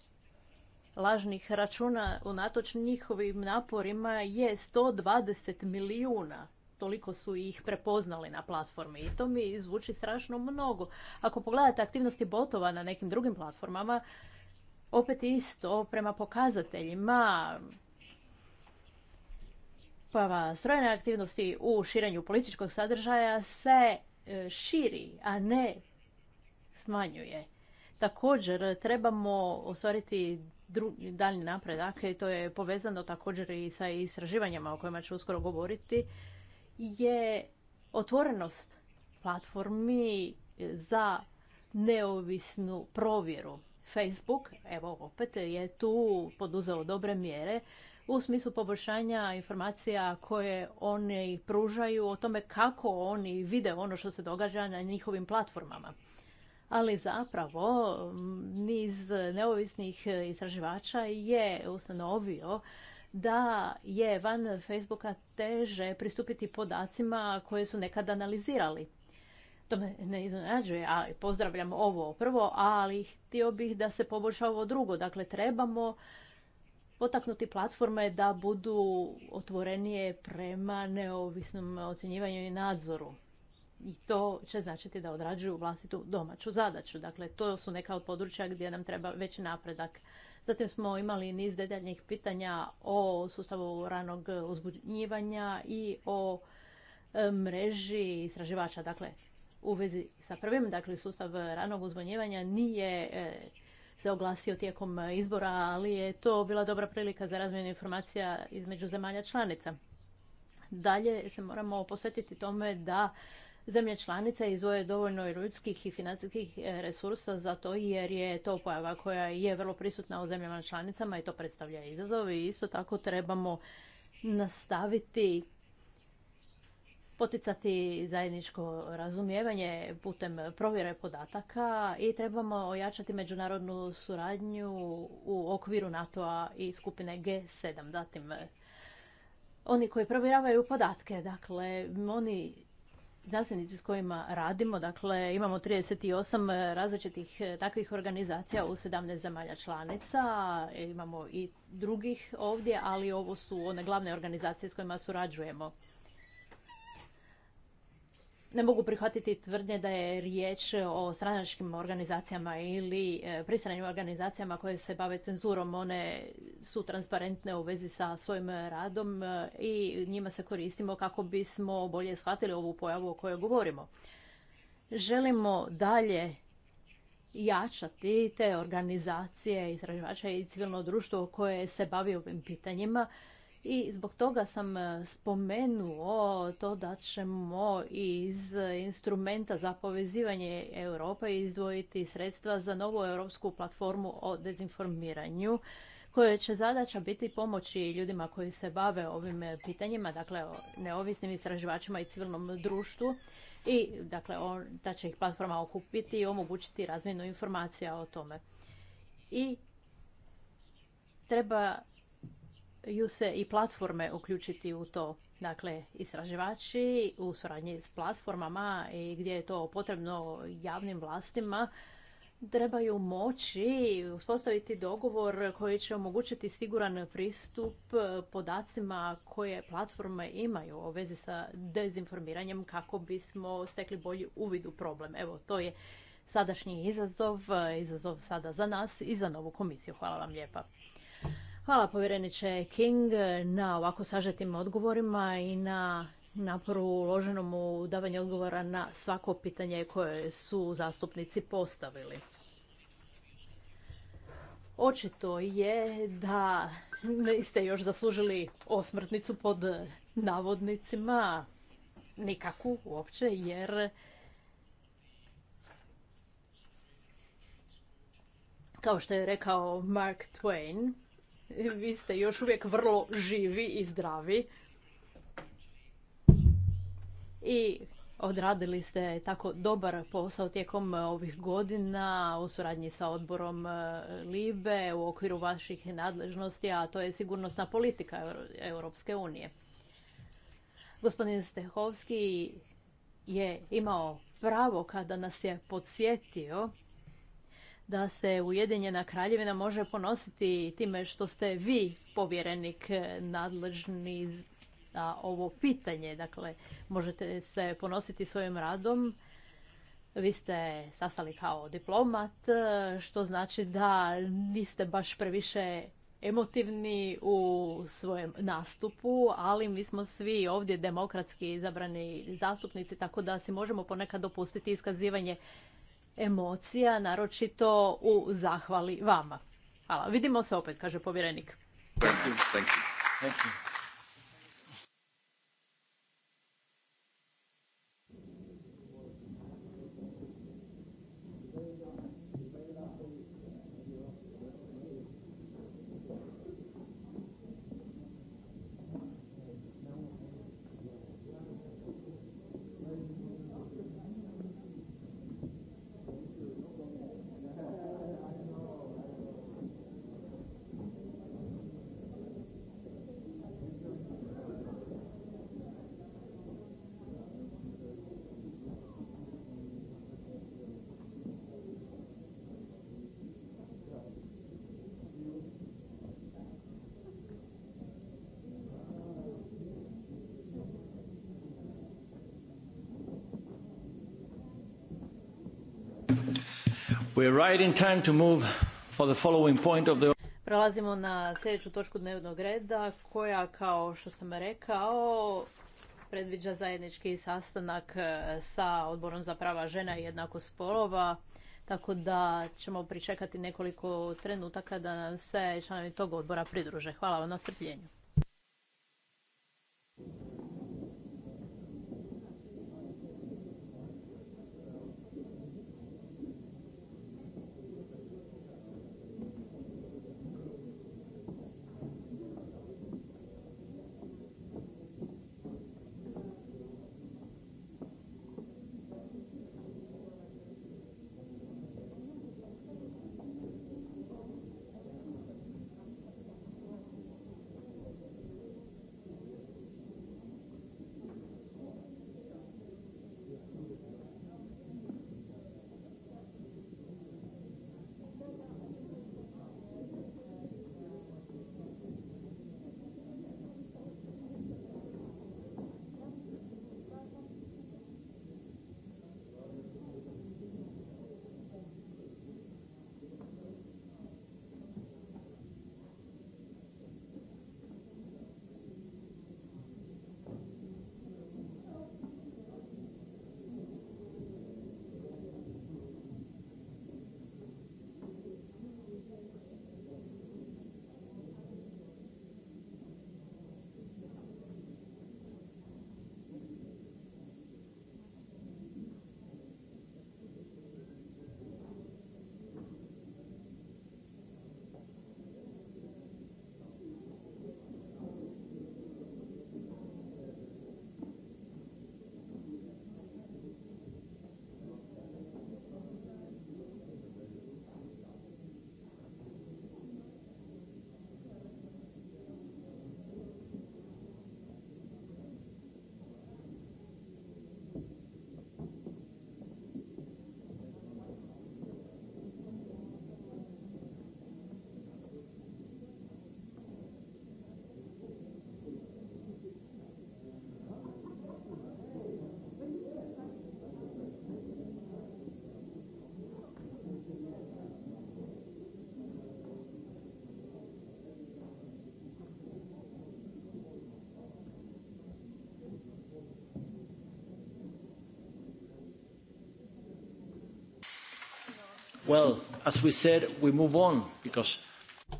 lažnih računa unatoč njihovim naporima je 120 milijuna. Toliko su ih prepoznali na platformi i to mi zvuči strašno mnogo. Ako pogledate aktivnosti botova na nekim drugim platformama, opet isto prema pokazateljima pa aktivnosti u širenju političkog sadržaja se e, širi, a ne smanjuje. Također trebamo ostvariti daljnji napredak i to je povezano također i sa istraživanjama o kojima ću uskoro govoriti, je otvorenost platformi za neovisnu provjeru. Facebook, evo opet je tu poduzeo dobre mjere u smislu poboljšanja informacija koje oni pružaju o tome kako oni vide ono što se događa na njihovim platformama. Ali zapravo niz neovisnih istraživača je ustanovio da je van Facebooka teže pristupiti podacima koje su nekad analizirali. To me ne iznenađuje, ali pozdravljam ovo prvo, ali htio bih da se poboljša ovo drugo. Dakle, trebamo potaknuti platforme da budu otvorenije prema neovisnom ocjenjivanju i nadzoru. I to će značiti da odrađuju vlastitu domaću zadaću. Dakle, to su neka od područja gdje nam treba veći napredak. Zatim smo imali niz detaljnih pitanja o sustavu ranog uzbunjivanja i o e, mreži istraživača. Dakle, u vezi sa prvim, dakle sustav ranog uzvonjevanja nije e, se oglasio tijekom izbora, ali je to bila dobra prilika za razmjenu informacija između zemalja članica. Dalje se moramo posvetiti tome da zemlje članice izvoje dovoljno ljudskih i financijskih e, resursa za to, jer je to pojava koja je vrlo prisutna u zemljama članicama i to predstavlja izazov i isto tako trebamo nastaviti poticati zajedničko razumijevanje putem provjere podataka i trebamo ojačati međunarodnu suradnju u okviru NATO-a i skupine G7. Zatim, eh, oni koji provjeravaju podatke, dakle, oni znanstvenici s kojima radimo, dakle imamo 38 eh, različitih eh, takvih organizacija u 17 zemalja članica, imamo i drugih ovdje, ali ovo su one glavne organizacije s kojima surađujemo ne mogu prihvatiti tvrdnje da je riječ o stranačkim organizacijama ili e, pristranim organizacijama koje se bave cenzurom. One su transparentne u vezi sa svojim radom e, i njima se koristimo kako bismo bolje shvatili ovu pojavu o kojoj govorimo. Želimo dalje jačati te organizacije, istraživača i civilno društvo koje se bavi ovim pitanjima i zbog toga sam e, spomenuo to da ćemo iz instrumenta za povezivanje Europe izdvojiti sredstva za novu europsku platformu o dezinformiranju koja će zadaća biti pomoći ljudima koji se bave ovim pitanjima, dakle neovisnim istraživačima i civilnom društvu i dakle on, da će ih platforma okupiti i omogućiti razmjenu informacija o tome. I treba ju se i platforme uključiti u to. Dakle, istraživači u suradnji s platformama i gdje je to potrebno javnim vlastima trebaju moći uspostaviti dogovor koji će omogućiti siguran pristup podacima koje platforme imaju u vezi sa dezinformiranjem kako bismo stekli bolji uvid u problem. Evo, to je sadašnji izazov, izazov sada za nas i za novu komisiju. Hvala vam lijepa. Hvala povjereniče King na ovako sažetim odgovorima i na naporu uloženom u davanje odgovora na svako pitanje koje su zastupnici postavili. Očito je da niste još zaslužili osmrtnicu pod navodnicima, nikakvu uopće, jer kao što je rekao Mark Twain, vi ste još uvijek vrlo živi i zdravi. I odradili ste tako dobar posao tijekom e, ovih godina u suradnji sa odborom e, Libe u okviru vaših nadležnosti, a to je sigurnosna politika Europske unije. Gospodin Stehovski je imao pravo kada nas je podsjetio da se Ujedinjena kraljevina može ponositi time što ste vi povjerenik e, nadležni na ovo pitanje. Dakle, možete se ponositi svojim radom. Vi ste sasali kao diplomat, e, što znači da niste baš previše emotivni u svojem nastupu, ali mi smo svi ovdje demokratski izabrani zastupnici, tako da si možemo ponekad dopustiti iskazivanje emocija, naročito u zahvali vama. Hvala. Vidimo se opet, kaže povjerenik. Thank you. Thank you. Prelazimo na sljedeću točku dnevnog reda koja, kao što sam rekao, predviđa zajednički sastanak e, sa odborom za prava žena i jednako spolova. Tako da ćemo pričekati nekoliko trenutaka da nam se članovi tog odbora pridruže. Hvala vam na strpljenju.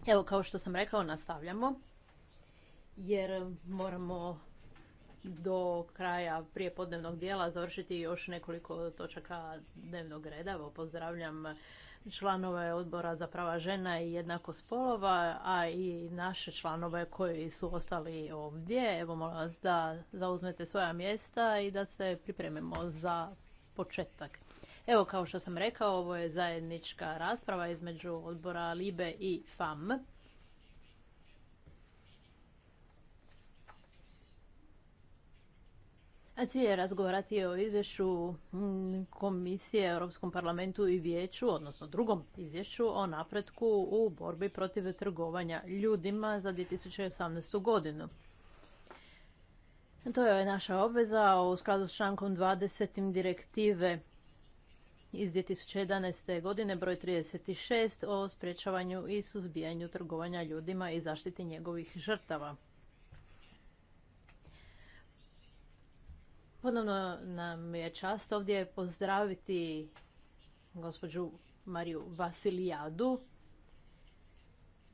Evo, kao što sam rekao, nastavljamo. Jer moramo do kraja prije podnevnog dijela završiti još nekoliko točaka dnevnog reda. Evo, pozdravljam članove odbora za prava žena i jednako spolova, a i naše članove koji su ostali ovdje. Evo molim vas da zauzmete svoja mjesta i da se pripremimo za početak. Evo, kao što sam rekao, ovo je zajednička rasprava između odbora LIBE i FAM. A cilj je razgovarati o izvješću mm, Komisije Europskom parlamentu i vijeću, odnosno drugom izvješću o napretku u borbi protiv trgovanja ljudima za 2018. godinu. To je naša obveza u skladu s člankom 20. direktive iz 2011. godine broj 36 o sprječavanju i suzbijanju trgovanja ljudima i zaštiti njegovih žrtava. Ponovno nam je čast ovdje pozdraviti gospođu Mariju Vasilijadu,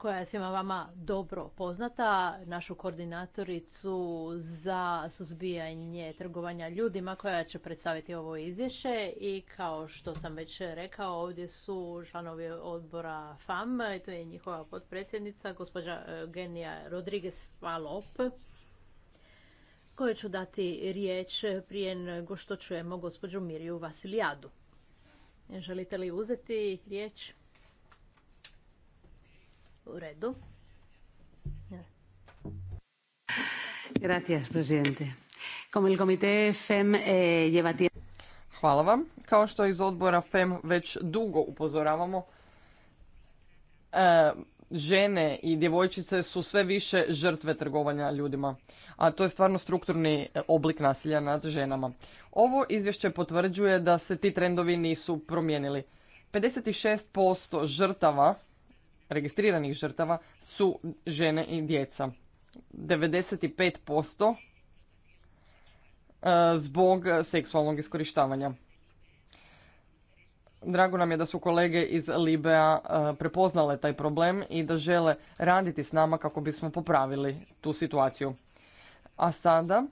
koja je svima vama dobro poznata, našu koordinatoricu za suzbijanje trgovanja ljudima koja će predstaviti ovo izvješće i kao što sam već rekao ovdje su članovi odbora FAM, i to je njihova potpredsjednica, gospođa e, Genija Rodriguez Falop kojoj ću dati riječ prije nego što čujemo gospođu Miriju Vasilijadu. Želite li uzeti riječ? U redu. Gracias, presidente. Como el FEM eh, Hvala vam. Kao što iz odbora FEM već dugo upozoravamo, eh, žene i djevojčice su sve više žrtve trgovanja ljudima, a to je stvarno strukturni eh, oblik nasilja nad ženama. Ovo izvješće potvrđuje da se ti trendovi nisu promijenili. 56% žrtava registriranih žrtava su žene i djeca. 95% e, zbog seksualnog iskorištavanja. Drago nam je da su kolege iz Libea e, prepoznale taj problem i da žele raditi s nama kako bismo popravili tu situaciju. A sada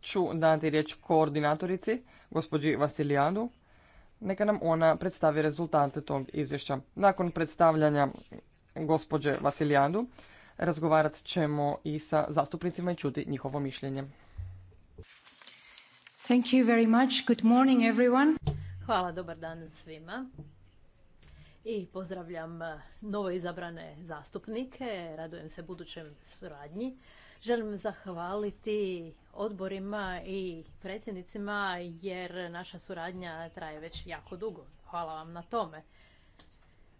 ću dati riječ koordinatorici, gospođi Vasilijadu, neka nam ona predstavi rezultate tog izvješća. Nakon predstavljanja gospođe Vasilijadu razgovarat ćemo i sa zastupnicima i čuti njihovo mišljenje. Thank you very much. Good morning everyone. Hvala, dobar dan svima. I pozdravljam novo izabrane zastupnike, radujem se budućem suradnji. Želim zahvaliti odborima i predsjednicima jer naša suradnja traje već jako dugo. Hvala vam na tome.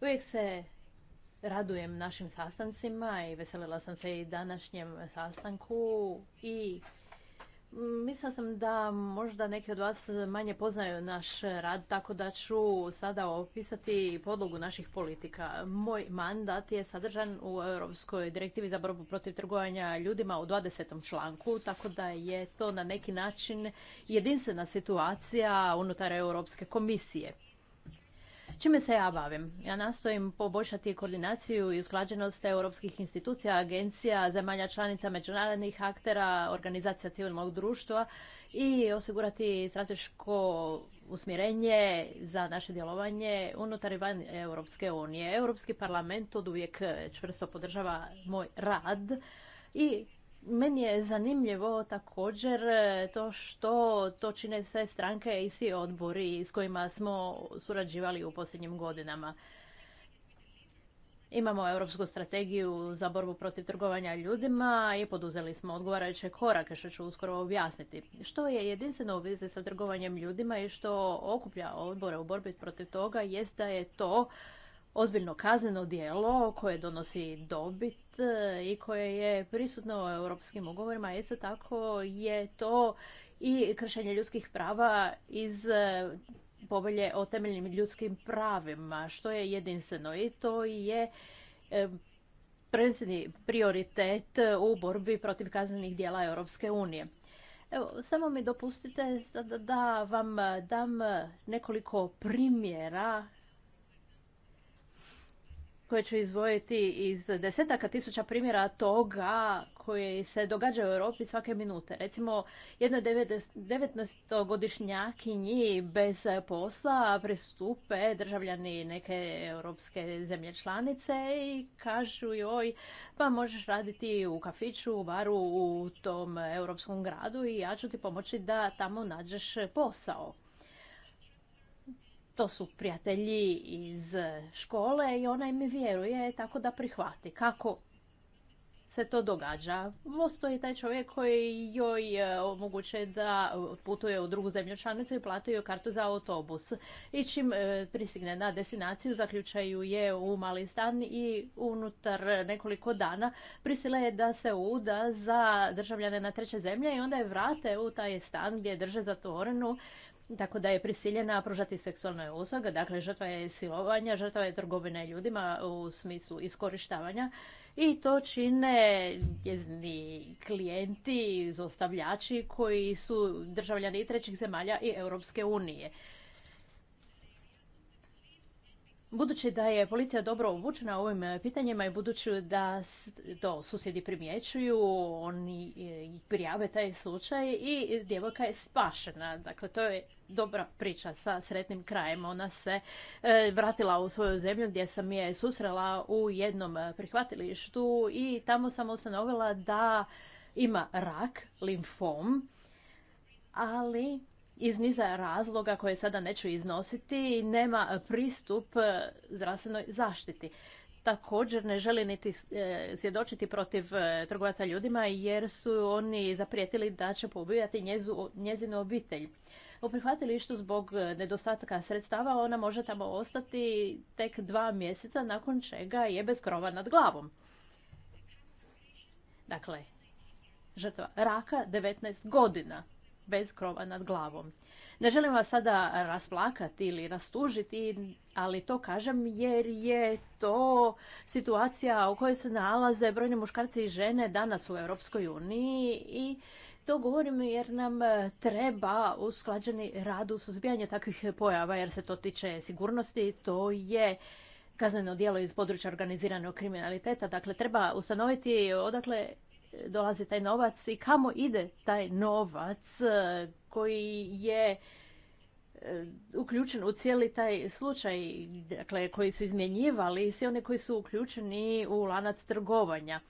Uvijek se radujem našim sastancima i veselila sam se i današnjem sastanku i Mislila sam da možda neki od vas manje poznaju naš rad, tako da ću sada opisati podlogu naših politika. Moj mandat je sadržan u Europskoj direktivi za borbu protiv trgovanja ljudima u 20. članku, tako da je to na neki način jedinstvena situacija unutar Europske komisije. Čime se ja bavim? Ja nastojim poboljšati koordinaciju i usklađenost europskih institucija, agencija, zemalja članica, međunarodnih aktera, organizacija civilnog društva i osigurati strateško usmjerenje za naše djelovanje unutar i van Europske unije. Europski parlament od uvijek čvrsto podržava moj rad i meni je zanimljivo također e, to što to čine sve stranke i svi odbori s kojima smo surađivali u posljednjim godinama. Imamo europsku strategiju za borbu protiv trgovanja ljudima i poduzeli smo odgovarajuće korake što ću uskoro objasniti. Što je jedinstveno u vezi sa trgovanjem ljudima i što okuplja odbore u borbi protiv toga jest da je to ozbiljno kazneno djelo koje donosi dobit e, i koje je prisutno u europskim ugovorima, isto tako je to i kršenje ljudskih prava iz e, povelje o temeljnim ljudskim pravima, što je jedinstveno i to je e, prvenstveni prioritet u borbi protiv kaznenih djela Europske unije. Evo, samo mi dopustite da vam dam nekoliko primjera koje ću izdvojiti iz desetaka tisuća primjera toga koji se događa u Europi svake minute. Recimo, jednoj 19-godišnjakinji bez posla pristupe državljani neke europske zemlje članice i kažu joj pa možeš raditi u kafiću, u baru u tom europskom gradu i ja ću ti pomoći da tamo nađeš posao to su prijatelji iz škole i ona im vjeruje tako da prihvati. Kako se to događa? Postoji taj čovjek koji joj e, omogućuje da putuje u drugu zemlju članicu i plati joj kartu za autobus. I čim e, prisigne na destinaciju, zaključaju je u mali stan i unutar nekoliko dana prisila je da se uda za državljane na treće zemlje i onda je vrate u taj stan gdje drže zatvorenu tako da je prisiljena pružati seksualne usluge, dakle žrtva je silovanja, žrtva je trgovine ljudima u smislu iskorištavanja i to čine njezni klijenti, zostavljači koji su državljani trećih zemalja i Europske unije. Budući da je policija dobro obučena ovim e, pitanjima i budući da to susjedi primjećuju, oni e, prijave taj slučaj i djevojka je spašena. Dakle, to je dobra priča sa sretnim krajem. Ona se e, vratila u svoju zemlju gdje sam je susrela u jednom prihvatilištu i tamo sam ustanovila da ima rak, limfom, ali iz niza razloga koje sada neću iznositi i nema pristup e, zdravstvenoj zaštiti. Također ne želi niti e, svjedočiti protiv e, trgovaca ljudima jer su oni zaprijetili da će pobijati njezinu obitelj. U prihvatilištu zbog nedostatka sredstava ona može tamo ostati tek dva mjeseca nakon čega je bez krova nad glavom. Dakle, žrtva raka 19 godina bez krova nad glavom. Ne želim vas sada rasplakati ili rastužiti, ali to kažem jer je to situacija u kojoj se nalaze brojni muškarci i žene danas u Europskoj uniji i to govorim jer nam treba usklađeni rad u suzbijanju takvih pojava jer se to tiče sigurnosti, to je kazneno djelo iz područja organiziranog kriminaliteta. Dakle, treba ustanoviti odakle dolazi taj novac i kamo ide taj novac e, koji je e, uključen u cijeli taj slučaj, dakle koji su izmjenjivali i svi oni koji su uključeni u lanac trgovanja.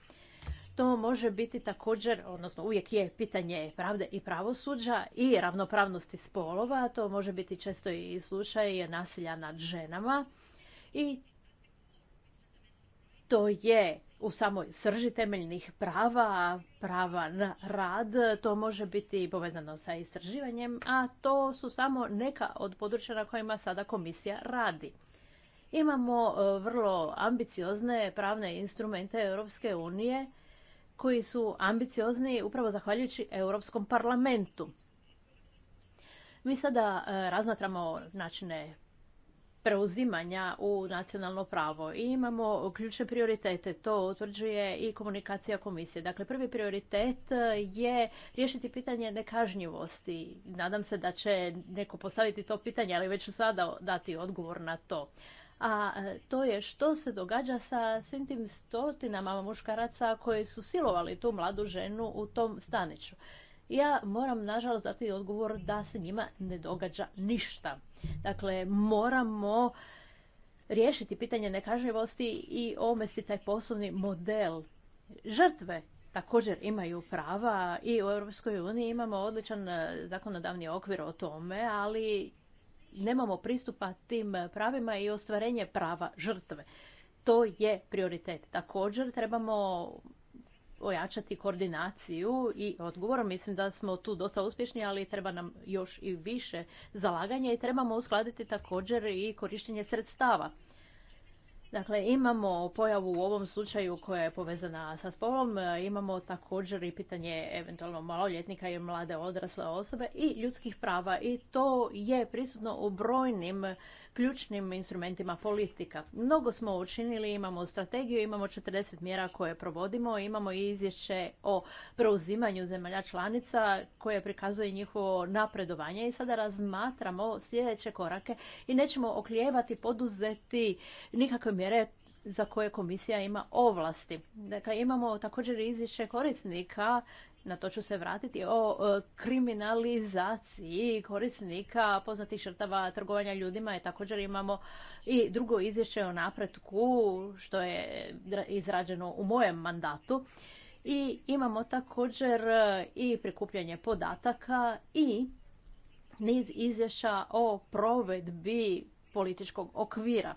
To može biti također, odnosno uvijek je pitanje pravde i pravosuđa i ravnopravnosti spolova, to može biti često i slučaj nasilja nad ženama i to je u samoj srži temeljnih prava, prava na rad, to može biti povezano sa istraživanjem, a to su samo neka od područja na kojima sada komisija radi. Imamo e, vrlo ambiciozne pravne instrumente Europske unije koji su ambiciozni upravo zahvaljujući Europskom parlamentu. Mi sada e, razmatramo načine preuzimanja u nacionalno pravo. I imamo ključne prioritete, to utvrđuje i komunikacija komisije. Dakle, prvi prioritet e, je riješiti pitanje nekažnjivosti. Nadam se da će neko postaviti to pitanje, ali već ću sada dati odgovor na to. A e, to je što se događa sa svim tim stotinama muškaraca koji su silovali tu mladu ženu u tom staniću. Ja moram nažalost dati odgovor da se njima ne događa ništa. Dakle, moramo riješiti pitanje nekažnjivosti i omesti taj poslovni model. Žrtve također imaju prava i u Europskoj uniji imamo odličan e, zakonodavni okvir o tome, ali nemamo pristupa tim pravima i ostvarenje prava žrtve. To je prioritet. Također trebamo ojačati koordinaciju i odgovor. Mislim da smo tu dosta uspješni, ali treba nam još i više zalaganja i trebamo uskladiti također i korištenje sredstava. Dakle, imamo pojavu u ovom slučaju koja je povezana sa spolom, imamo također i pitanje eventualno maloljetnika i mlade odrasle osobe i ljudskih prava i to je prisutno u brojnim ključnim instrumentima politika. Mnogo smo učinili, imamo strategiju, imamo 40 mjera koje provodimo, imamo i izvješće o preuzimanju zemalja članica koje prikazuje njihovo napredovanje i sada razmatramo sljedeće korake i nećemo oklijevati poduzeti nikakve mjere za koje komisija ima ovlasti. Dakle, imamo također izvješće korisnika na to ću se vratiti, o e, kriminalizaciji korisnika poznatih žrtava trgovanja ljudima i također imamo i drugo izvješće o napretku što je izrađeno u mojem mandatu. I imamo također e, i prikupljanje podataka i niz izvješća o provedbi političkog okvira.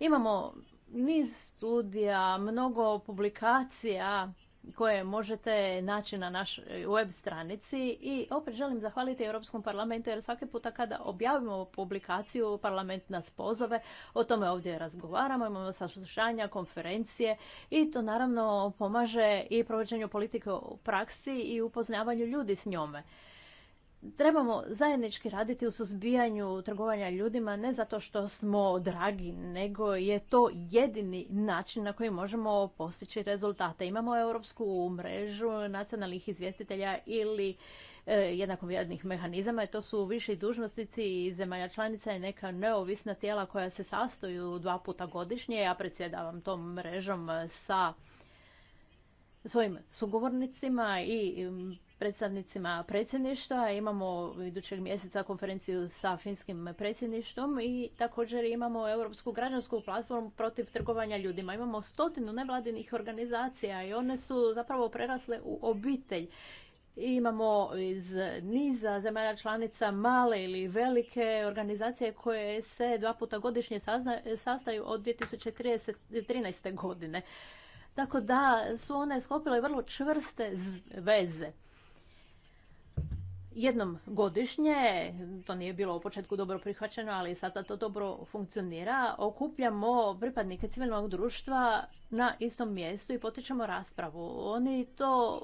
Imamo niz studija, mnogo publikacija koje možete naći na našoj web stranici i opet želim zahvaliti Europskom parlamentu jer svaki puta kada objavimo publikaciju parlament nas pozove, o tome ovdje razgovaramo, imamo saslušanja, konferencije i to naravno pomaže i provođenju politike u praksi i upoznavanju ljudi s njome trebamo zajednički raditi u suzbijanju trgovanja ljudima ne zato što smo dragi, nego je to jedini način na koji možemo postići rezultate. Imamo europsku mrežu nacionalnih izvjestitelja ili jednako jednakovjernih mehanizama to su viši dužnosnici iz zemalja članica i neka neovisna tijela koja se sastoju dva puta godišnje. Ja predsjedavam tom mrežom sa svojim sugovornicima i predstavnicima predsjedništva. Imamo idućeg mjeseca konferenciju sa finskim predsjedništvom i također imamo Europsku građansku platformu protiv trgovanja ljudima. Imamo stotinu nevladinih organizacija i one su zapravo prerasle u obitelj. Imamo iz niza zemalja članica male ili velike organizacije koje se dva puta godišnje sastaju od 2013. godine. Tako da su one skopile vrlo čvrste veze jednom godišnje, to nije bilo u početku dobro prihvaćeno, ali sada to dobro funkcionira, okupljamo pripadnike civilnog društva na istom mjestu i potičemo raspravu. Oni to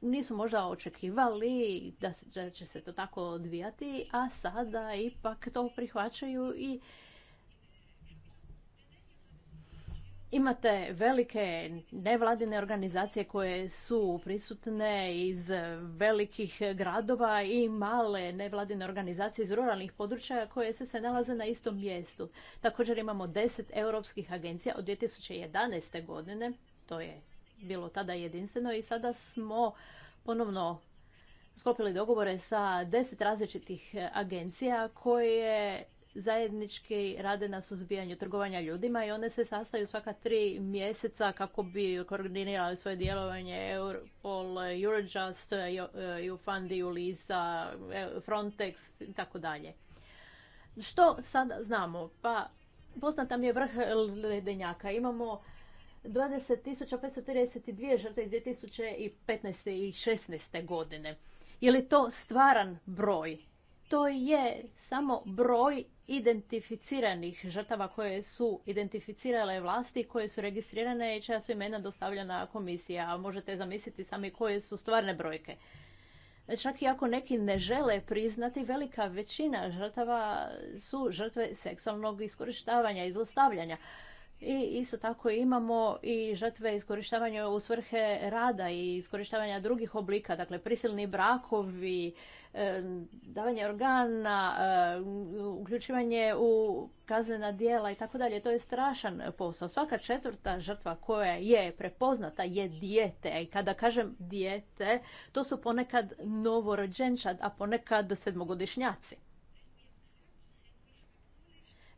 nisu možda očekivali da će se to tako odvijati, a sada ipak to prihvaćaju i Imate velike nevladine organizacije koje su prisutne iz velikih gradova i male nevladine organizacije iz ruralnih područja koje se sve nalaze na istom mjestu. Također imamo 10 europskih agencija od 2011. godine, to je bilo tada jedinstveno i sada smo ponovno sklopili dogovore sa deset različitih agencija koje zajednički rade na suzbijanju trgovanja ljudima i one se sastaju svaka tri mjeseca kako bi koordinirali svoje djelovanje Europol, Eurojust, EUFund, EULISA, Frontex i tako dalje. Što sad znamo? Pa poznata mi je vrh ledenjaka. Imamo 20.532 žrtve iz 2015. i 16. godine. Je li to stvaran broj? To je samo broj identificiranih žrtava koje su identificirale vlasti, koje su registrirane i čeja su imena dostavljena komisija. Možete zamisliti sami koje su stvarne brojke. Čak i ako neki ne žele priznati, velika većina žrtava su žrtve seksualnog iskorištavanja i zlostavljanja. I isto tako imamo i žrtve iskorištavanja u svrhe rada i iskorištavanja drugih oblika, dakle prisilni brakovi, e, davanje organa, e, uključivanje u kaznena djela i tako dalje. To je strašan posao. Svaka četvrta žrtva koja je prepoznata je dijete. I kada kažem dijete, to su ponekad novorođenčad, a ponekad sedmogodišnjaci.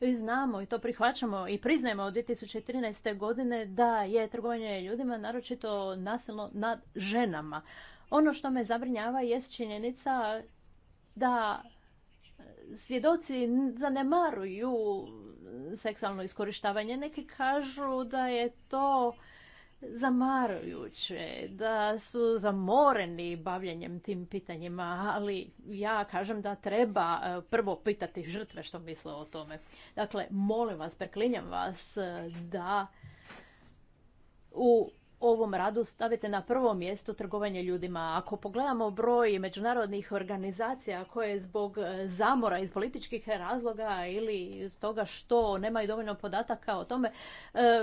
Mi znamo i to prihvaćamo i priznajemo od 2013. godine da je trgovanje ljudima naročito nasilno nad ženama. Ono što me zabrinjava jest činjenica da svjedoci zanemaruju seksualno iskorištavanje. Neki kažu da je to zamarujuće, da su zamoreni bavljanjem tim pitanjima, ali ja kažem da treba e, prvo pitati žrtve što misle o tome. Dakle, molim vas, preklinjam vas e, da u ovom radu stavite na prvo mjesto trgovanje ljudima. Ako pogledamo broj međunarodnih organizacija koje zbog e, zamora iz političkih razloga ili iz toga što nemaju dovoljno podataka o tome, e,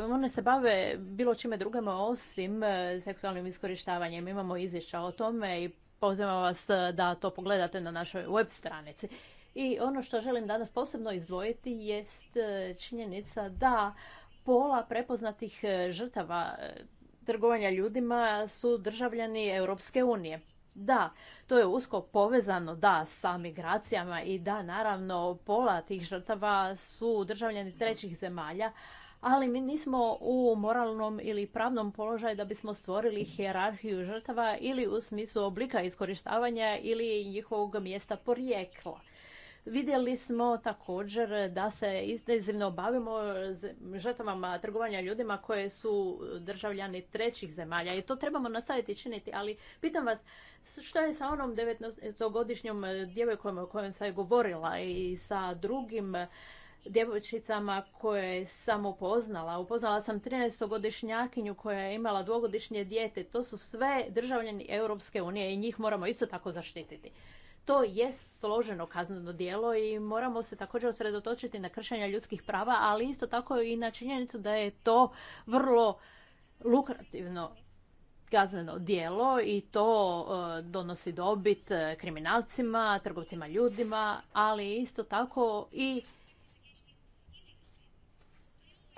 one se bave bilo čime drugome osim e, seksualnim iskorištavanjem. Imamo izvješća o tome i pozivam vas da to pogledate na našoj web stranici. I ono što želim danas posebno izdvojiti jest činjenica da pola prepoznatih žrtava trgovanja ljudima su državljani Europske unije. Da, to je usko povezano, da, sa migracijama i da, naravno, pola tih žrtava su državljani trećih zemalja, ali mi nismo u moralnom ili pravnom položaju da bismo stvorili hijerarhiju žrtava ili u smislu oblika iskorištavanja ili njihovog mjesta porijekla. Vidjeli smo također da se intenzivno bavimo žrtvama trgovanja ljudima koje su državljani trećih zemalja i to trebamo nastaviti činiti, ali pitam vas što je sa onom 19-godišnjom djevojkom o kojem sam je govorila i sa drugim djevojčicama koje sam upoznala. Upoznala sam 13-godišnjakinju koja je imala dvogodišnje dijete. To su sve državljani Europske unije i njih moramo isto tako zaštititi. To je složeno kazneno djelo i moramo se također osredotočiti na kršenja ljudskih prava, ali isto tako i na činjenicu da je to vrlo lukrativno kazneno djelo i to e, donosi dobit e, kriminalcima, trgovcima ljudima, ali isto tako i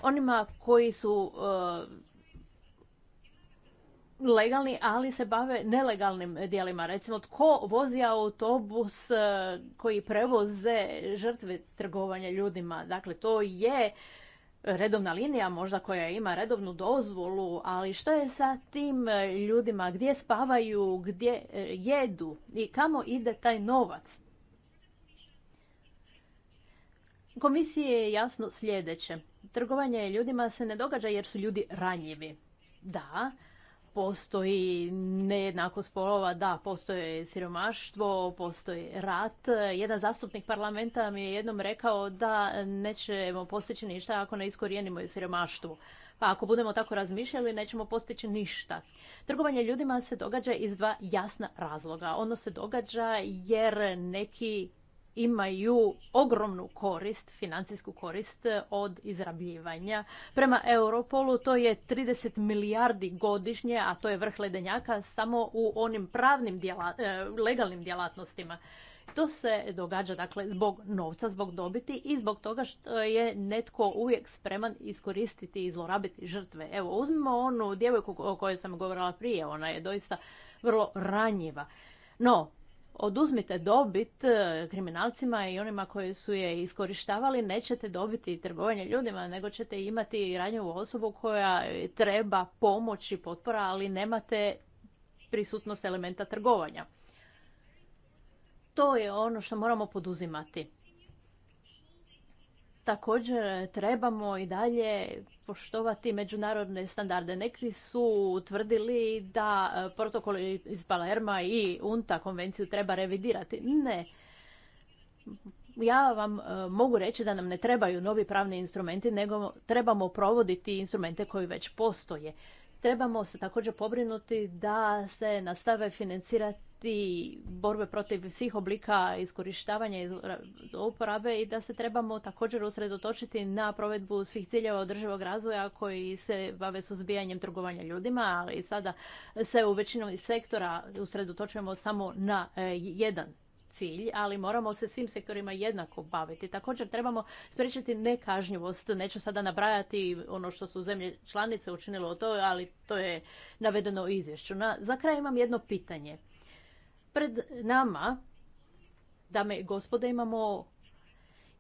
onima koji su e, legalni, ali se bave nelegalnim dijelima. Recimo, tko vozi autobus e, koji prevoze žrtve trgovanja ljudima? Dakle, to je redovna linija možda koja ima redovnu dozvolu, ali što je sa tim e, ljudima? Gdje spavaju, gdje e, jedu i kamo ide taj novac? Komisije je jasno sljedeće. Trgovanje ljudima se ne događa jer su ljudi ranjivi. Da, postoji nejednakost spolova, da, postoje siromaštvo, postoji rat. Jedan zastupnik parlamenta mi je jednom rekao da nećemo postići ništa ako ne iskorijenimo siromaštvo. Pa ako budemo tako razmišljali, nećemo postići ništa. Trgovanje ljudima se događa iz dva jasna razloga. Ono se događa jer neki imaju ogromnu korist, financijsku korist eh, od izrabljivanja. Prema Europolu to je 30 milijardi godišnje, a to je vrh ledenjaka samo u onim pravnim eh, legalnim djelatnostima. To se događa dakle zbog novca, zbog dobiti i zbog toga što je netko uvijek spreman iskoristiti i zlorabiti žrtve. Evo, uzmimo onu djevojku o kojoj sam govorila prije, ona je doista vrlo ranjiva. No, oduzmite dobit e, kriminalcima i onima koji su je iskorištavali, nećete dobiti trgovanje ljudima, nego ćete imati ranjivu osobu koja treba pomoć i potpora, ali nemate prisutnost elementa trgovanja. To je ono što moramo poduzimati. Također trebamo i dalje poštovati međunarodne standarde. Neki su utvrdili da e, protokol iz Palerma i UNTA konvenciju treba revidirati. Ne. Ja vam e, mogu reći da nam ne trebaju novi pravni instrumenti, nego trebamo provoditi instrumente koji već postoje. Trebamo se također pobrinuti da se nastave financirati i borbe protiv svih oblika iskorištavanja i zlouporabe i da se trebamo također usredotočiti na provedbu svih ciljeva održivog razvoja koji se bave suzbijanjem trgovanja ljudima, ali sada se u većinom sektora usredotočujemo samo na e, jedan cilj, ali moramo se svim sektorima jednako baviti. Također trebamo spriječiti nekažnjivost. Neću sada nabrajati ono što su zemlje članice o to, ali to je navedeno u izvješću. Na, za kraj imam jedno pitanje. Pred nama, dame i gospode, imamo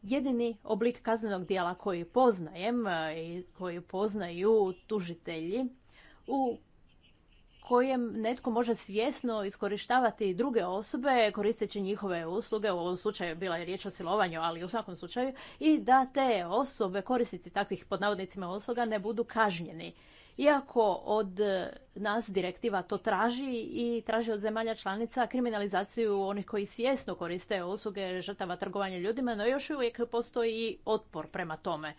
jedini oblik kaznenog dijela koji poznajem e, i koji poznaju tužitelji u kojem netko može svjesno iskorištavati druge osobe koristeći njihove usluge, u ovom slučaju bila je riječ o silovanju, ali u svakom slučaju, i da te osobe koristiti takvih pod navodnicima usluga ne budu kažnjeni iako od e, nas direktiva to traži i traži od zemalja članica kriminalizaciju onih koji svjesno koriste usluge žrtava trgovanja ljudima, no još uvijek postoji otpor prema tome.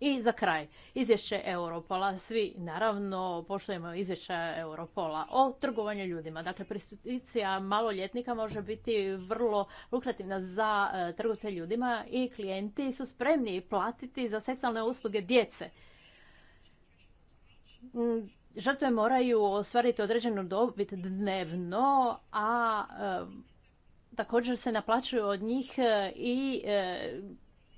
I za kraj, izvješće Europola. Svi, naravno, poštujemo izvješća Europola o trgovanju ljudima. Dakle, prostitucija maloljetnika može biti vrlo lukrativna za e, trgovce ljudima i klijenti su spremni platiti za seksualne usluge djece žrtve moraju ostvariti određenu dobit dnevno, a e, također se naplaćuju od njih e, i e,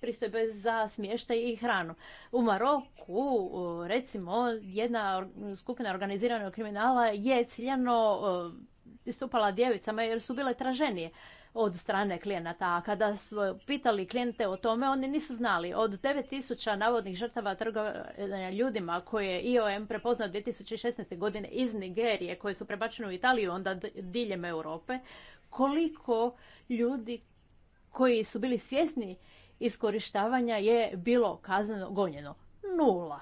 pristojbe za smještaj i hranu. U Maroku, recimo, jedna skupina organiziranog kriminala je ciljano istupala djevicama jer su bile traženije od strane klijenata. A kada su pitali klijente o tome, oni nisu znali. Od 9000 navodnih žrtava trgovanja ljudima koje je IOM prepoznao 2016. godine iz Nigerije, koje su prebačene u Italiju, onda diljem Europe, koliko ljudi koji su bili svjesni iskorištavanja je bilo kazneno gonjeno. Nula.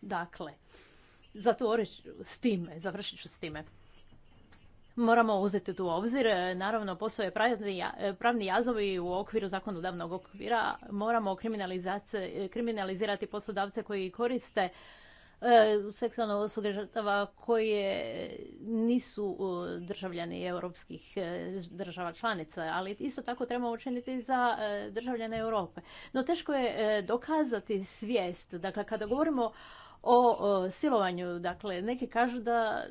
Dakle, zatvorit ću s time, završit ću s time moramo uzeti tu obzir. E, naravno, postoje e, pravni jazovi u okviru zakonodavnog okvira. Moramo e, kriminalizirati poslodavce koji koriste seksualno žrtava koje nisu državljani europskih država članica, ali isto tako trebamo učiniti za državljane Europe. No teško je dokazati svijest. Dakle, kada govorimo o silovanju. Dakle, neki kažu da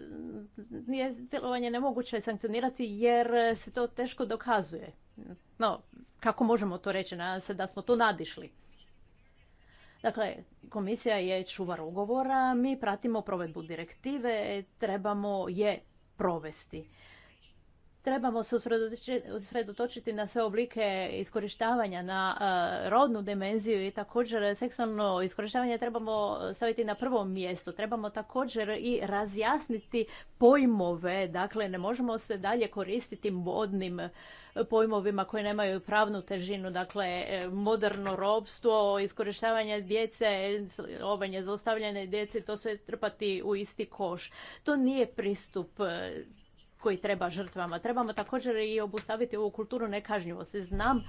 nije silovanje nemoguće sankcionirati jer se to teško dokazuje. No, kako možemo to reći? Nadam se da smo to nadišli. Dakle, komisija je čuvar ugovora, mi pratimo provedbu direktive, trebamo je provesti trebamo se usredotočiti na sve oblike iskorištavanja, na e, rodnu dimenziju i također seksualno iskorištavanje trebamo staviti na prvo mjesto. Trebamo također i razjasniti pojmove, dakle ne možemo se dalje koristiti modnim pojmovima koji nemaju pravnu težinu, dakle e, moderno robstvo, iskorištavanje djece, obanje zaustavljanje djece, to sve trpati u isti koš. To nije pristup koji treba žrtvama. Trebamo također i obustaviti ovu kulturu nekažnjivosti. Znam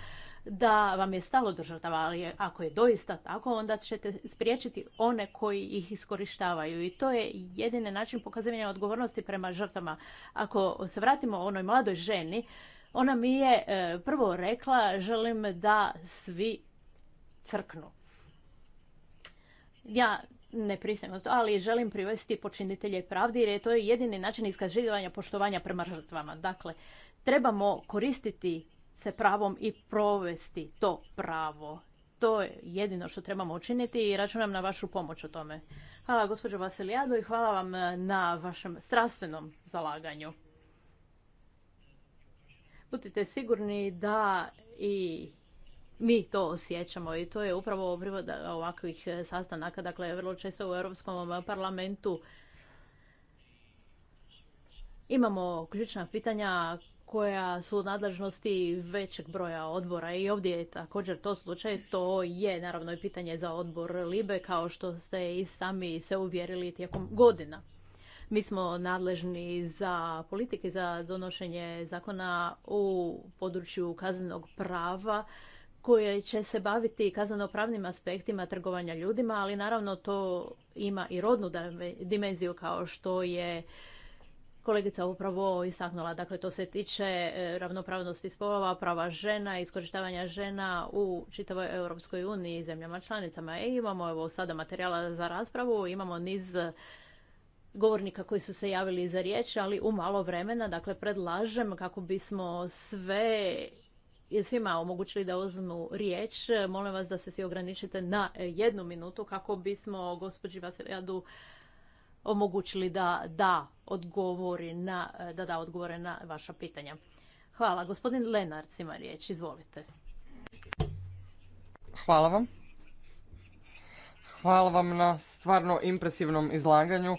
da vam je stalo do žrtava, ali ako je doista tako, onda ćete spriječiti one koji ih iskorištavaju. I to je jedini način pokazivanja odgovornosti prema žrtvama. Ako se vratimo onoj mladoj ženi, ona mi je e, prvo rekla želim da svi crknu. Ja nepristranost, ali želim privesti počinitelje pravdi jer je to jedini način iskazivanja poštovanja prema žrtvama. Dakle, trebamo koristiti se pravom i provesti to pravo. To je jedino što trebamo učiniti i računam na vašu pomoć u tome. Hvala gospođo Vasilijadu i hvala vam na vašem strastvenom zalaganju. Budite sigurni da i mi to osjećamo i to je upravo privoda ovakvih e, sastanaka, dakle vrlo često u Europskom um, parlamentu imamo ključna pitanja koja su u nadležnosti većeg broja odbora i ovdje je također to slučaj. To je naravno i pitanje za odbor Libe kao što ste i sami se uvjerili tijekom godina. Mi smo nadležni za politike, za donošenje zakona u području kaznenog prava koje će se baviti kazano-pravnim aspektima trgovanja ljudima, ali naravno to ima i rodnu dimenziju kao što je kolegica upravo istaknula. Dakle, to se tiče e, ravnopravnosti spolova, prava žena, iskorištavanja žena u čitavoj Europskoj uniji i zemljama članicama. E, imamo evo sada materijala za raspravu, imamo niz govornika koji su se javili za riječ, ali u malo vremena, dakle predlažem kako bismo sve svima omogućili da uzmu riječ. Molim vas da se svi ograničite na e, jednu minutu kako bismo gospođi Vasiljadu omogućili da da odgovori na, e, da da odgovore na vaša pitanja. Hvala. Gospodin Lenarc ima riječ. Izvolite. Hvala vam. Hvala vam na stvarno impresivnom izlaganju.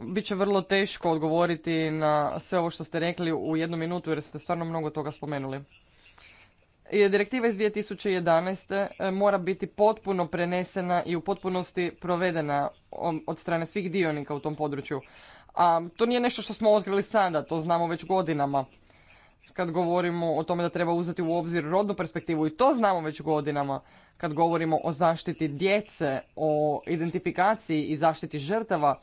Biće vrlo teško odgovoriti na sve ovo što ste rekli u jednu minutu jer ste stvarno mnogo toga spomenuli direktiva iz 2011. E, mora biti potpuno prenesena i u potpunosti provedena od strane svih dionika u tom području. A to nije nešto što smo otkrili sada, to znamo već godinama. Kad govorimo o tome da treba uzeti u obzir rodnu perspektivu i to znamo već godinama. Kad govorimo o zaštiti djece, o identifikaciji i zaštiti žrtava,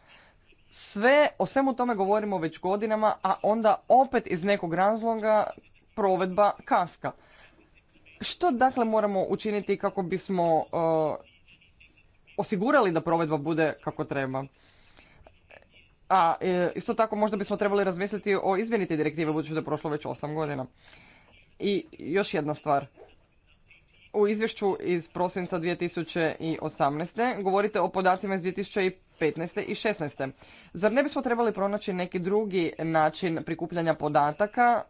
sve, o svemu tome govorimo već godinama, a onda opet iz nekog razloga provedba kaska. Što dakle moramo učiniti kako bismo e, osigurali da provedba bude kako treba? A e, isto tako možda bismo trebali razmisliti o izmjeniti direktive budući da je prošlo već 8 godina. I još jedna stvar. U izvješću iz prosinca 2018. govorite o podacima iz 2015 15. i 16. Zar ne bismo trebali pronaći neki drugi način prikupljanja podataka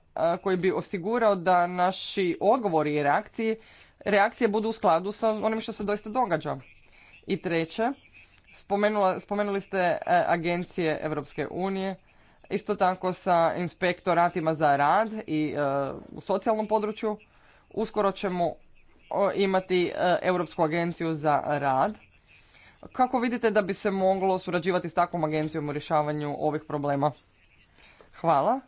koji bi osigurao da naši odgovori i reakcije, reakcije budu u skladu sa onim što se doista događa? I treće, spomenula, spomenuli ste e, agencije Europske unije, isto tako sa inspektoratima za rad i e, u socijalnom području. Uskoro ćemo imati e, Europsku agenciju za rad kako vidite da bi se moglo surađivati s takvom agencijom u rješavanju ovih problema? Hvala.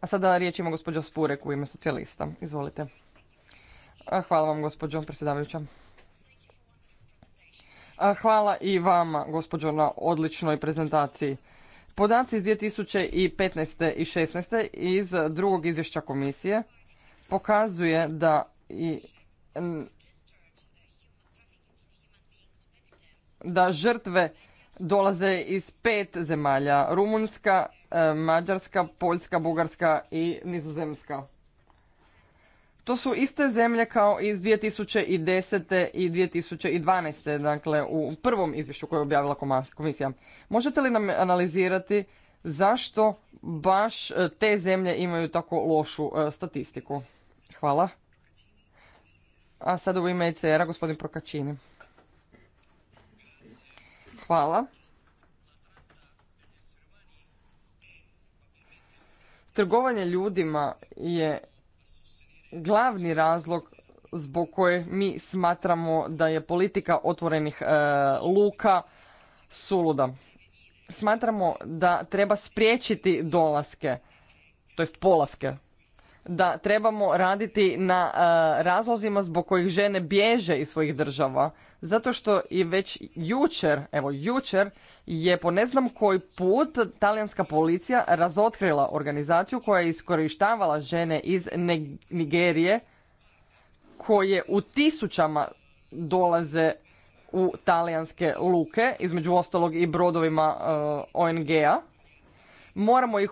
A sada riječ ima gospođa Spurek u ime socijalista. Izvolite. Hvala vam gospođo predsjedavajuća. Hvala i vama gospođo na odličnoj prezentaciji. Podaci iz 2015. i 16. iz drugog izvješća komisije pokazuje da i da žrtve dolaze iz pet zemalja. Rumunjska, e, Mađarska, Poljska, Bugarska i Nizozemska. To su iste zemlje kao iz 2010. i 2012. Dakle, u prvom izvješću koje je objavila komisija. Možete li nam analizirati zašto baš e, te zemlje imaju tako lošu e, statistiku? Hvala. A sada u ime icr a gospodin Prokačini. Hvala. Trgovanje ljudima je glavni razlog zbog koje mi smatramo da je politika otvorenih e, luka suluda. Smatramo da treba spriječiti dolaske, to jest polaske da trebamo raditi na e, razlozima zbog kojih žene bježe iz svojih država. Zato što i već jučer, evo jučer, je po ne znam koji put talijanska policija razotkrila organizaciju koja je iskorištavala žene iz Nigerije koje u tisućama dolaze u talijanske luke, između ostalog i brodovima e, ONG-a moramo ih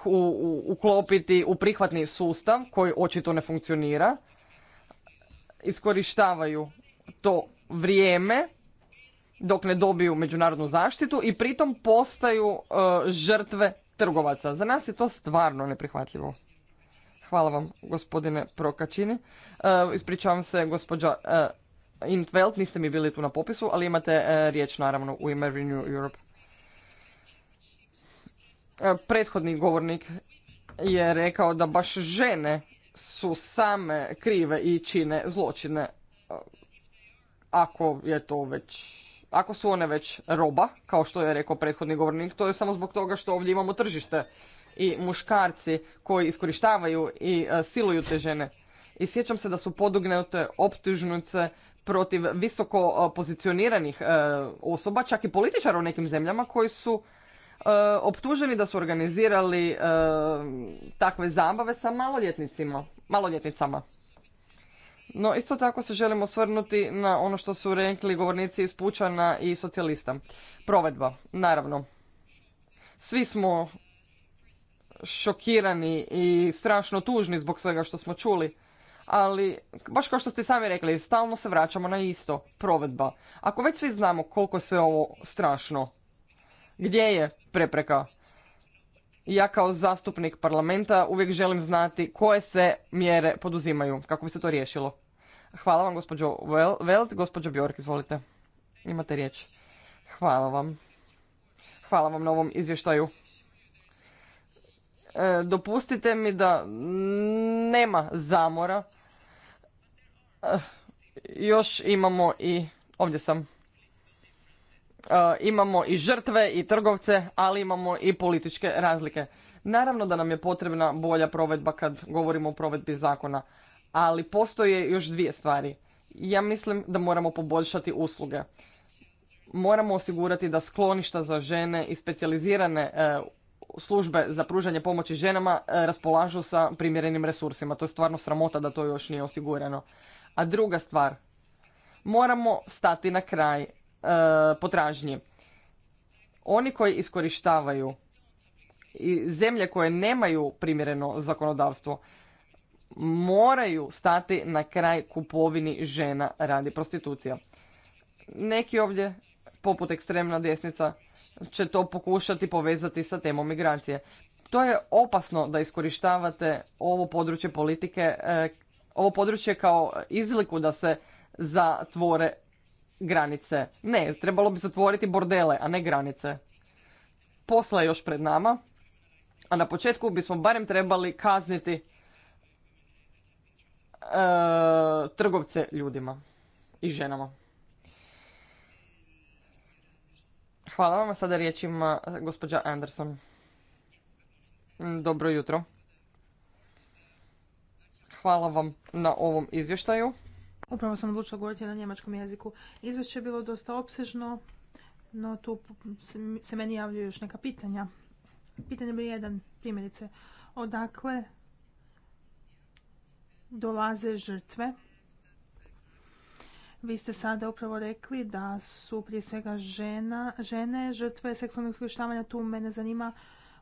uklopiti u prihvatni sustav koji očito ne funkcionira. Iskorištavaju to vrijeme dok ne dobiju međunarodnu zaštitu i pritom postaju e, žrtve trgovaca. Za nas je to stvarno neprihvatljivo. Hvala vam, gospodine Prokačini. E, ispričavam se, gospođa e, Intveld, niste mi bili tu na popisu, ali imate e, riječ naravno u ime Renew Europe. E, prethodni govornik je rekao da baš žene su same krive i čine zločine e, ako je to već ako su one već roba, kao što je rekao prethodni govornik, to je samo zbog toga što ovdje imamo tržište i muškarci koji iskorištavaju i e, siluju te žene. I sjećam se da su podugnute optužnice protiv visoko pozicioniranih osoba, čak i političara u nekim zemljama koji su E, optuženi da su organizirali e, takve zabave sa maloljetnicima, maloljetnicama. No isto tako se želimo svrnuti na ono što su rekli govornici iz Pučana i socijalista. Provedba, naravno. Svi smo šokirani i strašno tužni zbog svega što smo čuli. Ali, baš kao što ste sami rekli, stalno se vraćamo na isto, provedba. Ako već svi znamo koliko je sve ovo strašno, gdje je prepreka? Ja kao zastupnik parlamenta uvijek želim znati koje se mjere poduzimaju kako bi se to riješilo. Hvala vam gospođo Velt. Gospođo Bjork, izvolite. Imate riječ. Hvala vam. Hvala vam na ovom izvještaju. E, dopustite mi da nema zamora. E, još imamo i... Ovdje sam. E, imamo i žrtve i trgovce, ali imamo i političke razlike. Naravno da nam je potrebna bolja provedba kad govorimo o provedbi zakona, ali postoje još dvije stvari. Ja mislim da moramo poboljšati usluge. Moramo osigurati da skloništa za žene i specijalizirane e, službe za pružanje pomoći ženama e, raspolažu sa primjerenim resursima. To je stvarno sramota da to još nije osigurano. A druga stvar, moramo stati na kraj E, potražnji. Oni koji iskorištavaju i zemlje koje nemaju primjereno zakonodavstvo moraju stati na kraj kupovini žena radi prostitucija. Neki ovdje, poput ekstremna desnica, će to pokušati povezati sa temom migracije. To je opasno da iskorištavate ovo područje politike, e, ovo područje kao izliku da se zatvore granice. Ne, trebalo bi zatvoriti bordele, a ne granice. Posla je još pred nama, a na početku bismo barem trebali kazniti e, trgovce ljudima i ženama. Hvala vam, sada riječ ima gospođa Anderson. Mm, dobro jutro. Hvala vam na ovom izvještaju. Upravo sam odlučila govoriti na njemačkom jeziku. Izvješće je bilo dosta opsežno, no tu se meni javljaju još neka pitanja. Pitanje bi jedan, primjerice. Odakle dolaze žrtve? Vi ste sada upravo rekli da su prije svega žene žrtve seksualnog iskorištavanja. Tu mene zanima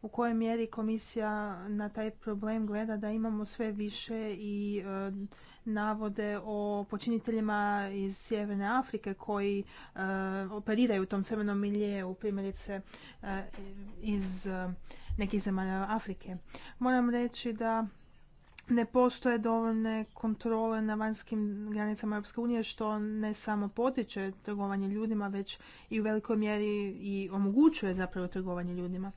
u kojoj mjeri komisija na taj problem gleda da imamo sve više i e, navode o počiniteljima iz Sjeverne Afrike koji e, operiraju u tom crvenom miljeu, primjerice e, iz nekih zemalja Afrike. Moram reći da ne postoje dovoljne kontrole na vanjskim granicama Europske unije što ne samo potiče trgovanje ljudima, već i u velikoj mjeri i omogućuje zapravo trgovanje ljudima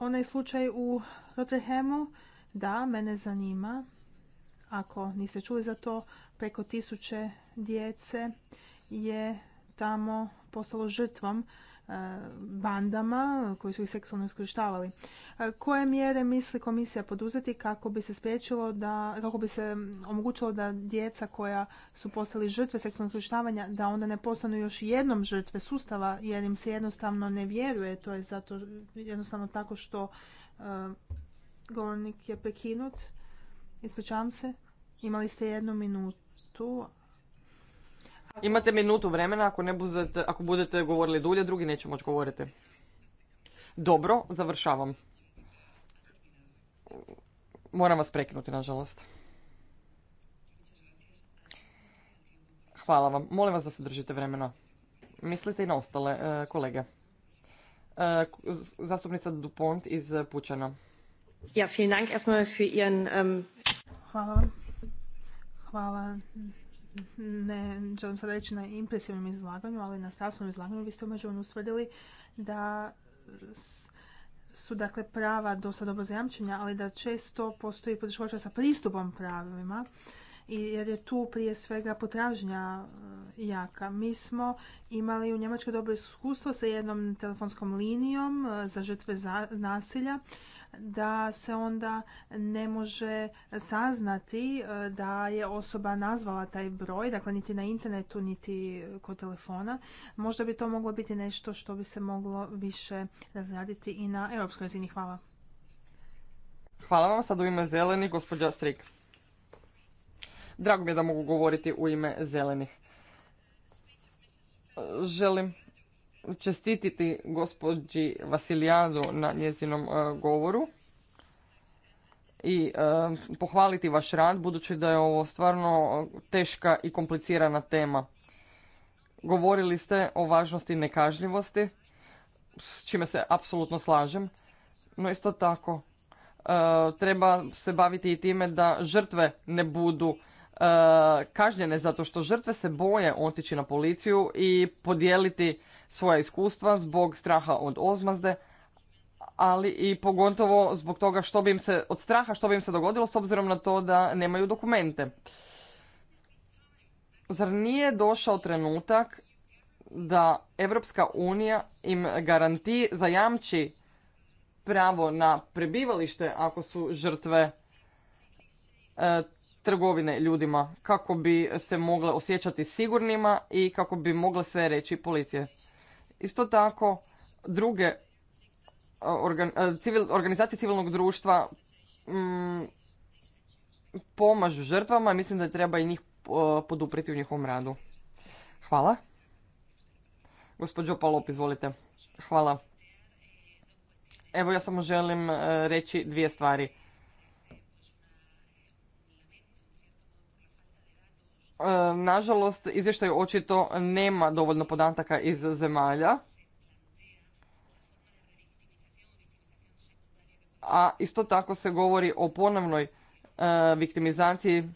onaj slučaj u Rotterhamu, da, mene zanima, ako niste čuli za to, preko tisuće djece je tamo postalo žrtvom E, bandama koji su ih seksualno iskorištavali. E, koje mjere misli komisija poduzeti kako bi se spriječilo da, kako bi se omogućilo da djeca koja su postali žrtve seksualnog iskorištavanja da onda ne postanu još jednom žrtve sustava jer im se jednostavno ne vjeruje, to je zato jednostavno tako što e, govornik je prekinut. Ispričavam se. Imali ste jednu minutu, Imate minutu vremena, ako, ne budete, ako budete govorili dulje, drugi neće moći govoriti. Dobro, završavam. Moram vas prekinuti, nažalost. Hvala vam. Molim vas da se držite vremena. Mislite i na ostale e, kolege. E, zastupnica Dupont iz Pućana. Ja, vielen ähm, Hvala vam. Hvala ne želim sad reći na impresivnom izlaganju, ali na strastvenom izlaganju vi ste umeđu ustvrdili da su dakle prava dosta dobro zajamčenja, ali da često postoji poteškoća sa pristupom pravima jer je tu prije svega potražnja e, jaka. Mi smo imali u Njemačkoj dobro iskustvo sa jednom telefonskom linijom e, za žrtve nasilja da se onda ne može saznati e, da je osoba nazvala taj broj, dakle niti na internetu, niti kod telefona. Možda bi to moglo biti nešto što bi se moglo više razraditi i na europskoj razini. Hvala. Hvala vam. Sad u ime zeleni, gospođa Strik. Drago mi je da mogu govoriti u ime zelenih. Želim čestititi gospođi Vasilijadu na njezinom e, govoru i e, pohvaliti vaš rad, budući da je ovo stvarno teška i komplicirana tema. Govorili ste o važnosti nekažljivosti, s čime se apsolutno slažem, no isto tako e, treba se baviti i time da žrtve ne budu E, kažnjene zato što žrtve se boje otići na policiju i podijeliti svoja iskustva zbog straha od ozmazde, ali i pogotovo zbog toga što bi im se, od straha što bi im se dogodilo s obzirom na to da nemaju dokumente. Zar nije došao trenutak da Evropska unija im garanti, zajamči pravo na prebivalište ako su žrtve e, trgovine ljudima kako bi se mogle osjećati sigurnima i kako bi mogle sve reći policije. Isto tako, druge e, e, organizacije civilnog društva mm, pomažu žrtvama. i Mislim da treba i njih e, poduprijeti u njihovom radu. Hvala. Gospođo Palop, izvolite. Hvala. Evo ja samo želim reći dvije stvari. E, nažalost, izvještaj očito nema dovoljno podataka iz zemalja, a isto tako se govori o ponovnoj e, viktimizaciji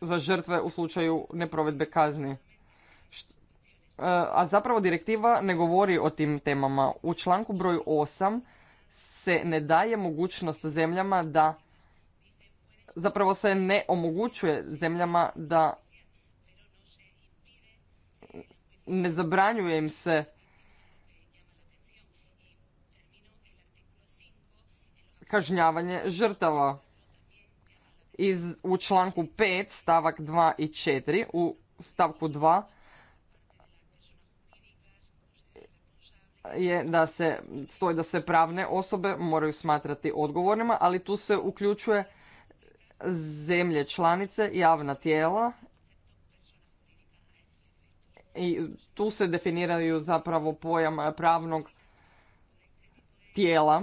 za žrtve u slučaju neprovedbe kazni. E, a zapravo direktiva ne govori o tim temama. U članku broj 8 se ne daje mogućnost zemljama da zapravo se ne omogućuje zemljama da ne zabranjuje im se kažnjavanje žrtava. Iz, u članku 5 stavak 2 i 4 u stavku 2 je da se stoji da se pravne osobe moraju smatrati odgovornima, ali tu se uključuje zemlje članice, javna tijela i tu se definiraju zapravo pojam pravnog tijela.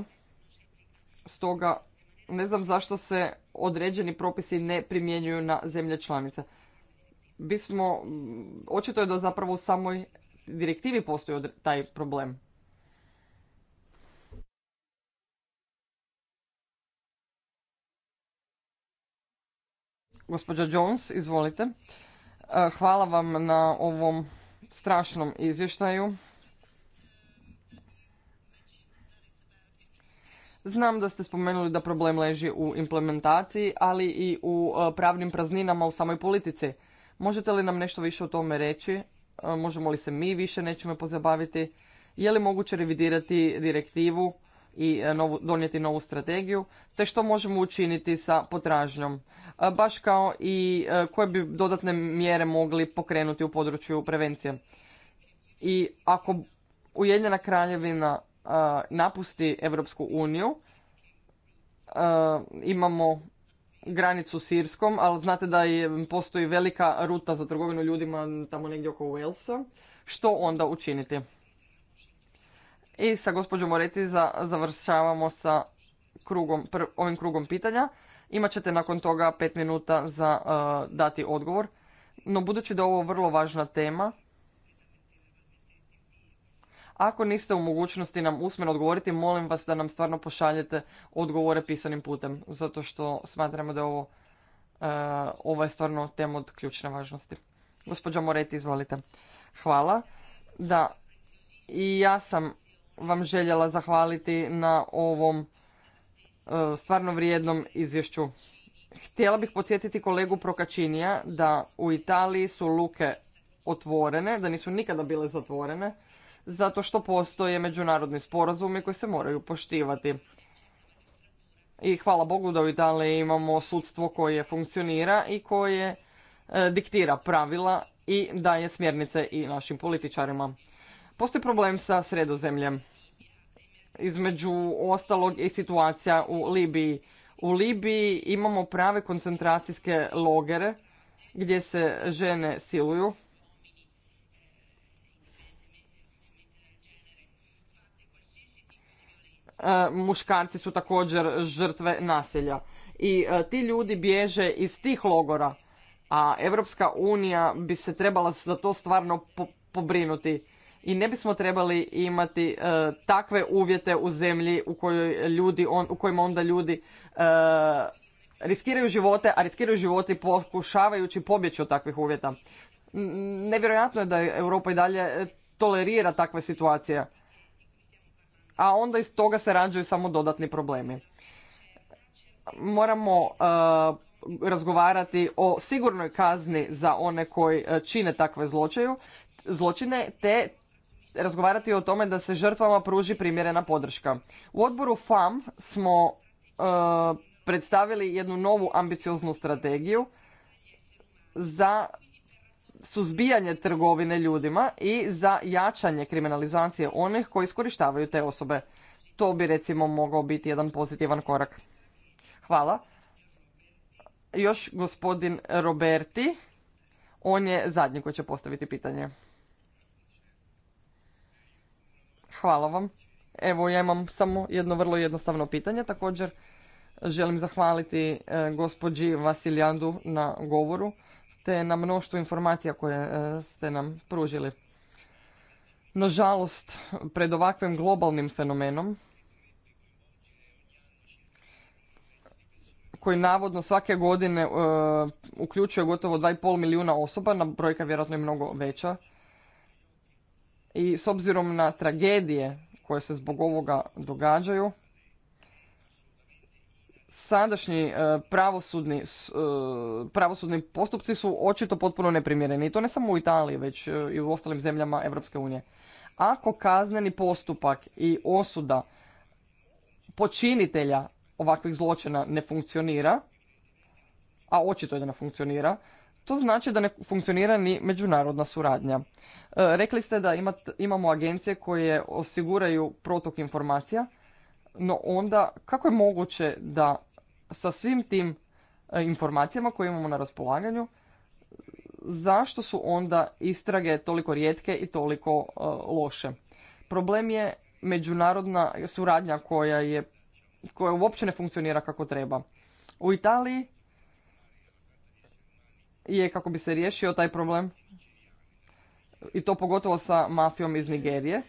Stoga ne znam zašto se određeni propisi ne primjenjuju na zemlje članice. Bismo, očito je da zapravo u samoj direktivi postoji taj problem. Gospođa Jones, izvolite. E, hvala vam na ovom strašnom izvještaju. Znam da ste spomenuli da problem leži u implementaciji, ali i u e, pravnim prazninama u samoj politici. Možete li nam nešto više o tome reći? E, možemo li se mi više nečime pozabaviti? Je li moguće revidirati direktivu i e, novu, donijeti novu strategiju, te što možemo učiniti sa potražnjom. E, baš kao i e, koje bi dodatne mjere mogli pokrenuti u području prevencije. I ako Ujedinjena kraljevina napusti Europsku uniju, imamo granicu s Irskom, ali znate da postoji velika ruta za trgovinu ljudima tamo negdje oko Walesa. Što onda učiniti? I sa gospođom Moreti za, završavamo sa ovim krugom pitanja. Imaćete nakon toga pet minuta za e, dati odgovor. No budući da je ovo vrlo važna tema, ako niste u mogućnosti nam usmeno odgovoriti, molim vas da nam stvarno pošaljete odgovore pisanim putem, zato što smatramo da je ovo, e, ovo je stvarno tema od ključne važnosti. Gospođa Moreti, izvolite. Hvala. Da, i ja sam vam željela zahvaliti na ovom e, stvarno vrijednom izvješću. Htjela bih podsjetiti kolegu Prokačinija da u Italiji su luke otvorene, da nisu nikada bile zatvorene, zato što postoje međunarodni sporazumi koji se moraju poštivati. I hvala Bogu da u Italiji imamo sudstvo koje funkcionira i koje e, diktira pravila i daje smjernice i našim političarima. Postoji problem sa sredozemljem. Između ostalog i situacija u Libiji. U Libiji imamo prave koncentracijske logere gdje se žene siluju. E, muškarci su također žrtve nasilja. I e, ti ljudi bježe iz tih logora, a Europska unija bi se trebala za to stvarno pobrinuti i ne bismo trebali imati e, takve uvjete u zemlji u kojoj ljudi on, u kojima onda ljudi e, riskiraju živote, a riskiraju životi pokušavajući pobjeći od takvih uvjeta. Nevjerojatno je da Europa i dalje tolerira takve situacije. A onda iz toga se rađaju samo dodatni problemi. Moramo e, razgovarati o sigurnoj kazni za one koji čine takve zločaju, zločine te razgovarati o tome da se žrtvama pruži primjerena podrška. U odboru FAM smo e, predstavili jednu novu ambicioznu strategiju za suzbijanje trgovine ljudima i za jačanje kriminalizacije onih koji iskorištavaju te osobe. To bi recimo mogao biti jedan pozitivan korak. Hvala. Još gospodin Roberti, on je zadnji koji će postaviti pitanje. Hvala vam. Evo ja imam samo jedno vrlo jednostavno pitanje. Također želim zahvaliti e, gospođi Vasilijandu na govoru te na mnoštvo informacija koje e, ste nam pružili. Nažalost, pred ovakvim globalnim fenomenom koji navodno svake godine e, uključuje gotovo 2,5 milijuna osoba, na brojka vjerojatno je mnogo veća i s obzirom na tragedije koje se zbog ovoga događaju, sadašnji e, pravosudni, e, pravosudni postupci su očito potpuno neprimjereni. I to ne samo u Italiji, već e, i u ostalim zemljama Europske unije. Ako kazneni postupak i osuda počinitelja ovakvih zločina ne funkcionira, a očito je da ne funkcionira, to znači da ne funkcionira ni međunarodna suradnja. E, rekli ste da imamo agencije koje osiguraju protok informacija, no onda kako je moguće da sa svim tim e, informacijama koje imamo na raspolaganju, zašto su onda istrage toliko rijetke i toliko e, loše? Problem je međunarodna suradnja koja je koja uopće ne funkcionira kako treba. U Italiji je kako bi se riješio taj problem i to pogotovo sa mafijom iz Nigerije.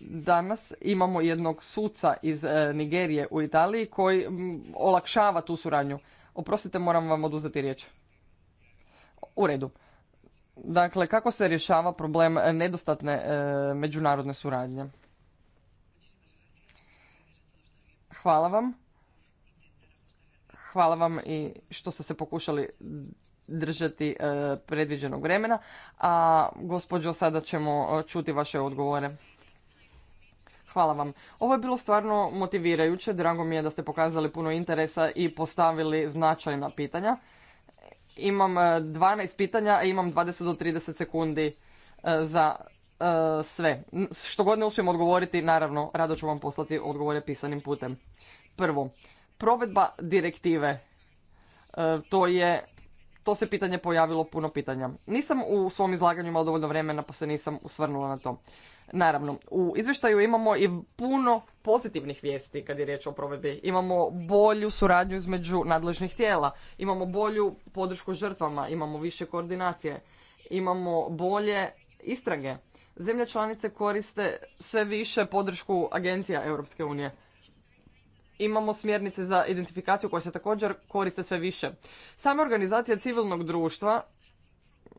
Danas imamo jednog suca iz e, Nigerije u Italiji koji olakšava tu suradnju. Oprostite, moram vam oduzeti riječ. U redu. Dakle, kako se rješava problem nedostatne e, međunarodne suradnje? Hvala vam. Hvala vam i što ste se pokušali držati e, predviđenog vremena. A gospođo, sada ćemo e, čuti vaše odgovore. Hvala vam. Ovo je bilo stvarno motivirajuće. Drago mi je da ste pokazali puno interesa i postavili značajna pitanja. Imam 12 e, pitanja, a imam 20 do 30 sekundi za sve. Što god ne uspijem odgovoriti, naravno, rado ću vam poslati odgovore pisanim putem. Prvo, provedba direktive. To je to se pitanje pojavilo puno pitanja. Nisam u svom izlaganju imala dovoljno vremena pa se nisam usvrnula na to. Naravno, u izvještaju imamo i puno pozitivnih vijesti kad je riječ o provedbi. Imamo bolju suradnju između nadležnih tijela, imamo bolju podršku žrtvama, imamo više koordinacije, imamo bolje istrage. Zemlje članice koriste sve više podršku agencija Europske unije imamo smjernice za identifikaciju koje se također koriste sve više. Same organizacije civilnog društva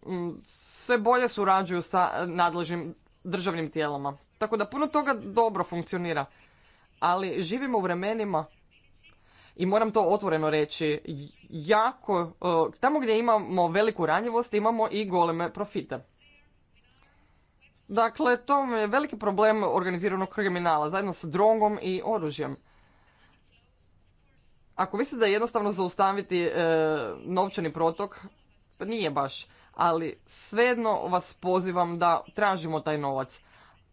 mm, sve bolje surađuju sa nadležnim državnim tijelama. Tako da puno toga dobro funkcionira. Ali živimo u vremenima i moram to otvoreno reći, jako, e, tamo gdje imamo veliku ranjivost imamo i goleme profite. Dakle, to je veliki problem organiziranog kriminala zajedno sa drogom i oružjem. Ako mislite da je jednostavno zaustaviti e, novčani protok, pa nije baš. Ali svejedno vas pozivam da tražimo taj novac.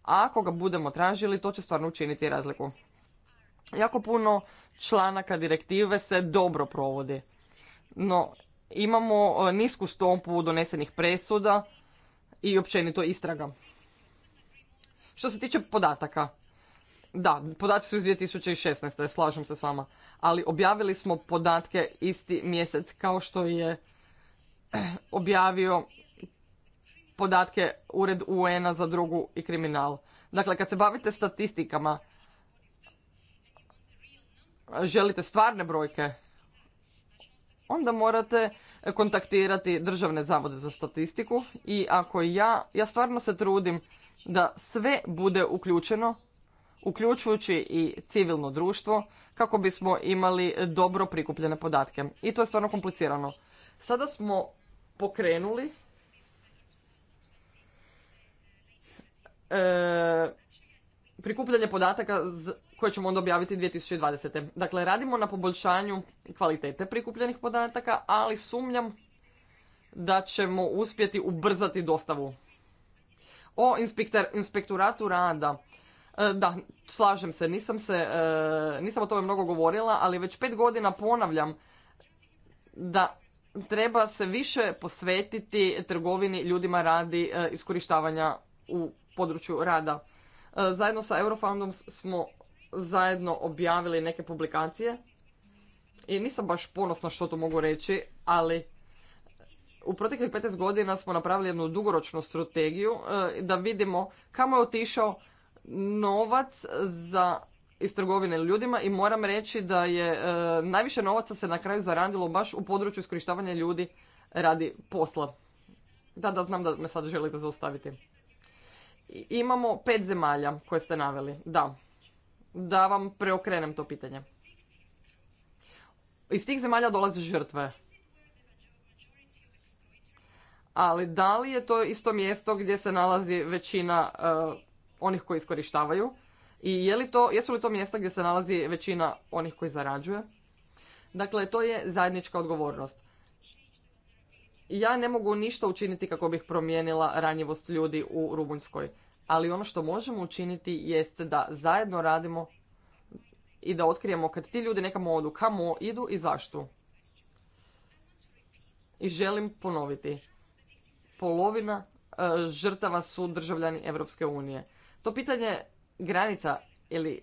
A ako ga budemo tražili, to će stvarno učiniti razliku. Jako puno članaka direktive se dobro provodi. No, imamo e, nisku stopu donesenih presuda i općenito istraga. Što se tiče podataka, da, podaci su iz 2016. slažem se s vama. Ali objavili smo podatke isti mjesec kao što je objavio podatke Ured UN-a za drugu i kriminal. Dakle, kad se bavite statistikama, želite stvarne brojke, onda morate kontaktirati državne zavode za statistiku i ako ja, ja stvarno se trudim da sve bude uključeno, uključujući i civilno društvo, kako bismo imali dobro prikupljene podatke. I to je stvarno komplicirano. Sada smo pokrenuli e, prikupljanje podataka koje ćemo onda objaviti 2020. Dakle, radimo na poboljšanju kvalitete prikupljenih podataka, ali sumnjam da ćemo uspjeti ubrzati dostavu. O inspektoratu rada E, da, slažem se, nisam, se, e, nisam o tome mnogo govorila, ali već pet godina ponavljam da treba se više posvetiti trgovini ljudima radi e, iskorištavanja u području rada. Zajedno sa Eurofoundom smo zajedno objavili neke publikacije i nisam baš ponosna što to mogu reći, ali u proteklih 15 godina smo napravili jednu dugoročnu strategiju da vidimo kamo je otišao novac za iz trgovine ljudima i moram reći da je e, najviše novaca se na kraju zaradilo baš u području iskorištavanja ljudi radi posla. Da, da, znam da me sad želite zaustaviti. imamo pet zemalja koje ste naveli. Da, da vam preokrenem to pitanje. Iz tih zemalja dolaze žrtve. Ali da li je to isto mjesto gdje se nalazi većina e, onih koji iskorištavaju i je li to, jesu li to mjesta gdje se nalazi većina onih koji zarađuje? Dakle, to je zajednička odgovornost. Ja ne mogu ništa učiniti kako bih promijenila ranjivost ljudi u Rumunjskoj, ali ono što možemo učiniti jest da zajedno radimo i da otkrijemo kad ti ljudi nekamo odu, kamo idu i zašto. I želim ponoviti, polovina e, žrtava su državljani Europske unije. To pitanje granica ili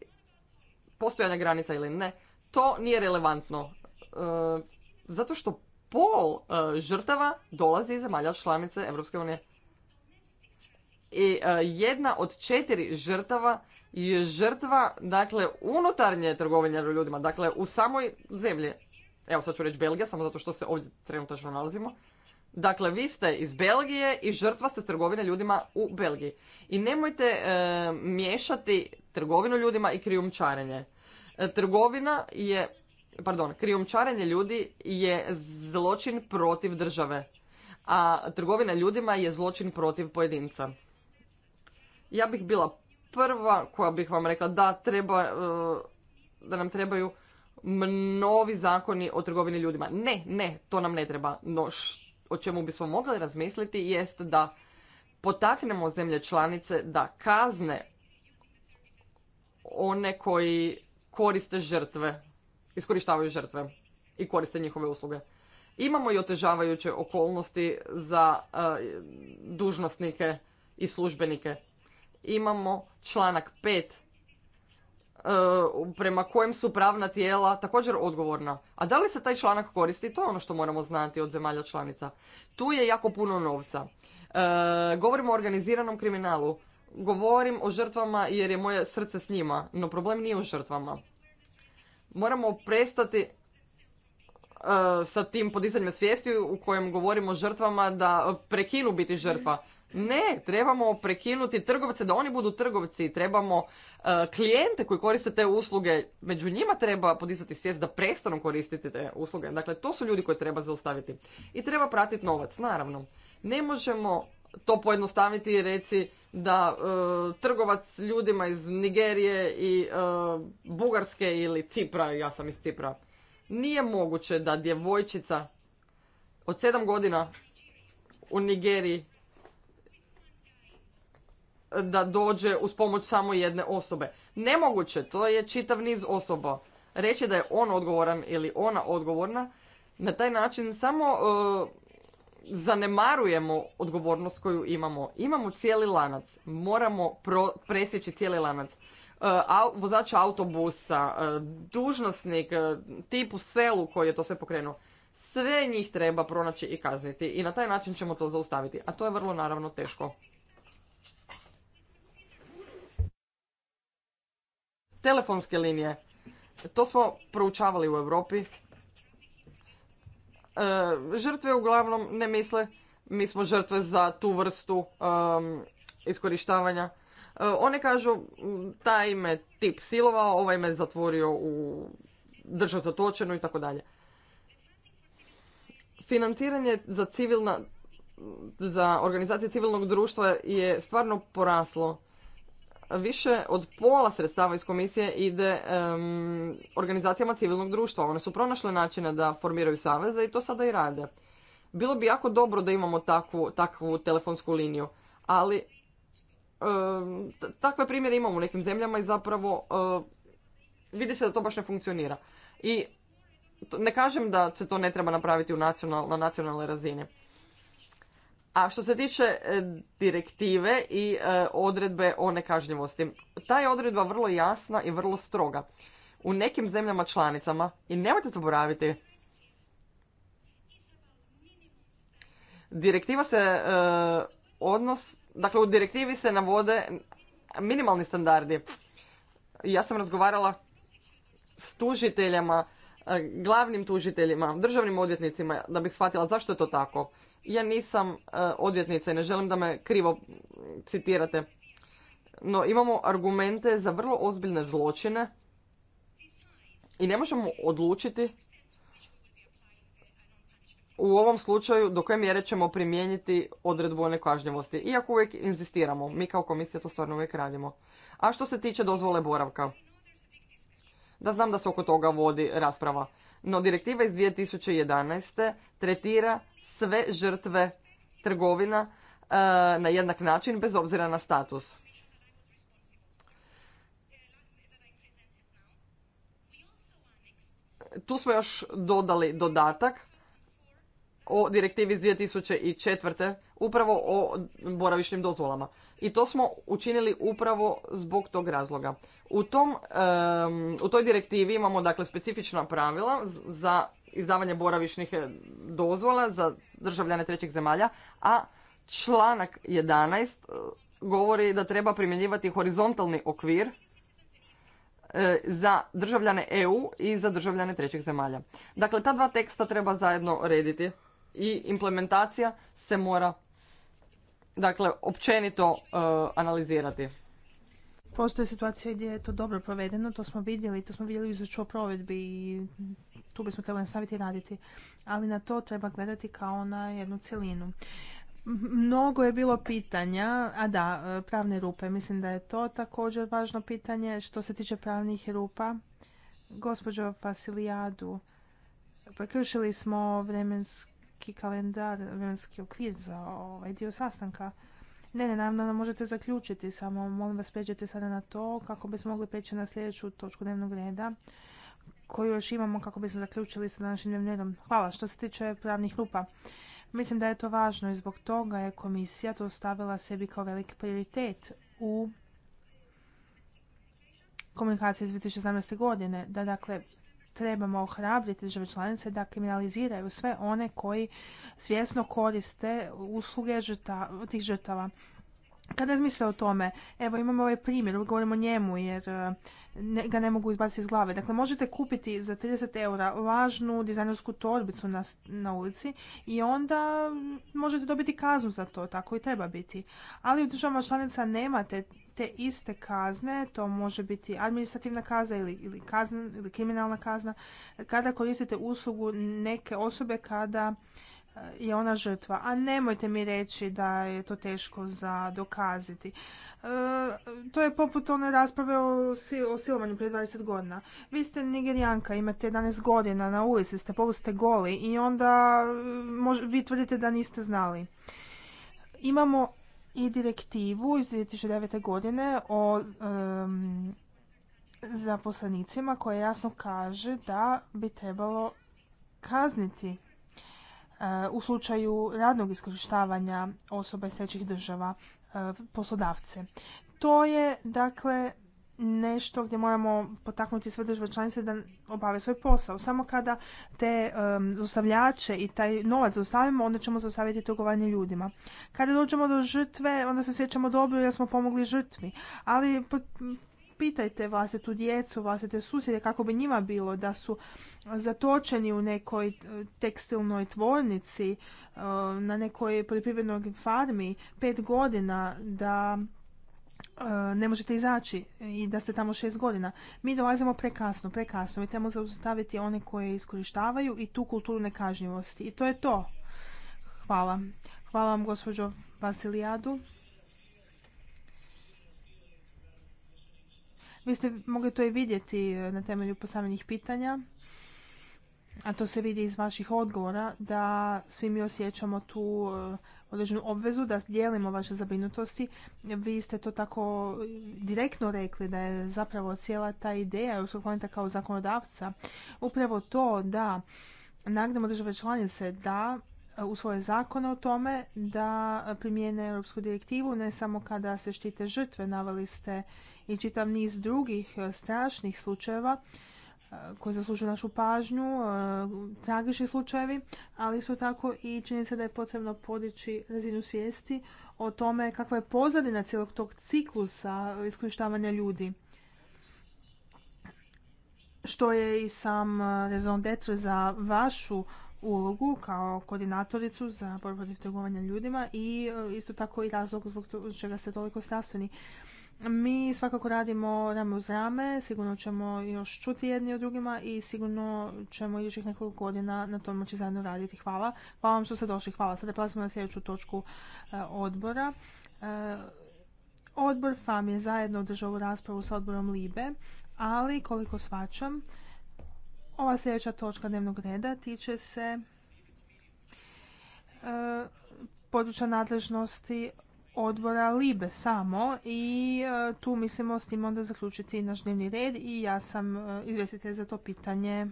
postojanja granica ili ne, to nije relevantno. E, zato što pol e, žrtava dolazi iz zemalja članice Europske unije. I e, jedna od četiri žrtava je žrtva, dakle, unutarnje trgovine ljudima, dakle, u samoj zemlji. Evo sad ću reći Belgija, samo zato što se ovdje trenutačno nalazimo. Dakle, vi ste iz Belgije i žrtva ste trgovine ljudima u Belgiji. I nemojte e, miješati trgovinu ljudima i krijumčarenje. E, trgovina je, pardon, krijumčarenje ljudi je zločin protiv države, a trgovina ljudima je zločin protiv pojedinca. Ja bih bila prva koja bih vam rekla da treba, e, da nam trebaju novi zakoni o trgovini ljudima. Ne, ne, to nam ne treba. No, o čemu bismo mogli razmisliti jest da potaknemo zemlje članice da kazne one koji koriste žrtve, iskorištavaju žrtve i koriste njihove usluge. Imamo i otežavajuće okolnosti za dužnostnike dužnosnike i službenike. Imamo članak pet E, prema kojem su pravna tijela također odgovorna. A da li se taj članak koristi, to je ono što moramo znati od zemalja članica. Tu je jako puno novca. Uh, govorimo o organiziranom kriminalu. Govorim o žrtvama jer je moje srce s njima, no problem nije u žrtvama. Moramo prestati e, sa tim podizanjem svijesti u kojem govorimo žrtvama da prekinu biti žrtva. Ne, trebamo prekinuti trgovce da oni budu trgovci, trebamo e, klijente koji koriste te usluge, među njima treba podizati svijest da prestanu koristiti te usluge. Dakle, to su ljudi koje treba zaustaviti. I treba pratiti novac, naravno. Ne možemo to pojednostaviti i reći da e, trgovac ljudima iz Nigerije i e, Bugarske ili Cipra, ja sam iz Cipra, nije moguće da djevojčica od sedam godina u Nigeriji da dođe uz pomoć samo jedne osobe. Nemoguće, to je čitav niz osoba. Reći da je on odgovoran ili ona odgovorna, na taj način samo e, zanemarujemo odgovornost koju imamo. Imamo cijeli lanac, moramo presjeći cijeli lanac. E, vozač autobusa, e, dužnosnik, tip u selu koji je to sve pokrenuo. Sve njih treba pronaći i kazniti i na taj način ćemo to zaustaviti, a to je vrlo naravno teško. telefonske linije. To smo proučavali u Europi. E, žrtve uglavnom ne misle, mi smo žrtve za tu vrstu um, iskorištavanja. E, one kažu, taj me tip silovao, ovaj me zatvorio u držav zatočenu i tako dalje. Financiranje za civilna, za organizacije civilnog društva je stvarno poraslo više od pola sredstava iz komisije ide organizacijama civilnog društva. One su pronašle načine da formiraju saveze i to sada i rade. Bilo bi jako dobro da imamo takvu, takvu telefonsku liniju, ali um, takve primjere imamo u nekim zemljama i zapravo vidi se da to baš ne funkcionira. I ne kažem da se to ne treba napraviti u nacional, na nacionalnoj razini. A što se tiče e, direktive i e, odredbe o nekažnjivosti, ta je odredba vrlo jasna i vrlo stroga. U nekim zemljama članicama, i nemojte zaboraviti, direktiva se e, odnos, dakle u direktivi se navode minimalni standardi. Ja sam razgovarala s tužiteljima, glavnim tužiteljima, državnim odvjetnicima, da bih shvatila zašto je to tako ja nisam e, odvjetnica i ne želim da me krivo citirate, no imamo argumente za vrlo ozbiljne zločine i ne možemo odlučiti u ovom slučaju do koje mjere ćemo primijeniti odredbu o nekažnjivosti. Iako uvijek inzistiramo, mi kao komisija to stvarno uvijek radimo. A što se tiče dozvole boravka, da znam da se oko toga vodi rasprava. No direktiva iz 2011. tretira sve žrtve trgovina e, na jednak način bez obzira na status. Tu smo još dodali dodatak o direktivi iz 2004 upravo o boravišnim dozvolama. I to smo učinili upravo zbog tog razloga. U, tom, u toj direktivi imamo dakle specifična pravila za izdavanje boravišnih e, dozvola za državljane trećih zemalja, a članak 11 e, govori da treba primjenjivati horizontalni okvir e, za državljane EU i za državljane trećih zemalja. Dakle, ta dva teksta treba zajedno rediti i implementacija se mora dakle, općenito e, analizirati. Postoje situacije gdje je to dobro provedeno, to smo vidjeli, to smo vidjeli u izvješću o provedbi i tu bismo trebali nastaviti raditi. Ali na to treba gledati kao na jednu cjelinu. Mnogo je bilo pitanja, a da, e, pravne rupe. Mislim da je to također važno pitanje. Što se tiče pravnih rupa, gospođo Vasilijadu, prekršili smo vremenski vremenski kalendar, vremenski okvir za ovaj dio sastanka. Ne, ne, naravno da možete zaključiti, samo molim vas pređete sada na to kako bismo mogli preći na sljedeću točku dnevnog reda koju još imamo kako bismo zaključili sa našim dnevnim redom. Hvala. Što se tiče pravnih lupa, mislim da je to važno i zbog toga je komisija to stavila sebi kao veliki prioritet u komunikaciji iz 2017. godine, da dakle trebamo ohrabriti države članice da kriminaliziraju sve one koji svjesno koriste usluge tih žrtava. Kad razmisle o tome, evo imamo ovaj primjer, govorim o njemu jer e, ga ne mogu izbaciti iz glave. Dakle, možete kupiti za 30 eura važnu dizajnersku torbicu na, na ulici i onda možete dobiti kaznu za to, tako i treba biti. Ali u državama članica nemate te iste kazne, to može biti administrativna kazna ili, ili, kazna, ili kriminalna kazna, kada koristite uslugu neke osobe kada eh, je ona žrtva. A nemojte mi reći da je to teško za dokaziti. Eh, to je poput one rasprave o, sil silovanju prije 20 godina. Vi ste nigerijanka, imate 11 godina, na ulici ste, polu ste goli i onda eh, vi tvrdite da niste znali. Imamo i direktivu iz 2009. godine o um, zaposlenicima koja jasno kaže da bi trebalo kazniti e, u slučaju radnog iskorištavanja osoba iz trećih država e, poslodavce. To je dakle nešto gdje moramo potaknuti sve države članice da obave svoj posao. Samo kada te um, i taj novac zaustavimo, onda ćemo zaustaviti trgovanje ljudima. Kada dođemo do žrtve, onda se sjećamo dobro jer smo pomogli žrtvi. Ali pitajte vlastitu djecu, vlastite susjede kako bi njima bilo da su zatočeni u nekoj e, tekstilnoj tvornici, e, na nekoj poljoprivrednoj farmi pet godina, da E, ne možete izaći i da ste tamo šest godina. Mi dolazimo prekasno, prekasno. Mi trebamo zaustaviti one koje iskorištavaju i tu kulturu nekažnjivosti. I to je to. Hvala. Hvala vam gospođo Vasilijadu. Vi ste mogli to i vidjeti e, na temelju postavljenih pitanja, a to se vidi iz vaših odgovora, da svi mi osjećamo tu e, određenu obvezu da dijelimo vaše zabrinutosti. Vi ste to tako direktno rekli da je zapravo cijela ta ideja Europskog kao zakonodavca upravo to da nagnemo države članice da e, u svoje zakone o tome da primijene europsku direktivu ne samo kada se štite žrtve, naveli ste i čitav niz drugih e, strašnih slučajeva Eh, koji zaslužuju našu pažnju, eh, tragični slučajevi, ali su tako i činjenica da je potrebno podići razinu svijesti o tome kakva je pozadina cijelog tog ciklusa iskorištavanja ljudi. Što je i sam eh, rezon detre za vašu ulogu kao koordinatoricu za borbu protiv trgovanja ljudima i isto tako i razlog zbog čega ste toliko strastveni. Mi svakako radimo rame uz rame, sigurno ćemo još čuti jedni od drugima i sigurno ćemo idućih nekoliko godina na tom moći zajedno raditi. Hvala. Hvala vam što ste došli. Hvala. Sada prelazimo na sljedeću točku e, odbora. E, odbor FAM je zajedno održao ovu raspravu sa odborom LIBE, ali koliko svačam, ova sljedeća točka dnevnog reda tiče se e, područja nadležnosti odbora Libe samo i e, tu mislimo s tim onda zaključiti naš dnevni red i ja sam e, izvjestitelj za to pitanje.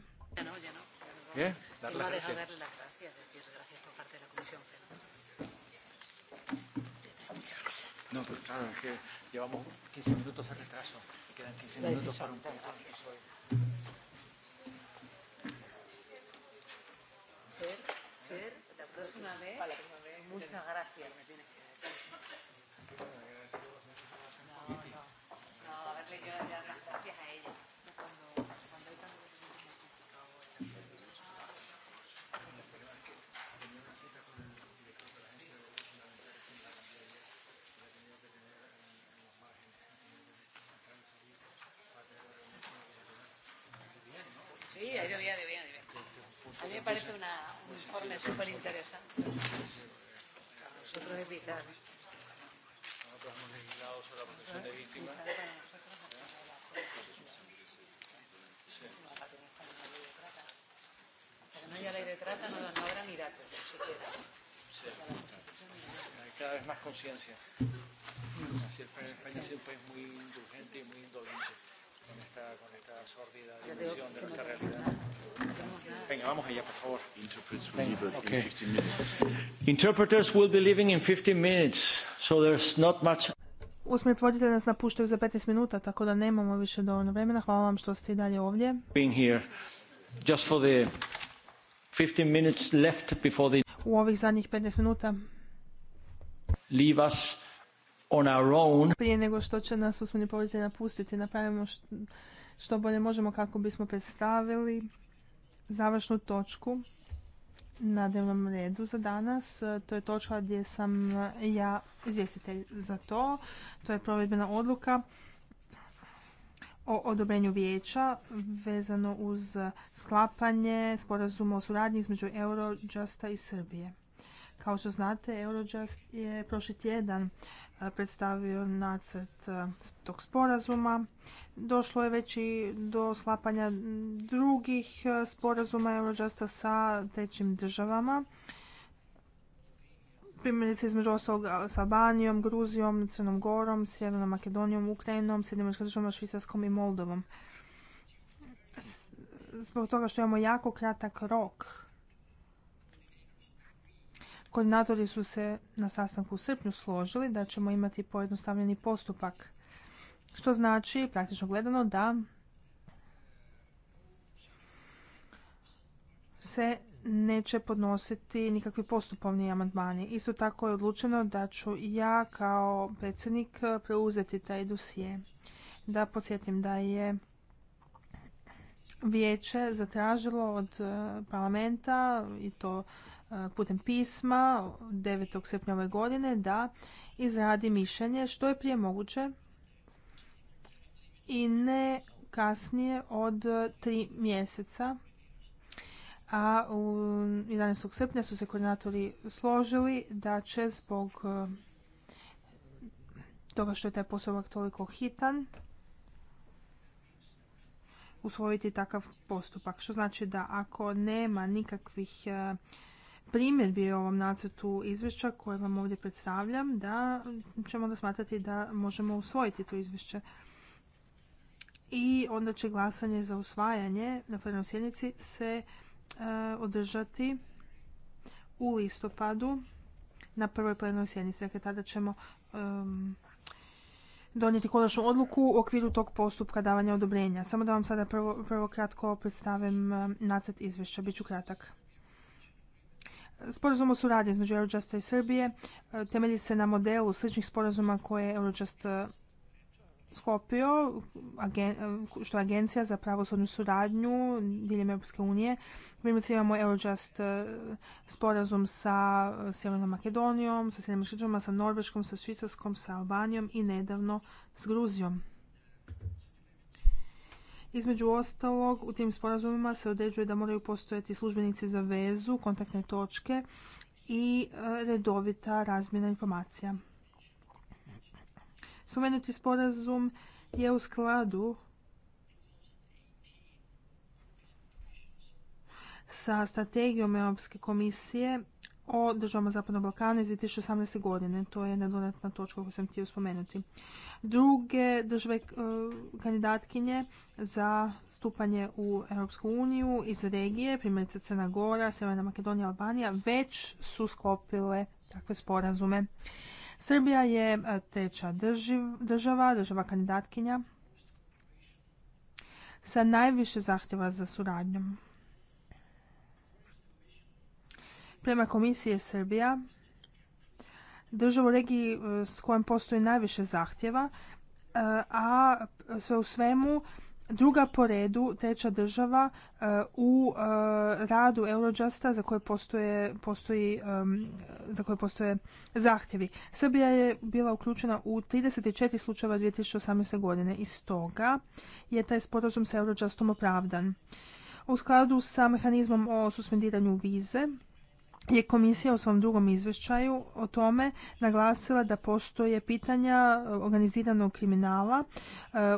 parece una, un informe súper interesante. Para nosotros evitar Nosotros hemos legislado sobre la protección de víctimas. Para nosotros es una ley de trata. que no haya ley de trata no, no habrá ni datos, ni siquiera. Sí. Hay cada vez más conciencia. España siempre es muy indulgente y muy indolente con esta, con esta sórdida dimensión de nuestra realidad. Venga, vamos allá, por favor. Interpreters will leave okay. in 15 minutes. Interpreters will be leaving in 15 minutes, so there's not much... Usmeni prevoditelj nas napuštaju za 15 minuta, tako da nemamo više dovoljno vremena. Hvala vam što ste i dalje ovdje. Being here, just for the 15 minutes left before the... U ovih zadnjih 15 minuta. Leave us on our own. Prije nego što će nas usmeni povjetelj napustiti, napravimo što, što bolje možemo kako bismo predstavili završnu točku na dnevnom redu za danas. To je točka gdje sam ja izvjestitelj za to. To je provedbena odluka o odobrenju vijeća vezano uz sklapanje sporazuma o suradnji između Eurojusta i Srbije. Kao što znate, Eurojust je prošli tjedan predstavio nacrt tog sporazuma. Došlo je već i do slapanja drugih sporazuma Eurojusta sa trećim državama. Primjerice između ostalog s Albanijom, Gruzijom, Crnom Gorom, Sjevernom Makedonijom, Ukrajinom, Sjedinim državama, Švicarskom i Moldovom. Zbog toga što imamo jako kratak rok Koordinatori su se na sastanku u srpnju složili da ćemo imati pojednostavljeni postupak, što znači praktično gledano da se neće podnositi nikakvi postupovni amandmani. Isto tako je odlučeno da ću ja kao predsjednik preuzeti taj dosije. Da podsjetim da je vijeće zatražilo od eh, parlamenta i to putem pisma 9. srpnja ove godine da izradi mišljenje što je prije moguće i ne kasnije od tri mjeseca. A u 11. srpnja su se koordinatori složili da će zbog toga što je taj postupak toliko hitan usvojiti takav postupak. Što znači da ako nema nikakvih primjedbi o ovom nacrtu izvješća koje vam ovdje predstavljam, da ćemo onda smatrati da možemo usvojiti to izvješće. I onda će glasanje za usvajanje na plenarnoj sjednici se e, održati u listopadu na prvoj plenarnoj sjednici. Dakle, tada ćemo donijeti konačnu odluku u okviru tog postupka davanja odobrenja. Samo da vam sada prvo, kratko predstavim nacrt izvješća. Biću kratak. Sporazum o suradnji između Eurojusta i Srbije e, temelji se na modelu sličnih sporazuma koje je Eurojust e, sklopio, e, što je Agencija za pravosudnu suradnju diljem Europske unije. imamo Eurojust sporazum sa Sjevernom Makedonijom, sa Sjedinim sa Norveškom, sa Švicarskom, sa Albanijom i nedavno s Gruzijom. Između ostalog, u tim sporazumima se određuje da moraju postojati službenici za vezu, kontaktne točke i e, redovita razmjena informacija. Spomenuti sporazum je u skladu sa strategijom Europske komisije o državama Zapadnog Balkana iz 2018. godine. To je nedonetna točka koju sam htio spomenuti. Druge države e, kandidatkinje za stupanje u Europsku uniju iz regije, primjerice Crna Gora, Sjeverna Makedonija, Albanija, već su sklopile takve sporazume. Srbija je e, treća država, država kandidatkinja sa najviše zahtjeva za suradnjom. Prema komisije Srbija, država u regiji e, s kojom postoji najviše zahtjeva, e, a sve u svemu druga po redu treća država e, u radu Eurojusta za koje postoje, postoji, za koje postoje zahtjevi. Srbija je bila uključena u 34 slučajeva 2018. godine i stoga je taj sporazum sa Eurojustom opravdan. U skladu sa mehanizmom o suspendiranju vize je komisija u svom drugom izvješćaju o tome naglasila da postoje pitanja e, organiziranog kriminala e,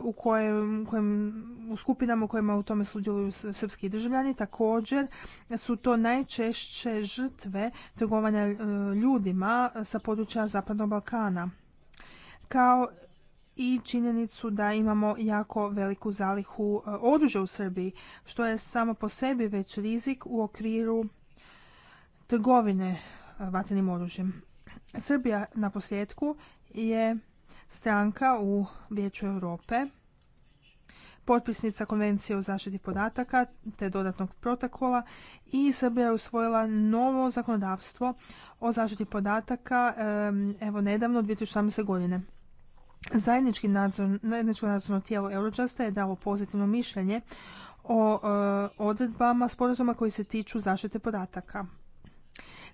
u, kojem, u skupinama u kojima u tome sudjeluju srpski državljani. Također su to najčešće žrtve trgovanja e, ljudima sa područja Zapadnog Balkana. Kao i činjenicu da imamo jako veliku zalihu oružja u Srbiji, što je samo po sebi već rizik u okviru trgovine e, vatrenim oružjem. Srbija na posljedku je stranka u Vijeću Europe, potpisnica Konvencije o zaštiti podataka te dodatnog protokola i Srbija je usvojila novo zakonodavstvo o zaštiti podataka evo nedavno 2018. godine. Zajednički nadzor, zajedničko nadzorno tijelo Eurojusta je dalo pozitivno mišljenje o e, odredbama sporazuma koji se tiču zaštite podataka.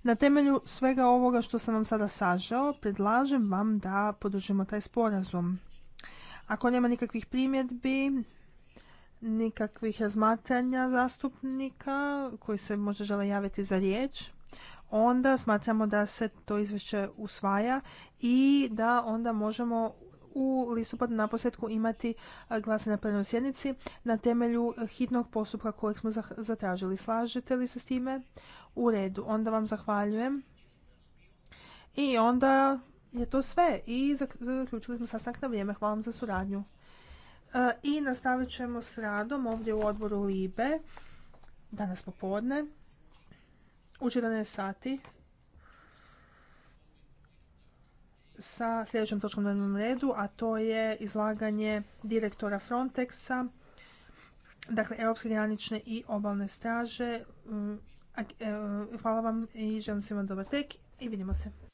Na temelju svega ovoga što sam vam sada sažao, predlažem vam da podržimo taj sporazum. Ako nema nikakvih primjedbi, nikakvih razmatranja zastupnika koji se možda žele javiti za riječ, onda smatramo da se to izvješće usvaja i da onda možemo u listopadu posljedku imati glasanje na plenarnoj sjednici na temelju hitnog postupka kojeg smo zatražili. Slažete li se s time? U redu, onda vam zahvaljujem. I onda je to sve. I zaključili smo sastanak na vrijeme. Hvala vam za suradnju. E, I nastavit ćemo s radom ovdje u odboru Libe danas popodne u 14 sati sa sljedećom točkom na jednom redu, a to je izlaganje direktora Frontexa, dakle Europske granične i obalne straže E, hvala vam i želim svima dobar tek i vidimo se.